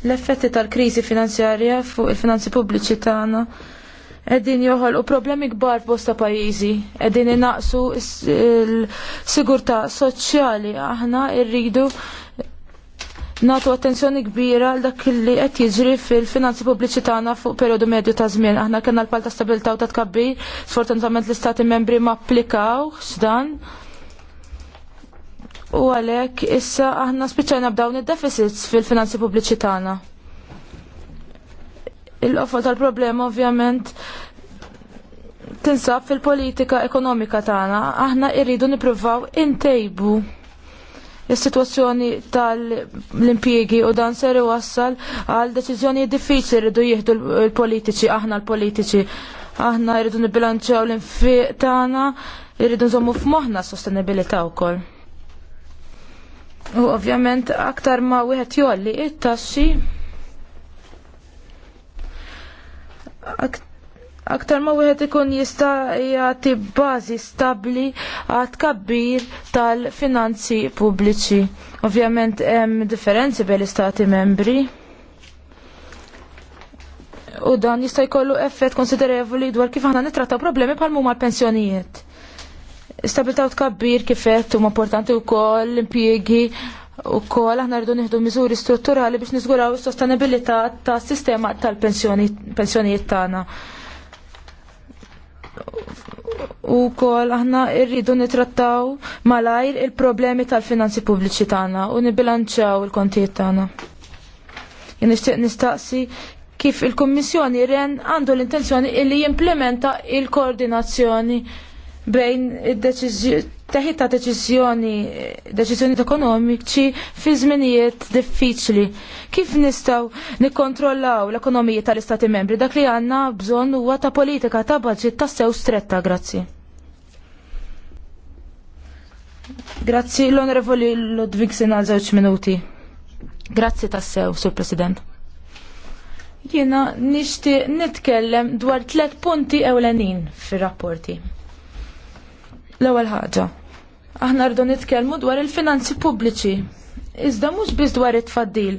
L-effetti tal-kriżi finanzjarja fuq il-finanzi pubbliċi tagħna Eddin joħol u problemi kbar f'bosta pajizi. Eddin innaqsu il-sigurta soċjali. Aħna irridu natu attenzjoni kbira għal dak li qed jiġri fil-finanzi pubbliċi tagħna fuq perjodu medju ta' żmien. Aħna kellna l-pal ta' stabilità u ta' tkabbir, sfortunatament l-istati membri ma applikaw x'dan. U għalhekk issa aħna spiċċajna b'dawn id-deficits fil-finanzi pubbliċi tagħna il-qofol tal-problema ovvjament tinsab fil-politika ekonomika tagħna. Aħna irridu nippruvaw intejbu is-sitwazzjoni tal-impjiegi u dan ser iwassal għal deċiżjoni diffiċli rridu jieħdu l-politiċi aħna l-politiċi. Aħna rridu nibbilanċaw l-infiq tagħna, irridu nżommu f'moħħna s-sostenibilità wkoll. U ovvjament aktar ma wieħed jolli it-taxxi aktar ma wieħed ikun jista' jagħti bażi stabbli għad kabbir tal-finanzi pubbliċi. Ovvjament hemm differenzi bejn l-istati membri. U dan jista' jkollu effett konsiderevoli dwar kif aħna nittrattaw problemi bħal mhuma l-pensjonijiet. Stabilità u tkabbir kif qed huma importanti wkoll l-impjiegi U kol aħna rridu nieħdu miżuri strutturali biex niżguraw is-sostenibilità tas sistema tal-pensjonijiet tagħna. U kol aħna rridu nitrattaw malajr il-problemi tal-finanzi pubbliċi tagħna u nibilanċaw il-kontijiet tagħna. Jien nixtieq nistaqsi kif il-Kummissjoni ren għandu l-intenzjoni illi jimplementa il-koordinazzjoni il koordinazzjoni bejn teħita deċizjoni, deċiżjoni ekonomiċi fi żminijiet diffiċli. Kif nistgħu nikkontrollaw l-ekonomija tal-Istati membri dak li għandna bżonn huwa ta' politika ta' budget ta' sew stretta, grazzi. Grazzi l-Onorevoli Ludwigsen għal żewġ minuti. Grazzi tassew, Sur President. Jiena nixtieq nitkellem dwar tliet punti ewlenin fir-rapporti. L-ewwel ħaġa. Aħna rdu nitkellmu dwar il-finanzi pubbliċi. Iżda mhux biss dwar it-tfaddil.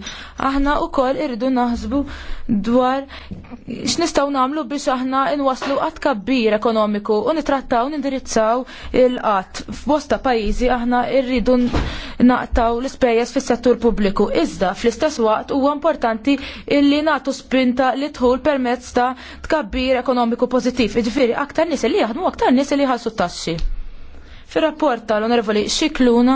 Aħna wkoll irridu naħsbu dwar x'nistgħu nagħmlu biex aħna inwaslu qatt kabbir ekonomiku u nitrattaw nindirizzaw il-qatt. F'bosta pajjiżi aħna rridu naqtaw l-ispejjeż fis-settur pubbliku. Iżda fl-istess waqt huwa importanti illi nagħtu spinta li tħul permezz ta' tkabbir ekonomiku pożittiv. Jiġifieri aktar nies li jaħdmu aktar nies li ħassu t-taxxi. Fir-rapport tal-Onorevoli Xikluna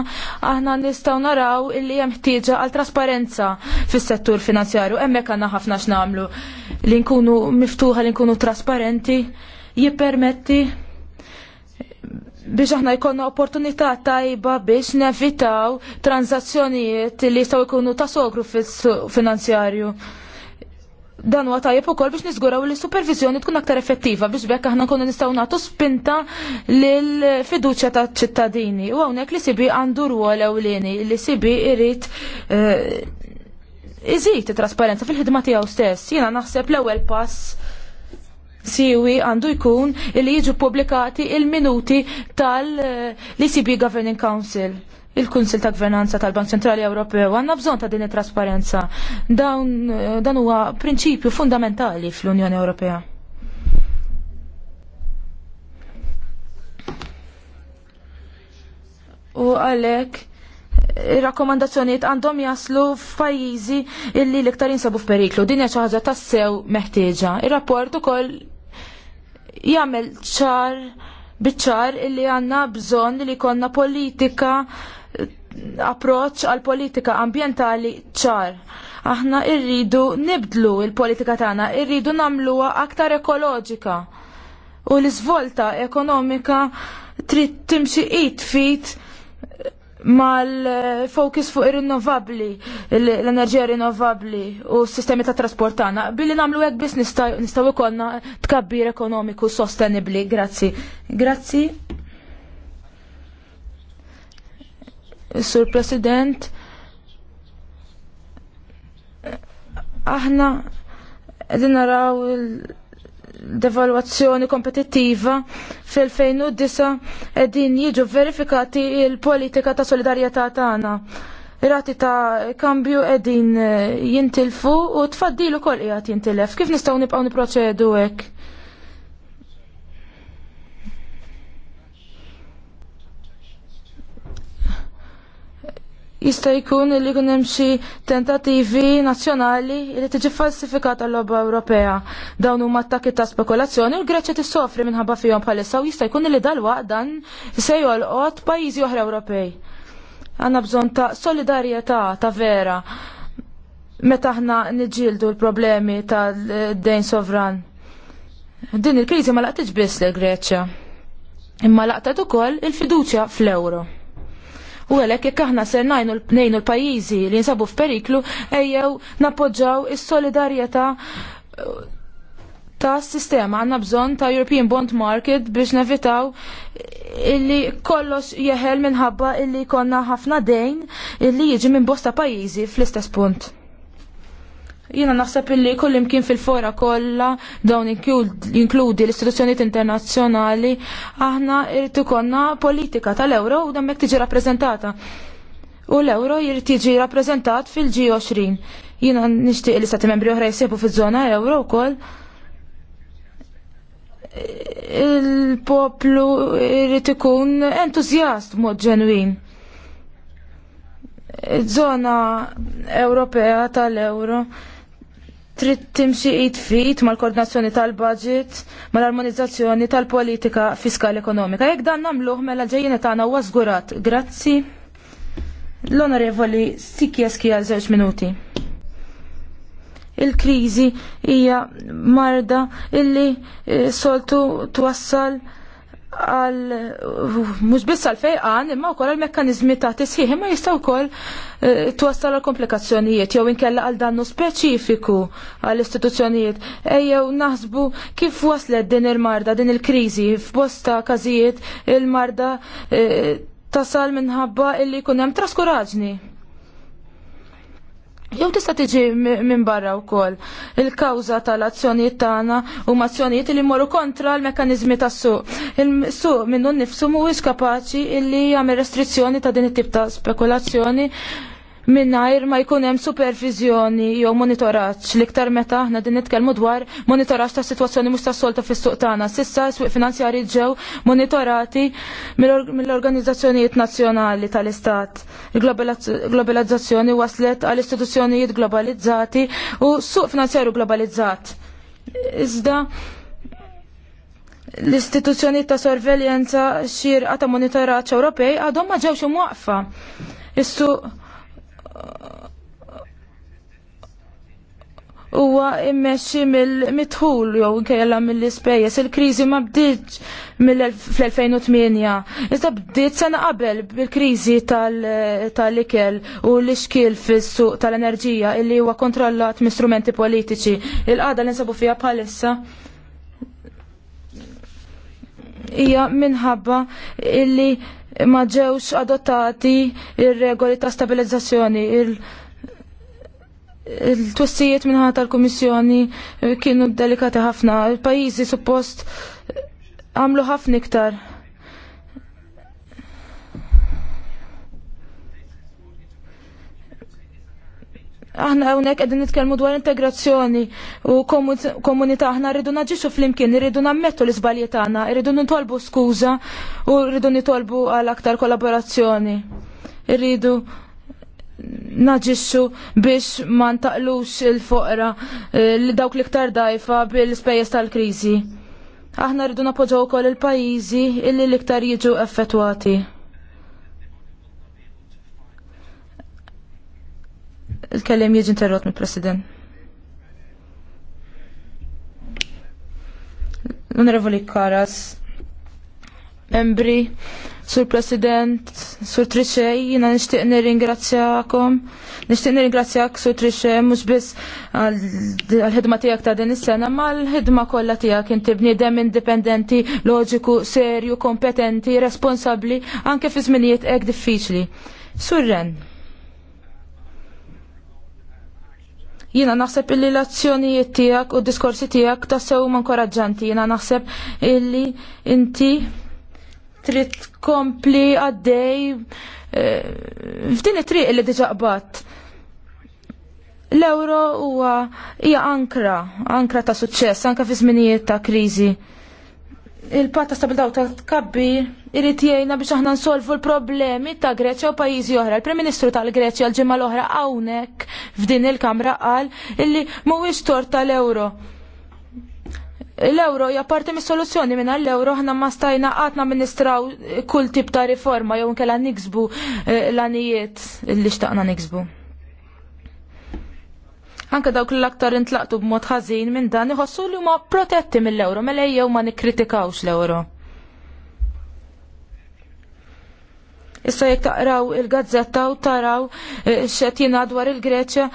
aħna nistgħu naraw illi hemm ħtieġa għal trasparenza fis-settur finanzjarju hemmhekk għandna ħafna x'namlu li nkunu miftuħa li nkunu trasparenti jippermetti biex aħna jkollna opportunità tajba biex nevitaw tranzazzjonijiet li jistgħu jkunu ta' sogru fis-finanzjarju dan huwa tajjeb ukoll biex niżguraw li supervizjoni tkun aktar effettiva biex bekk aħna nkunu nistgħu nagħtu spinta lil fiduċja taċ-ċittadini. U hawnhekk li sibi għandu rwol ewlieni li sibi irid eh, iżid it trasparenza fil-ħidma tiegħu stess. Jiena naħseb l-ewwel pass siwi għandu jkun li jiġu publikati il-minuti tal-ECB eh, Governing Council il-Kunsil ta' Gvernanza tal-Bank Centrali Ewropew għandna bżonn ta' din it-trasparenza. Dan huwa prinċipju fundamentali fl-Unjoni Ewropea. U għalhekk ir-rakkomandazzjonijiet għandhom jaslu f'pajjiżi illi l-iktar jinsabu f'periklu. Din hija xi ħaġa tassew meħtieġa. Ir-rapport ukoll jagħmel ċar biċ-ċar illi għandna bżonn li jkollna politika approċ għal politika ambientali ċar. Aħna irridu nibdlu il-politika tagħna, irridu nagħmluha aktar ekoloġika. U l-iżvolta ekonomika trid timxi it fit mal-fokus fuq ir-rinnovabbli, l-enerġija rinnovabbli u s-sistemi ta' trasport tagħna. Billi nagħmlu hekk biss nistgħu ikollna tkabbir ekonomiku sostenibbli. Grazzi. Grazzi. Sur President, aħna qegħdin naraw devalwazzjoni kompetittiva fil-2009 qegħdin jiġu verifikati il-politika ta' solidarjetà tagħna. Irati ta' kambju qegħdin jintilfu u tfaddilu kol qiegħed jintilef. Kif nistgħu nibqgħu niproċedu hekk? jista' jkun li jkun hemm xi tentattivi nazzjonali li tiġi falsifikata l-logħba Ewropea. Dawn huma attakki ta' spekulazzjoni u l-Greċja tissofri minħabba fihom bħalissa u jista' jkun li dalwa dan se jolqot pajjiżi oħra Ewropej. Għandna bżonn ta' solidarjetà ta' vera meta aħna niġġieldu l-problemi ta' dejn sovran. Din il-kriżi ma laqtitx biss l-Greċja, imma laqtet ukoll il-fiduċja fl-Ewro. U għalhekk jekk aħna ser ngħinu l-pajjiżi li jinsabu f'periklu ejjew nappoġġaw is-solidarjetà eh, ta' sistema għandna bżonn ta' European Bond Market biex nevitaw illi kollox jeħel minħabba illi konna ħafna dejn illi jiġi minn bosta pajjiżi fl-istess punt. Jiena naħseb illi kull imkien fil-fora kollha dawn inkludi l-istituzzjonijiet internazzjonali aħna irid ikollna politika tal-euro u demmek tiġi rappreżentata. U l-euro jrid tiġi rappreżentat fil-G20. Jiena nixtieq li stati membri oħra jsibu fiż-żona euro wkoll il-poplu jrid ikun entużjast mod ġenwin. Zona Ewropea tal-Euro trid timxi id fit mal-koordinazzjoni tal-budget, mal-armonizzazzjoni tal-politika fiskali ekonomika. Jekk dan nagħmluh mela ġejjin tagħna huwa żgurat. Grazzi. L-onorevoli Sikjeski għal żewġ minuti il-krizi hija marda illi eh, soltu twassal għal mhux biss għal fejqan imma wkoll għal mekkaniżmi ta' tisħiħ imma jistgħu wkoll e, twassal għal komplikazzjonijiet jew inkella għal dannu speċifiku għall istituzzjonijiet ejjew naħsbu kif waslet din il-marda din il-kriżi f'bosta każijiet il-marda e, tasal minħabba illi jkun hemm traskuraġni Jew tista' tiġi minn barra wkoll. Il-kawża tal-azzjonijiet tagħna huma azzjonijiet li jmorru kontra l-mekkaniżmi tas-suq. Il-suq minnu nnifsu mhuwiex kapaċi illi jagħmel restrizzjoni ta' din it-tip ta' spekulazzjoni minnajr ma jkun hemm supervizjoni jew monitoraġġ l-iktar meta aħna din nitkellmu dwar monitoraġġ ta' sitwazzjoni mhux tas-solta fis-suq tagħna. Sissa s-suq finanzjarji ġew monitorati mill-organizzazzjonijiet nazzjonali tal-Istat. Il-globalizzazzjoni waslet għal istituzzjonijiet globalizzati u suq finanzjarju globalizzat. Iżda l-istituzzjoni ta' sorveljenza xirqa ta' monitoraġġ Ewropej għadhom ma ġewx imwaqfa. Is-suq huwa immexxi mill-mitħul jew inkejla mill-ispejjeż. Il-kriżi ma bdietx mill-2008, iżda bdiet sena qabel bil-kriżi tal-ikel u l-ixkil fis-suq tal-enerġija illi huwa kontrollat mistrumenti politiċi. Il-qada li nsabu fiha bħalissa hija minħabba illi ma ġewx adottati il regoli ta' stabilizzazzjoni. Il-twissijiet il minħata tal-Kummissjoni kienu delikati ħafna. Il-pajjiżi suppost għamlu ħafna iktar aħna hawnhekk qegħdin nitkellmu dwar integrazzjoni u komunità aħna rridu naġixxu flimkien, irridu nammettu l-iżbalji tagħna, irridu nitolbu skuża u rridu nitolbu għal aktar kollaborazzjoni. Irridu naġixxu biex ma ntaqlux il-foqra eh, li dawk l-iktar dajfa bil-spejjeż tal-kriżi. Aħna rridu napoġġaw ukoll il-pajjiżi illi l-iktar jiġu effettwati. il-kellem jiġi interrot mill-President. Onorevoli Karas, membri, Sur President, Sur Trixej, jina nishtiq nir-ingrazzjakom, nishtiq nir-ingrazzjak Sur Trixej, mux bis għal-ħidma tijak ta' din is-sena, ma l-ħidma kolla tijak inti bnidem indipendenti, loġiku, serju, kompetenti, responsabli, anke fi zminijiet ek diffiċli. Surren. Jina naħseb illi l-azzjonijiet tiegħek u d-diskorsi tiegħek tassew man koraġġanti. Jina naħseb illi inti trid tkompli għaddej eh, f'din it-triq illi diġa qbad. L-euro huwa hija ankra, ankra ta' suċċess anke fi żminijiet ta' kriżi il-patta daw ta' tkabbi irrit jgħinna biex aħna nsolvu l-problemi ta' Greċja u pajjiżi oħra. Il-Prim Ministru tal-Greċja l-ġimgħa l-oħra hawnhekk f'din il-Kamra qal illi mhuwiex tort tal-euro. L-euro hija parti mis-soluzzjoni minn l-euro aħna ma stajna qatt ministraw kull tip ta' riforma jew nkella niksbu eh, l-anijiet li xtaqna niksbu. Anke dawk l-aktar intlaqtu b'mod ħażin minn dan iħossu li huma protetti mill ewro mela jew ma nikkritikawx l ewro Issa jekk taqraw il-gazzetta u taraw eh, x'qed dwar il-Greċja,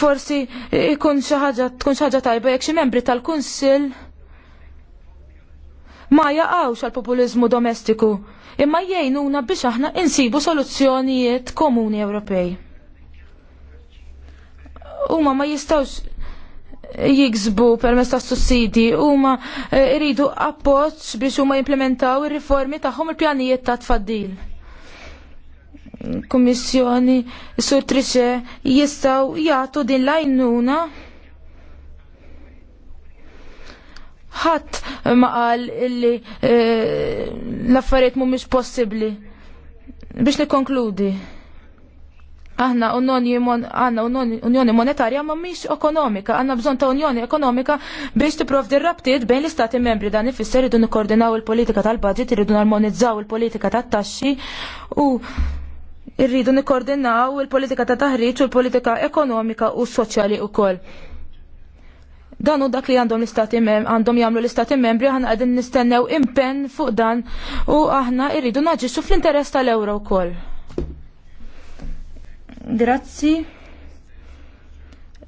forsi eh, ikun xi ħaġa tkun xi ħaġa tajba jekk xi membri tal-Kunsill ma jaqgħux għall populiżmu domestiku imma jgħinuna biex aħna insibu soluzzjonijiet komuni Ewropej huma ma jistawx jiksbu permess ta' sussidi huma eh, iridu appoġġ biex huma jimplementaw ir-riformi tagħhom il-pjanijiet ta' tfaddil. Kummissjoni, sur trixe jistaw jagħtu din l-għajnuna ħadd ma qal illi eh, l-affarijiet mhumiex possibbli. Biex nikkonkludi. Aħna unjoni monetarja ma miex ekonomika, Aħna bżonn ta' unjoni ekonomika biex tipprovdi rabtiet bejn l-istati membri dan ifisser iridu nikkoordinaw il-politika tal-budget, iridu narmonizzaw il-politika tat-taxxi u irridu nikkoordinaw il-politika ta' taħriġ u l-politika ekonomika u soċjali wkoll. Dan u dak li għandhom l-istati membri, għandhom jagħmlu l-istati membri aħna qegħdin nistennew impenn fuq dan u aħna irridu naġixxu fl-interess tal-ewro wkoll. Grazzi.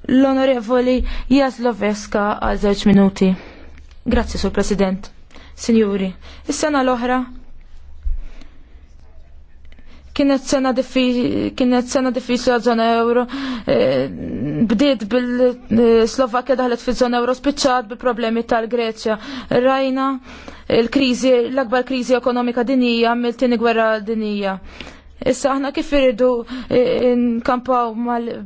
L-onorevoli Jasloveska għal żewġ minuti. Grazzi, Sur President. Signori, is-sena l-oħra kienet sena diffiċli għal żona euro. Eh, bdiet bil-Slovakkja eh, daħlet fil-żona euro spiċċat bil-problemi tal-Greċja. Rajna l-kriżi, l-akbar kriżi ekonomika dinija mill-tieni gwerra dinija. Issa aħna kif irridu eh, nkampaw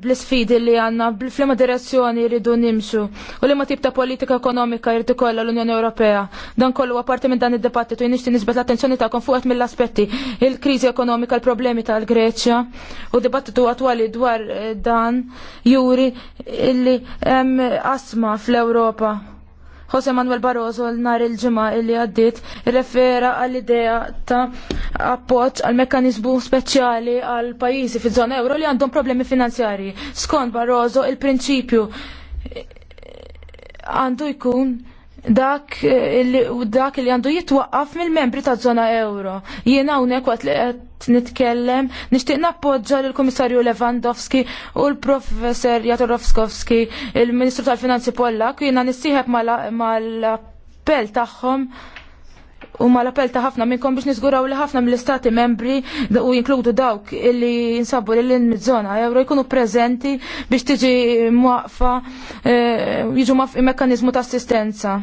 bl-sfidi li għanna, fl-ma direzzjoni irridu nimxu u li ma tip ta' politika ekonomika irridu kolla l-Unjoni Ewropea. Dan kollu għaparti minn dan id-debattitu jinixti nisbet l-attenzjoni ta' konfuqat mill-aspetti il-krizi ekonomika, l-problemi tal-Greċja u dibattitu għatwali dwar eh, dan juri illi asma fl-Europa Jose Manuel Barroso l-nar il-ġimgħa illi għaddiet irrefera għall-idea ta' appoġġ għal mekkaniżmu speċjali għal pajjiżi fiż-żona euro li għandhom problemi finanzjarji. Skont Barroso il-prinċipju għandu jkun dak eh, dak li għandu jitwaqqaf mill-membri ta' zona euro. Jiena hawnhekk waqt li qed nitkellem, nixtieq nappoġġa lill kummissarju Lewandowski u l-Professor Jatorowskowski, il-Ministru tal-Finanzi Pollak, jiena nissieħeb mal-appell tagħhom U ma l-appell ta' ħafna minnkom biex nisguraw li ħafna mill-istati membri u jinkludu dawk illi jinsabu l mid-zona euro jkunu prezenti biex tiġi mwaqfa eh, jiġu maf mekkanizmu ta' assistenza.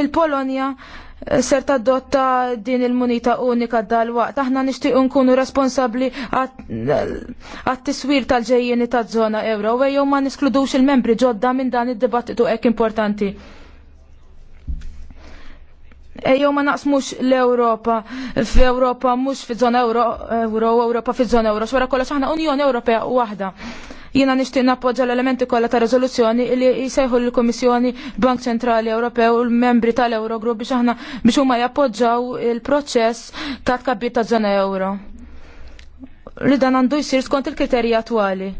Il-Polonja eh, ser dotta din il-munita unika dal-waqt. Aħna nixtiequ nkunu responsabbli għat-tiswir tal-ġejjeni taż-żona euro, u ma niskludux il-membri ġodda minn dan id-dibattitu hekk importanti. Ejjew eh, ma naqsmux l-Ewropa f'Ewropa mhux fi żona euro, euro Ewropa fi żona euro, xwara kollox aħna Unjoni Ewropea waħda. Jiena nixtieq nappoġġa l-elementi kollha ta' riżoluzzjoni li jsejħu l-Kummissjoni Bank Ċentrali Ewropew u l-membri tal-Eurogrupp biex aħna biex huma jappoġġaw il-proċess ta' tkabbir ta' żona euro. Li dan għandu jsir skont il-kriterji attwali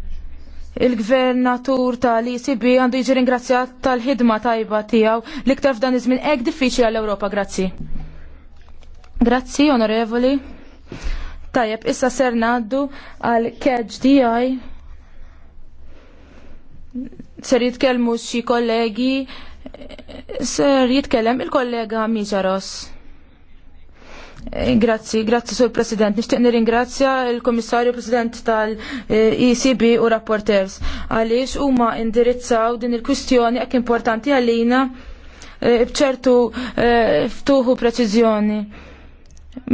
il-gvernatur tal icb għandu jiġi ringrazzjat tal-ħidma tajba tiegħu li iktar f'dan iż ek hekk diffiċli għall-Ewropa, grazzi. Grazzi, onorevoli. Tajjeb, issa ser ngħaddu għal kedġ DI. Ser jitkelmu xi kollegi, ser jitkellem il-kollega Mijaros. Eh, grazzi, grazzi sur President. Nishtiq nirringrazzja il-Komissarju President tal-ECB u rapporters għaliex huma indirizzaw din il-kwistjoni hekk importanti għalina eh, bċertu eh, ftuħu preċiżjoni.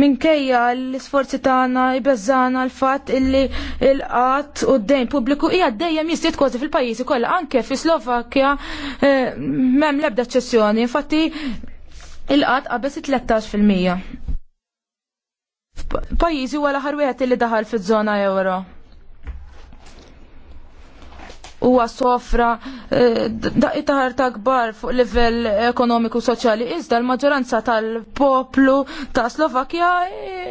Minkejja l-sforzi tagħna jbeżżana l-fatt illi l-qatt u d-dejn pubbliku hija dejjem jistiet kważi fil-pajjiżi kollha anke fi Slovakkja m'hemm l-ebda ċessjoni. Infatti il-qatt qabeż 13 fil-mija pajizi huwa l li daħal fi zona euro. Huwa sofra eh, daqitar ta' kbar fuq livell ekonomiku soċjali iżda l-maġġoranza tal-poplu ta' Slovakkja eh,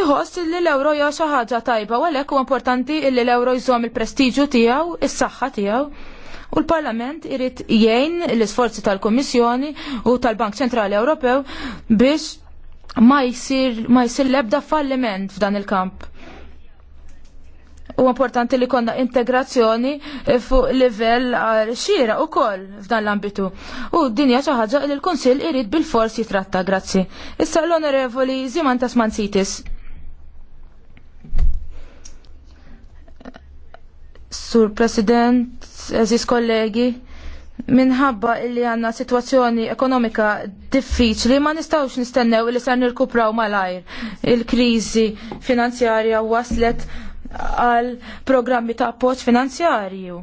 iħoss li l-euro hija xi ħaġa tajba u għalhekk huwa importanti li l-euro jżom il-prestiġju tiegħu, is-saħħa tiegħu. U l-Parlament irid jgħin l-isforzi tal komissjoni u tal-Bank Ċentrali Ewropew biex ma jsir ma jisir l-ebda falliment f'dan il-kamp. U importanti li konna integrazzjoni eh, fuq livell eh, xira u koll f'dan l-ambitu. U dinja xi ħaġa li l konsil irid bil-fors jitratta, grazzi. Issa l-Onorevoli Ziman Tasmansitis. Sur President, Aziz kollegi, minħabba illi għanna situazzjoni ekonomika diffiċli ma nistawx nistennew illi ser nirkupraw malajr il-krizi finanzjarja waslet għal programmi ta' appoġġ finanzjarju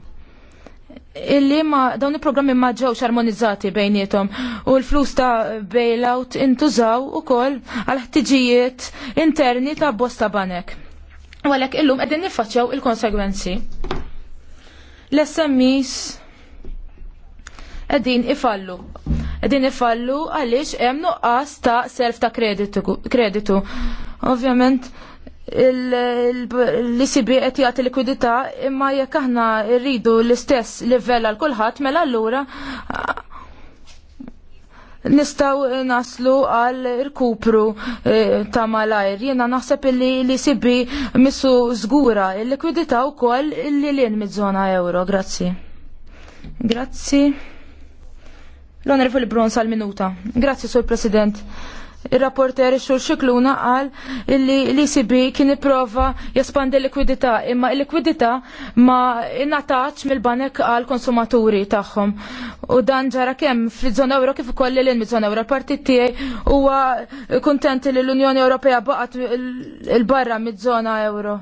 illi ma dawn il-programmi ma ġewx armonizzati bejnietom u l-flus ta' bailout intużaw ukoll għal ħtiġijiet interni ta' bosta banek. Walek illum qegħdin niffaċċjaw il-konsegwenzi. L-SMEs edin ifallu. Qegħdin ifallu għaliex hemm nuqqas ta' self ta' kreditu. Ovvjament, l-ICB qed jagħti likwidità imma jekk aħna rridu l-istess livell għal kulħadd mela allura nistgħu naslu għal irkupru e, ta' malajr. Jiena naħseb li l-ICB e missu żgura l likwidità wkoll li l-in mid żona euro. Grazzi. Grazzi. L-Onorevoli Bronz għal minuta. Grazzi, Sur President. Il-rapporter xur xikluna għal li l-ECB kien prova jaspandi l likwidita imma l-likwidità ma innataċ mill-banek għal konsumaturi tagħhom. U dan ġara kemm fl-żona euro kif kolli l żona euro partit tiegħi huwa kuntent li l-Unjoni Ewropea baqgħet il-barra mid-żona euro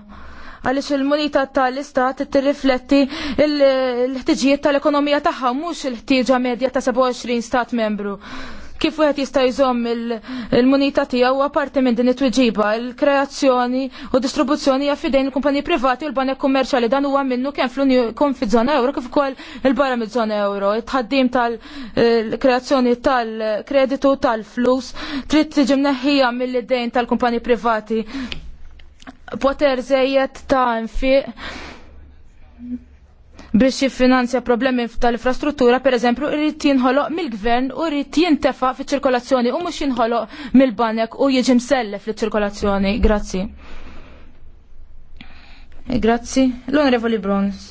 għaliex il-munita tal-istat tirrifletti l-ħtiġijiet tal-ekonomija tagħha mhux il-ħtieġa medja ta' 27 stat membru. Kif wieħed jista' jżomm il-munita tiegħu apparti minn din it-tweġiba, il-kreazzjoni u distribuzzjoni hija fidejn il-kumpaniji privati u l-banek kummerċjali dan huwa minnu kemm fl-Unjon fi żona euro kif ukoll il-barra mid żona euro. it tħaddim tal-kreazzjoni tal-kreditu tal-flus trid tiġi mneħħija mill-idejn tal-kumpaniji privati poter żejjed ta' infiq biex jiffinanzja problemi tal-infrastruttura, per eżempju, irrit jinħoloq mill-gvern u irrit jintefa fiċ ċirkolazzjoni u mux jinħoloq mill-banek u jieġi msellef fil ċirkolazzjoni. Grazzi. Grazzi. L-Onorevoli Brons.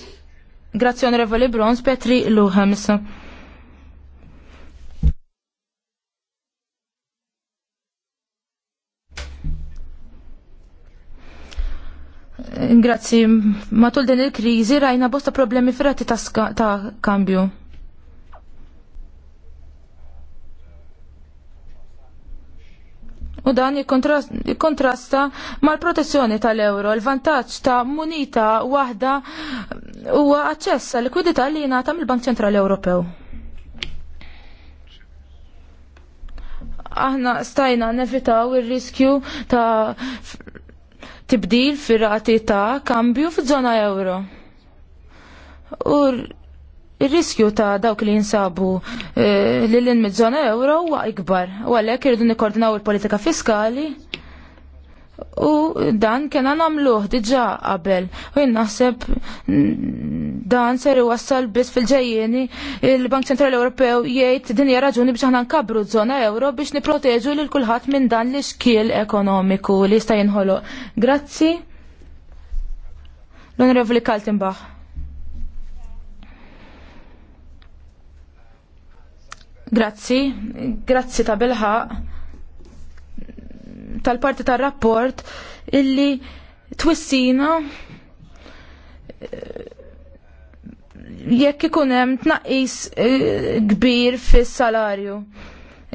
Grazzi Onorevoli Brons, Petri Luhemsa. Grazzi, matul din il-krizi rajna bosta problemi ferrati ta', ta kambju. U dan jikkontrasta mal-protezzjoni tal-euro. l vantaġġ ta' munita waħda u aċċess għal likwidità li jingħata mill-Bank Ċentrali Ewropew. Aħna stajna nevitaw ir-riskju ta' tibdil fir-rati ta' kambju fi żona euro. U il-riskju ta' dawk li jinsabu e, li l-in mid-żona euro huwa ikbar. U għalhekk irridu nikkoordinaw il-politika fiskali u dan kena namluħ diġa qabel u jien naħseb dan ser iwassal biss fil ġajjeni il-Bank Centrali Ewropew jgħid din hija raġuni biex aħna nkabru żona euro biex nipproteġu lil kulħadd minn dan l-ixkiel ekonomiku li jista' jinħoloq. Grazzi. L-Onorevoli Kaltenbach. Grazzi, grazzi ta' bilħaq tal-parti tal-rapport illi twissina jekk ikun hemm tnaqqis eh, kbir fis-salarju.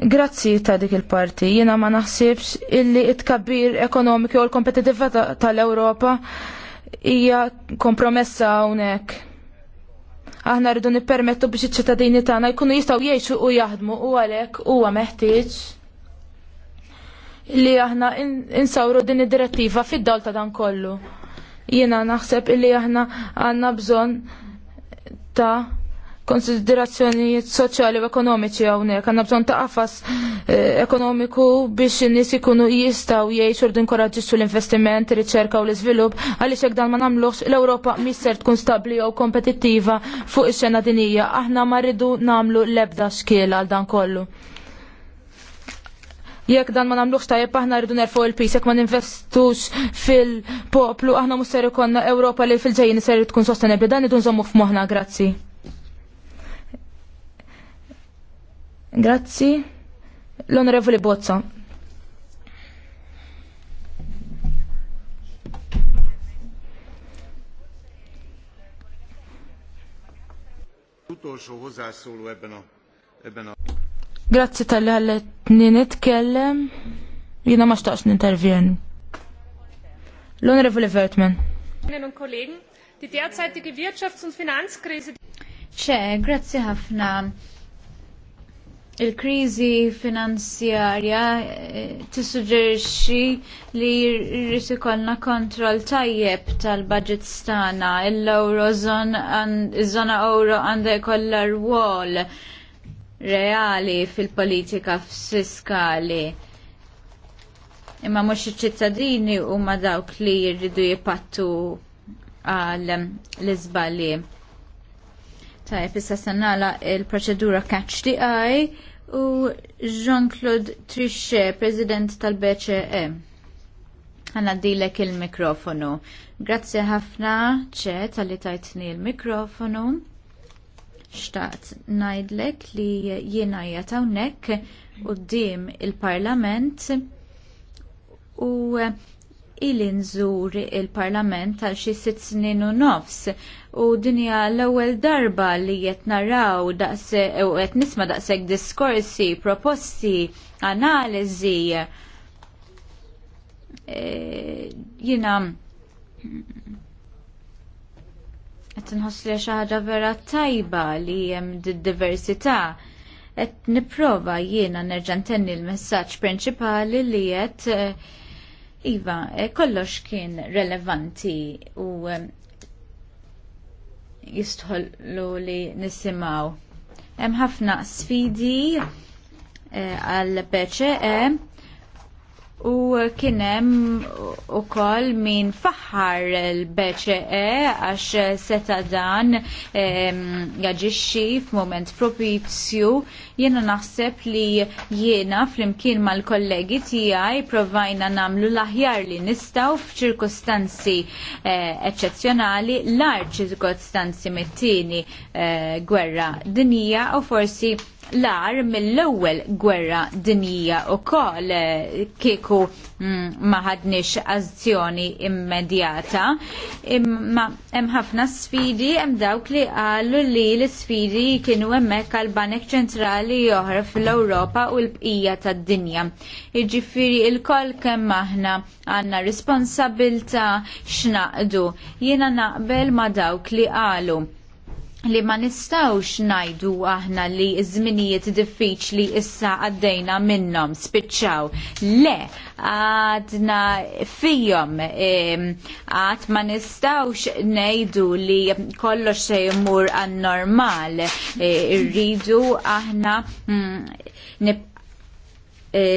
Grazzi ta' dik il-parti, jiena ma naħsibx illi t tkabbir ekonomiku u l kompetitiva tal-Ewropa hija kompromessa hawnhekk. Aħna rridu nippermettu biex iċ-ċittadini tagħna jkunu jistgħu jgħixu u jaħdmu u għalhekk huwa meħtieġ li aħna insawru din id-direttiva fid-dawl ta' dan kollu. Jiena naħseb li aħna għandna bżonn ta' konsiderazzjonijiet soċjali u ekonomiċi hawnhekk, għandna bżonn ta' qafas eh, ekonomiku biex in-nies ikunu jistgħu jgħixu rdu inkoraġġixxu l-investiment, ir-riċerka u l-iżvilupp, għaliex hekk dan ma nagħmluhx l-Ewropa misser tkun stabbli jew kompetittiva fuq ix-xena dinija. Aħna ma rridu nagħmlu l-ebda xkiel għal dan kollu. Jekk dan ma nagħmluhx tajjeb aħna rridu nerfu l-pis, jekk ma ninvestux fil-poplu, aħna mhux ser ikollna Ewropa li fil-ġejjin ser tkun sostenibbli. Dan idu nżommu f'moħħna, grazzi. Grazzi. L-Onorevoli Bozza. utolsó hozzászóló ebben a, ebben a Grazzi tal-li għalletni nitkellem. Jina ma xtaqx nintervjen. L-Honorable Vertman. Ċe, grazzi ħafna. Il-krizi finanzjarja eh, tissuġġerixxi li jrid ikollna kontroll tajjeb tal-budget stana. il eurozon iż-żona euro għandha jkollha wall reali fil-politika fiskali imma mhux iċ-ċittadini huma dawk li jridu jipattu għal l-iżbalji. Tajb, se sannala il-proċedura catch the eye u Jean-Claude Trichet, President tal-BCE. Għanna dilek il-mikrofonu. Grazie ħafna, ċe, tal-li tajtni il-mikrofonu xtaqt ngħidlek li jiena jgħat hawnhekk quddiem il-Parlament u ili nżur il-Parlament għal xi sitt snin u nofs u dinja l-ewwel darba li qed naraw u qed nisma' daqshekk diskorsi, proposti, analiżi. E, jiena Qed inħoss li xi ħaġa vera tajba li hemm diversità qed nipprova jiena nerġa' ntenni l-messaġġ prinċipali li qed eh, iva eh, kollox kien relevanti u eh, jistħollu li nisimaw. Hemm ħafna sfidi għal PCE U kienem u koll min faħar l-BCE għax seta dan e, f-moment propizju jena naħseb li jena fl-imkien mal-kollegi tijaj provajna namlu laħjar li nistaw f'ċirkostanzi e, eh, eccezjonali l-arċ ċirkostanzi mittini eh, gwerra dinija u forsi l-ar mill-ewwel gwerra dinjija wkoll eh, kieku mm, ma ħadniex azzjoni immedjata. Imma hemm ħafna sfidi hemm dawk li qalu li l-sfidi kienu hemmhekk għal banek ċentrali oħra fl-Ewropa u l-bqija tad-dinja. Jiġifieri lkoll koll kemm aħna għandna responsabilta x'naqdu. Jiena naqbel ma dawk li qalu li ma nistawx najdu aħna li żminijiet diffiċli issa għaddejna minnhom spiċċaw. Le, għadna fijom għad ma nistawx najdu li kollox se jmur għan normal irridu e, aħna mm,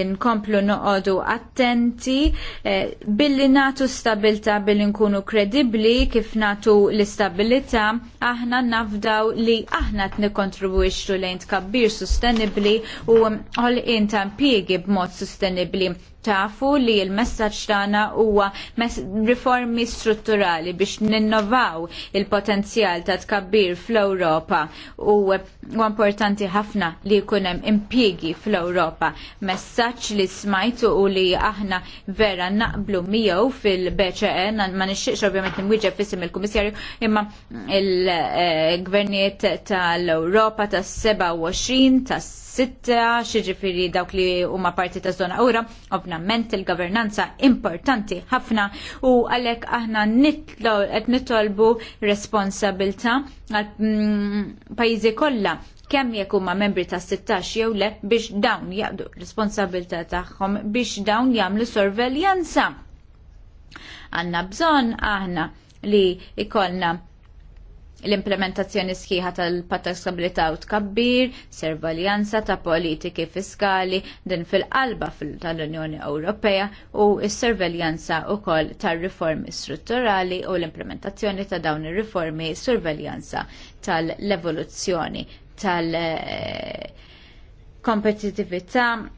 nkomplu noqodu attenti eh, billi natu stabilta billi nkunu kredibli kif natu l-istabilita aħna nafdaw li aħna t-nikontribuixtu lejn tkabbir sustenibli u għol intan piegi b'mod sustenibli tafu li l-messaġġ tagħna huwa riformi strutturali biex ninnovaw il-potenzjal ta' tkabbir fl-Ewropa u importanti ħafna li jkun hemm impjiegi fl-Ewropa. Messaġġ li smajtu u li aħna vera naqblu miegħu fil-BCE ma nixxieqx ovvjament nimwieġeb fisim il-Kummissarju imma il-gvernijiet eh, tal-Ewropa tas-27 tas sitta, xieġifiri dawk li huma parti ta' zona ura, ovnament il-governanza importanti ħafna u għalek aħna qed nitolbu responsabilta għal mm, pajjiżi kollha kemm jekk huma membri ta' 16 jew le biex dawn jaqdu responsabilità tagħhom biex dawn jagħmlu sorveljanza. Għanna bżonn aħna li ikolna l-implementazzjoni sħiħa tal-patta stabilità u tkabbir, servaljanza ta' politiki fiskali din fil-qalba tal-Unjoni Ewropea u s-servaljanza u koll tal-riformi strutturali u l-implementazzjoni ta' dawn ir-riformi surveljanza tal-evoluzzjoni tal-kompetitività eh,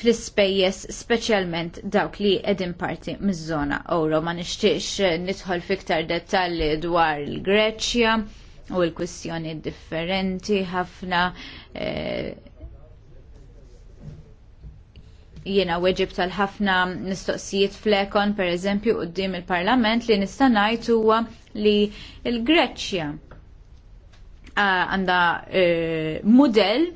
fl-ispejjeż speċjalment dawk li qegħdin parti miż-żona Oro ma nixtiex nidħol fiktar dettalji dwar il-Greċja u l-kwistjoni differenti ħafna eh, jiena weġib tal-ħafna mistoqsijiet flekon per eżempju qudiem il-Parlament li nista' ngħid huwa li l-Greċja eh, għandha eh, mudell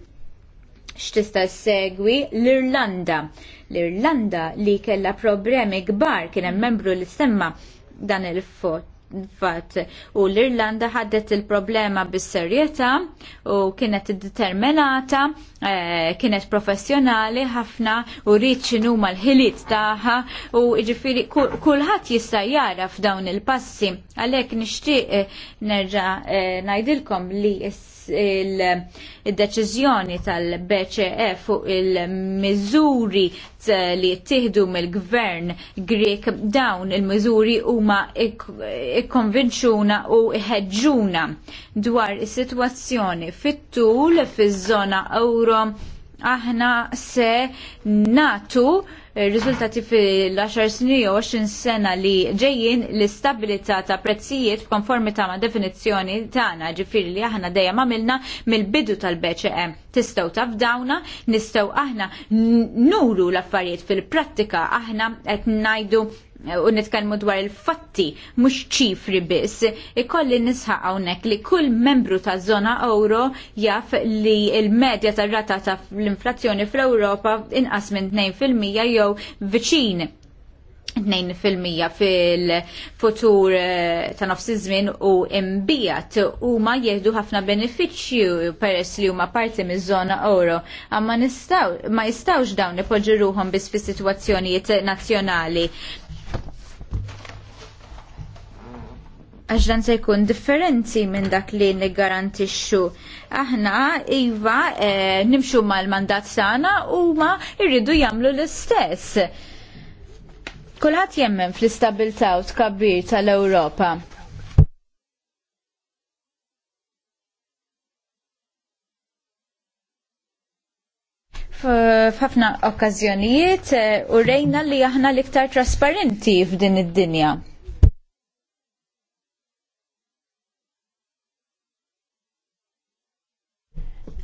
x'tista' segwi l-Irlanda. L-Irlanda li kellha problemi kbar kien hemm membru li semma dan il-fot fatt u l-Irlanda ħaddet il-problema bis-serjetà u kienet determinata, e, kienet professjonali ħafna u rrid x'inhu l-ħiliet tagħha u jiġifieri kulħadd jista' jara f'dawn il-passi. Għalhekk nixtieq eh, nerġa' eh, ngħidilkom li s il-deċiżjoni tal-BCE fuq il-miżuri li tieħdu mill-gvern Grek dawn il-miżuri huma ikkonvinċuna u ħeġġuna dwar is-sitwazzjoni fit-tul fiż-żona euro aħna se natu Eh, riżultati fil-10 snin u 20 sena li ġejjin l-istabilità ta' prezzijiet ta' ma' definizzjoni tagħna ġifieri li aħna dejjem għamilna mill-bidu tal-BCE. Tistgħu tafdawna, nistgħu aħna nuru l-affarijiet fil-prattika aħna qed ngħidu u nitkellmu dwar il-fatti mhux ċifri biss, ikolli nisħaq hawnhekk li kull membru ta' zona euro jaf li l-medja tar-rata ta' l-inflazzjoni fl-Ewropa inqas minn 2% jew viċin 2% fil-futur eh, ta' nofs iż-żmien u imbijat huma jieħdu ħafna benefiċċju peress li huma parti miż-żona euro, amma nistaw ma jistawx dawn ipoġġu ruhom biss fis-sitwazzjonijiet nazzjonali. għax dan se jkun differenzi minn dak li niggarantixxu. Aħna iva e, nimxu mal-mandat u huma irridu jagħmlu l-istess. Kulħadd jemmen fl istabilta u tkabbir tal-Ewropa. f'ħafna okkażjonijiet eh, u rejna li aħna l-iktar trasparenti f'din id-dinja.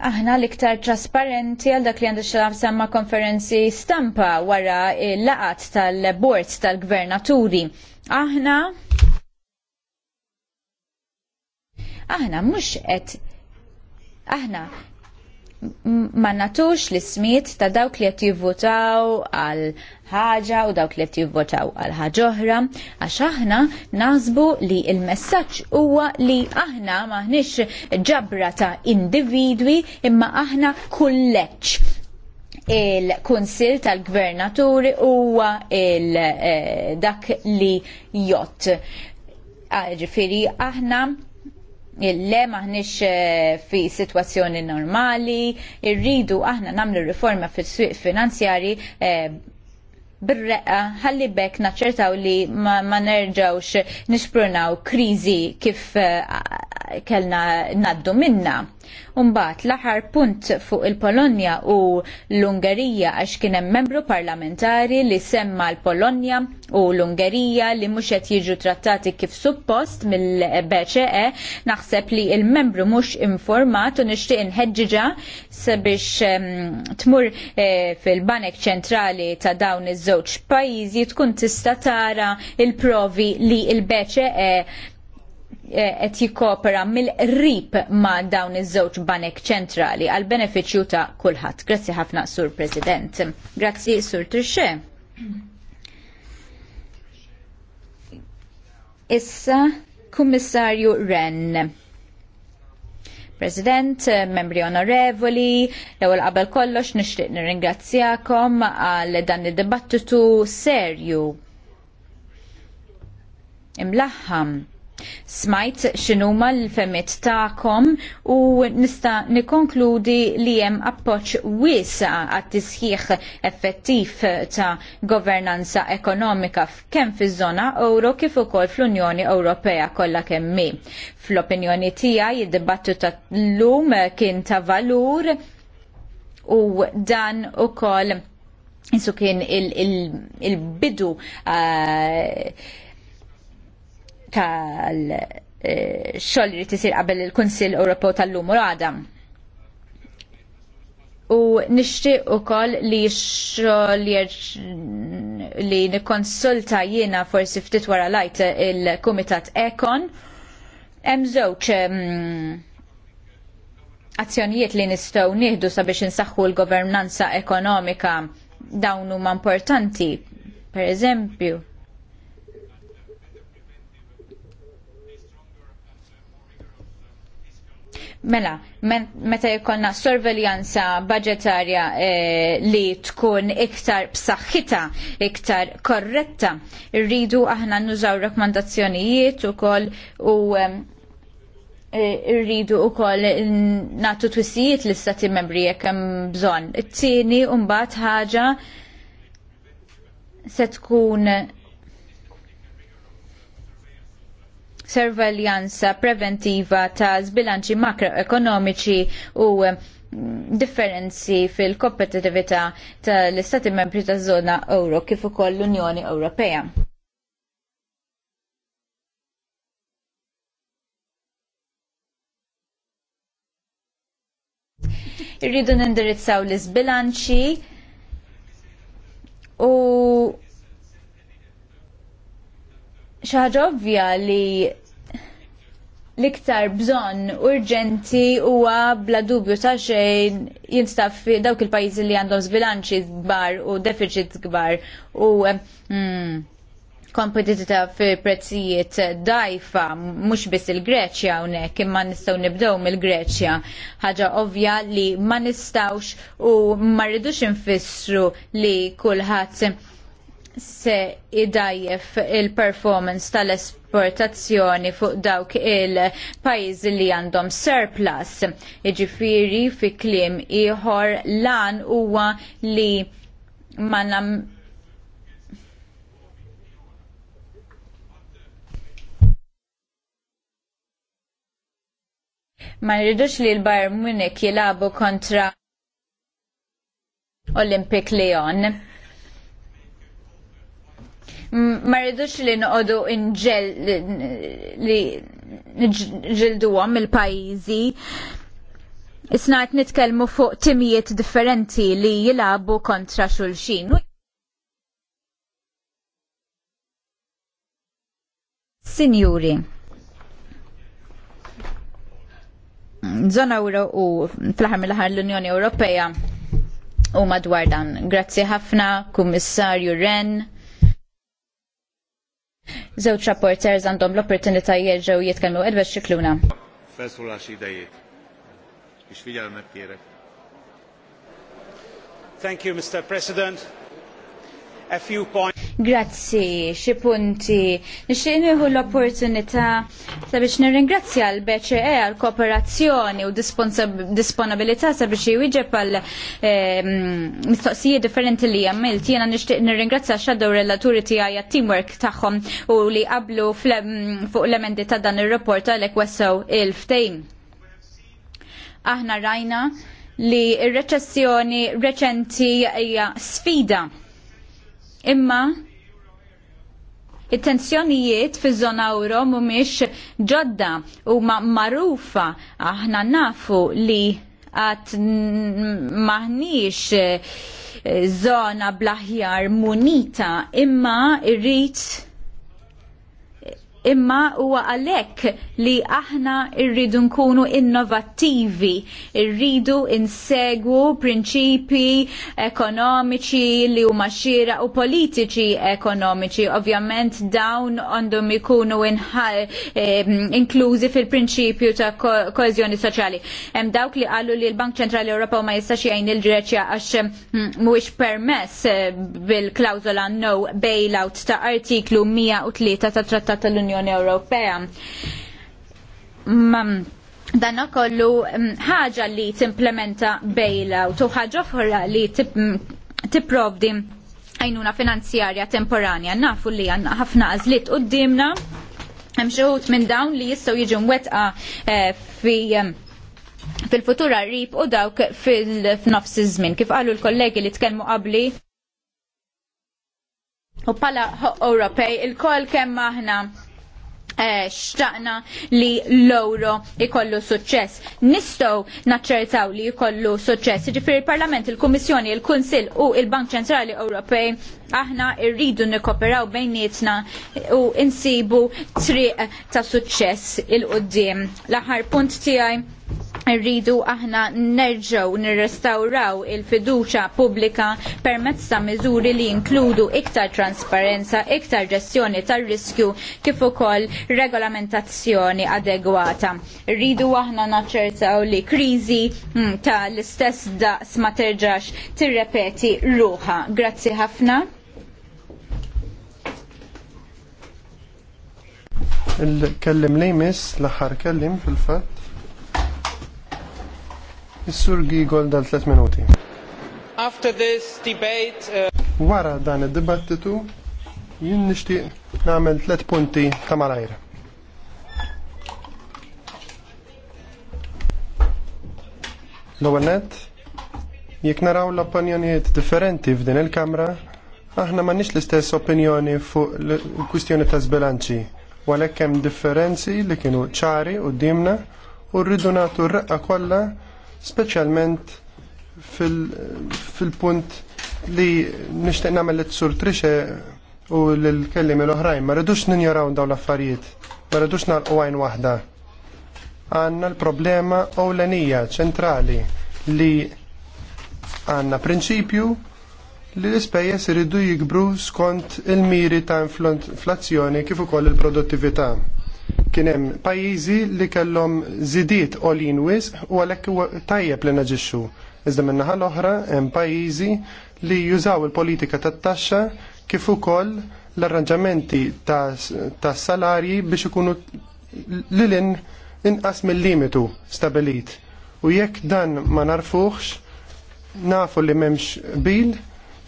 aħna l-iktar trasparenti għal dak li għandu xalaf samma konferenzi stampa wara l-laqat tal-bord tal-gvernaturi. Aħna aħna mhux qed aħna ma natux l smiet ta' dawk li qed jivvotaw għal ħaġa u dawk li qed jivvotaw għal ħaġa oħra għax aħna nazbu li l-messaġġ huwa li aħna maħniex ġabra ta' individwi imma aħna kulleċ il-Kunsil tal-Gvernaturi huwa il eh, dak li jott. Ah, ġifiri aħna le maħnix eh, fi situazzjoni normali, irridu aħna namlu riforma fil-swiq finanzjari eh, bir-reqqa ħalli bekk naċċertaw li ma, ma nerġawx nisprunaw krizi kif eh, kellna naddu minna. Umbat, l-aħar punt fuq il-Polonja u l-Ungerija għax kien hemm membru parlamentari li semma l-Polonja u l-Ungerija li mhux qed jiġu trattati kif suppost mill-BCE, naħseb li il-membru mhux informat u nixtieq inħeġġiġa sabiex tmur eh, fil-Banek Ċentrali ta' dawn iż-żewġ pajjiżi tkun tista' tara il-provi li il-BCE Eh, qed jikkopera mill-rib ma' dawn iż-żewġ banek ċentrali għal benefiċċju ta' kulħadd. Grazzi ħafna Sur President. Grazzi Sur Trixxe. Issa Kummissarju Ren. President, membri onorevoli, l-ewwel qabel kollox nixtieq nirringrazzjakom għal dan id-dibattitu serju. Imlaħħam smajt x'inhuma l femmet tagħkom u nista' nikkonkludi li hemm appoġġ wiesa għat-tisħiħ effettiv ta' governanza ekonomika kemm fiż-żona euro kif ukoll fl-Unjoni Ewropea kollha kemm Fl-opinjoni tiegħi id-dibattu ta' lum kien ta' valur u dan ukoll Insu kien il-bidu il, il, il uh, tal eh, xoll li tisir qabel il-Kunsill Ewropew tal-lum u għadam. U nixtieq ukoll li xoll li nikkonsulta jiena forsi ftit wara lajt il-Kumitat Ekon. Hemm żewġ azzjonijiet li nistgħu nieħdu sabiex insaħħu l-governanza ekonomika dawn huma importanti. Per eżempju, Mela, meta jkollna sorveljanza budgetarja eh, li tkun iktar b'saħħita iktar korretta, rridu aħna nużaw rakkomandazzjonijiet ukoll u eh, rridu u koll natu twissijiet l-istati membri jekk hemm bżonn. It-tieni mbagħad ħaġa se tkun sorveljanza preventiva ta' zbilanċi makroekonomiċi u eh, differenzi fil-kompetitività tal-Istati membri ta' zona euro kif ukoll l-Unjoni Ewropea. Irridu nindirizzaw l-isbilanċi u xaħġa ovvja li l-iktar bżon urġenti huwa bla dubju ta' xejn jinstaf fi dawk il-pajjiżi li għandhom zbilanċi kbar u deficit kbar u mm, kompetitita fi prezzijiet dajfa, mhux biss il-Greċja hawnhekk imma nistgħu nibdew mill-Greċja. Ħaġa ovvja li ma nistgħux u ma rridux infissru li kulħadd se idajjef il-performance tal-esportazzjoni fuq dawk il-pajjiżi li għandhom surplus. Jiġifieri fi kliem ieħor lan huwa li ma nam ma nridux li l-Bayern Munich jilabu kontra Olympic Lyon ma rridux li noqogħdu inġel li ġilduhom il-pajjiżi. Isnaħt nitkelmu nitkellmu fuq timijiet differenti li jilabu kontra xulxin. Signori, zona euro u fl-ħar mill-ħar l-Unjoni Ewropea u madwar dan. Grazzi ħafna, Kummissarju Ren Zewċ rapporter għandhom l-opportunità jerġgħu jitkellmu Edward Xikluna. Felszólalási idejét. És figyelmet kérek. Thank you, Mr. President a few points. Grazzi, xi punti. Nixtieq nieħu l-opportunità sabiex nirringrazzja l bce għal kooperazzjoni u disponabilità sabiex jwieġeb għal ehm, mistoqsijiet differenti li għamilt. Jiena nixtieq nirringrazzja xaddu relaturi tiegħi għaja teamwork tagħhom u li qablu fuq l-emendi ta' dan ir-rapport għalhekk wessaw il-ftejn. Aħna rajna li r reċessjoni reċenti hija sfida Imma it-tensjonijiet fi żona euro mhumiex ġodda u ma marufa aħna nafu li għat maħniex eh, zona blaħjar munita imma irrit imma huwa għalhekk li aħna rridu nkunu innovattivi, rridu insegwu prinċipi ekonomiċi li huma xira u politiċi ekonomiċi. Ovvjament dawn għandhom ikunu inklużi fil-prinċipju ta' koezjoni soċjali. Hemm dawk li qalu li l-Bank Ċentrali Ewropew ma jistax jgħin il-Greċja għax mhuwiex permess bil-klawżola no bailout ta' artiklu 103 ta' Trattat tal-Unjoni l unjoni Ewropea. Dan kollu mm, ħaġa li timplementa bailout u ħaġa oħra li mm, tipprovdi għajnuna finanzjarja temporanja. Nafu li għanna ħafna għazlit u d-dimna, wħud minn dawn li jistaw jiġu mwetqa eh, fi mm, fil-futur rib u dawk fil-nofs iż-żmien. Kif qalu l-kollegi li tkellmu qabli u pala Ewropej il-koll kemm aħna Eh, xtaqna li l-euro ikollu suċċess. Nistgħu naċċertaw li jkollu suċċess. Ġifieri il-Parlament, il-Kummissjoni, il-Kunsill u il-Bank Ċentrali Ewropej aħna rridu nikkoperaw bejnietna u insibu triq ta' suċċess il-qudiem. L-aħħar punt tiegħi rridu aħna nerġaw nirrestawraw il-fiduċa pubblika permezz ta' miżuri li jinkludu iktar trasparenza, iktar ġestjoni tar-riskju kif ukoll regolamentazzjoni adegwata. Rridu aħna naċċertaw li kriżi mm, ta' l-istess daqs ma terġax tirrepeti ruħa. Grazzi ħafna. il-kellim lejmis l-aħħar kellim fil-fatt Is-Sur Gigol dal 3 minuti. After this debate uh, Wara dan id-dibattitu jien nixtieq nagħmel tliet punti ta' malajr. L-ewwel nett jekk naraw l-opinjonijiet differenti f'din il-Kamra, aħna m'għandniex l-istess opinjoni fuq l-kwistjoni ta' sbilanċi, u għalhekk hemm differenzi li kienu ċari quddiemna u rridu nagħtu r-reqqa kollha speċjalment fil-punt li nixtieq nagħmel t tsur trixe u l-kellimi l-oħrajn, ma rridux ninjaraw dawn l-affarijiet, ma rridux nagħlqu għajn waħda. Għanna l-problema ewlenija ċentrali li għandna prinċipju li l-ispejjeż iridu jikbru skont il-miri ta' inflazzjoni kif ukoll il-produttività Kien hemm pajjiżi li kellhom żidiet olin wisq u għalhekk tajjeb li naġixxu. Iżda min-naħa l-oħra hemm pajjiżi li jużaw il-politika tat-taxxa kif ukoll l-arranġamenti tas-salarji biex ikunu lilin inqas mill-limitu stabilit. U jekk dan ma narfuħx, nafu li memx bil,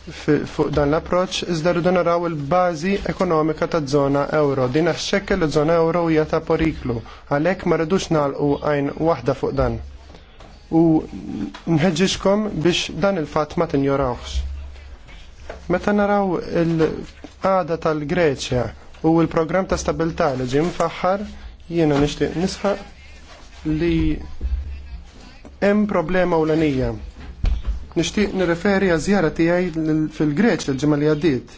fuq dan l-approċ, iżda rridu naraw il-bażi ekonomika ta' zona euro. Din għaxxekke li zona euro hija ta' poriklu, għalhekk ma rridux nagħlqu għajn waħda fuq dan. U nħeġġixkom biex dan il-fatt ma tinjorawx. Meta naraw il-qada tal-Greċja u l-programm ta' stabilità li ġim faħħar, jiena nixtieq nisħaq li hemm problema ewlenija Nixtieq nirreferi għal żjara tiegħi fil-Greċ l-ġimgħa li għaddiet.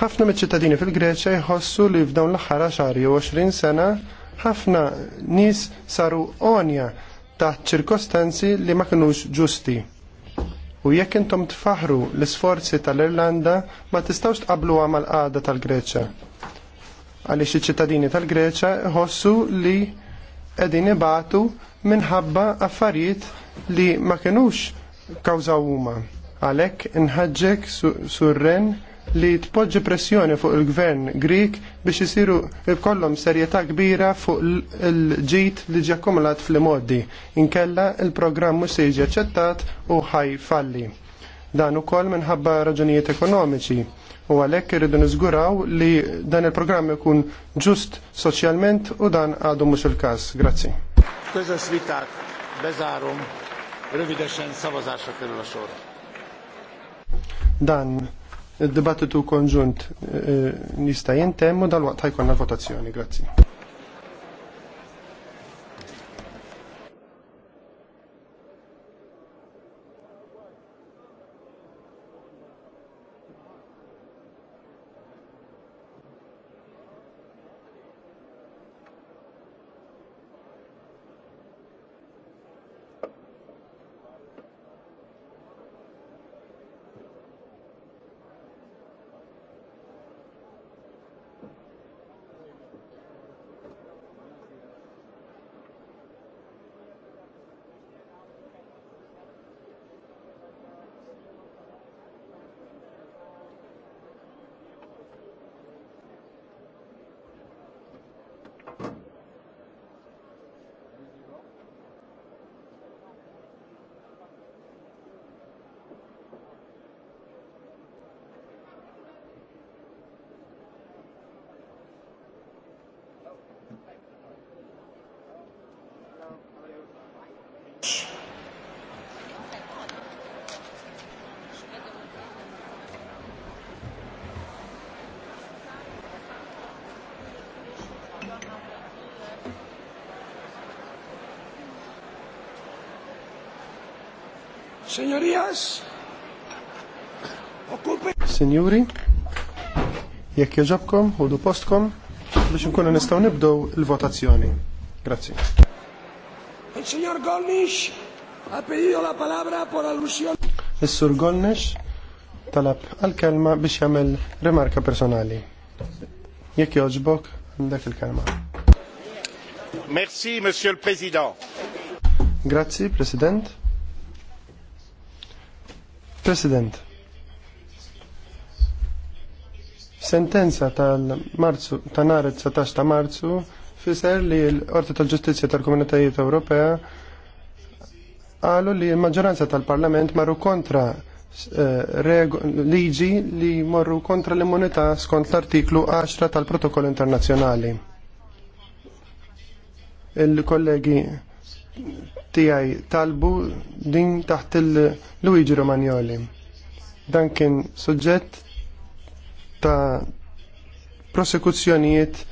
Ħafna miċ-ċittadini fil-Greċja jħossu li f'dawn l-aħħar 10 jew 20 sena ħafna nies saru onja taħt ċirkostanzi li ma kinux ġusti. U jekk intom tfaħru l-isforzi tal-Irlanda ma tistawx tqablu mal qada tal-Greċa. Għaliex iċ-ċittadini tal-Greċa jħossu li qegħdin ibatu minħabba affarijiet li ma kinux kawza huma. Għalhekk nħadġek surren li tpoġġi pressjoni fuq il-gvern Grik biex isiru jkollhom serjetà kbira fuq il-ġit li ġi akkumulat fl modi Inkella il-programm mhux se jiġi u ħaj falli. Dan ukoll minħabba raġunijiet ekonomiċi u għalhekk irridu niżguraw li dan il-programm jkun ġust soċjalment u dan għadu mhux il-każ. Grazzi. beżarum. Rövidesen szavazásra kerül a sor. Dan, il-dibattitu konġunt eh, nista' jintemm u dal-waqt ħajkonna votazzjoni, grazzi. Señorías, ocupen. Signori, jekk joġobkom, hudu postkom biex nkunu nistaw nibdow il-votazzjoni. Grazzi. Il-Signor Golnish ha pedido la palabra por alusión. Il sur Golnish talab għal-kelma biex jamel remarka personali. Jekk joġbok, għandek il-kelma. Merci, Monsieur le Président. Grazie, President. President. Sentenza tal-Marzu, ta' nhar 19 ta' Marzu, fiser li l-Qorti tal-Ġustizzja tal-Komunitajiet Ewropea qalu li l-maġġoranza tal-Parlament marru kontra eh, liġi li morru kontra l-immunità skont l-artiklu 10 tal-Protokoll Internazzjonali. Il-kollegi tijaj talbu din taħt il-Luigi Romagnoli. Dan kien suġġett ta' prosekuzzjonijiet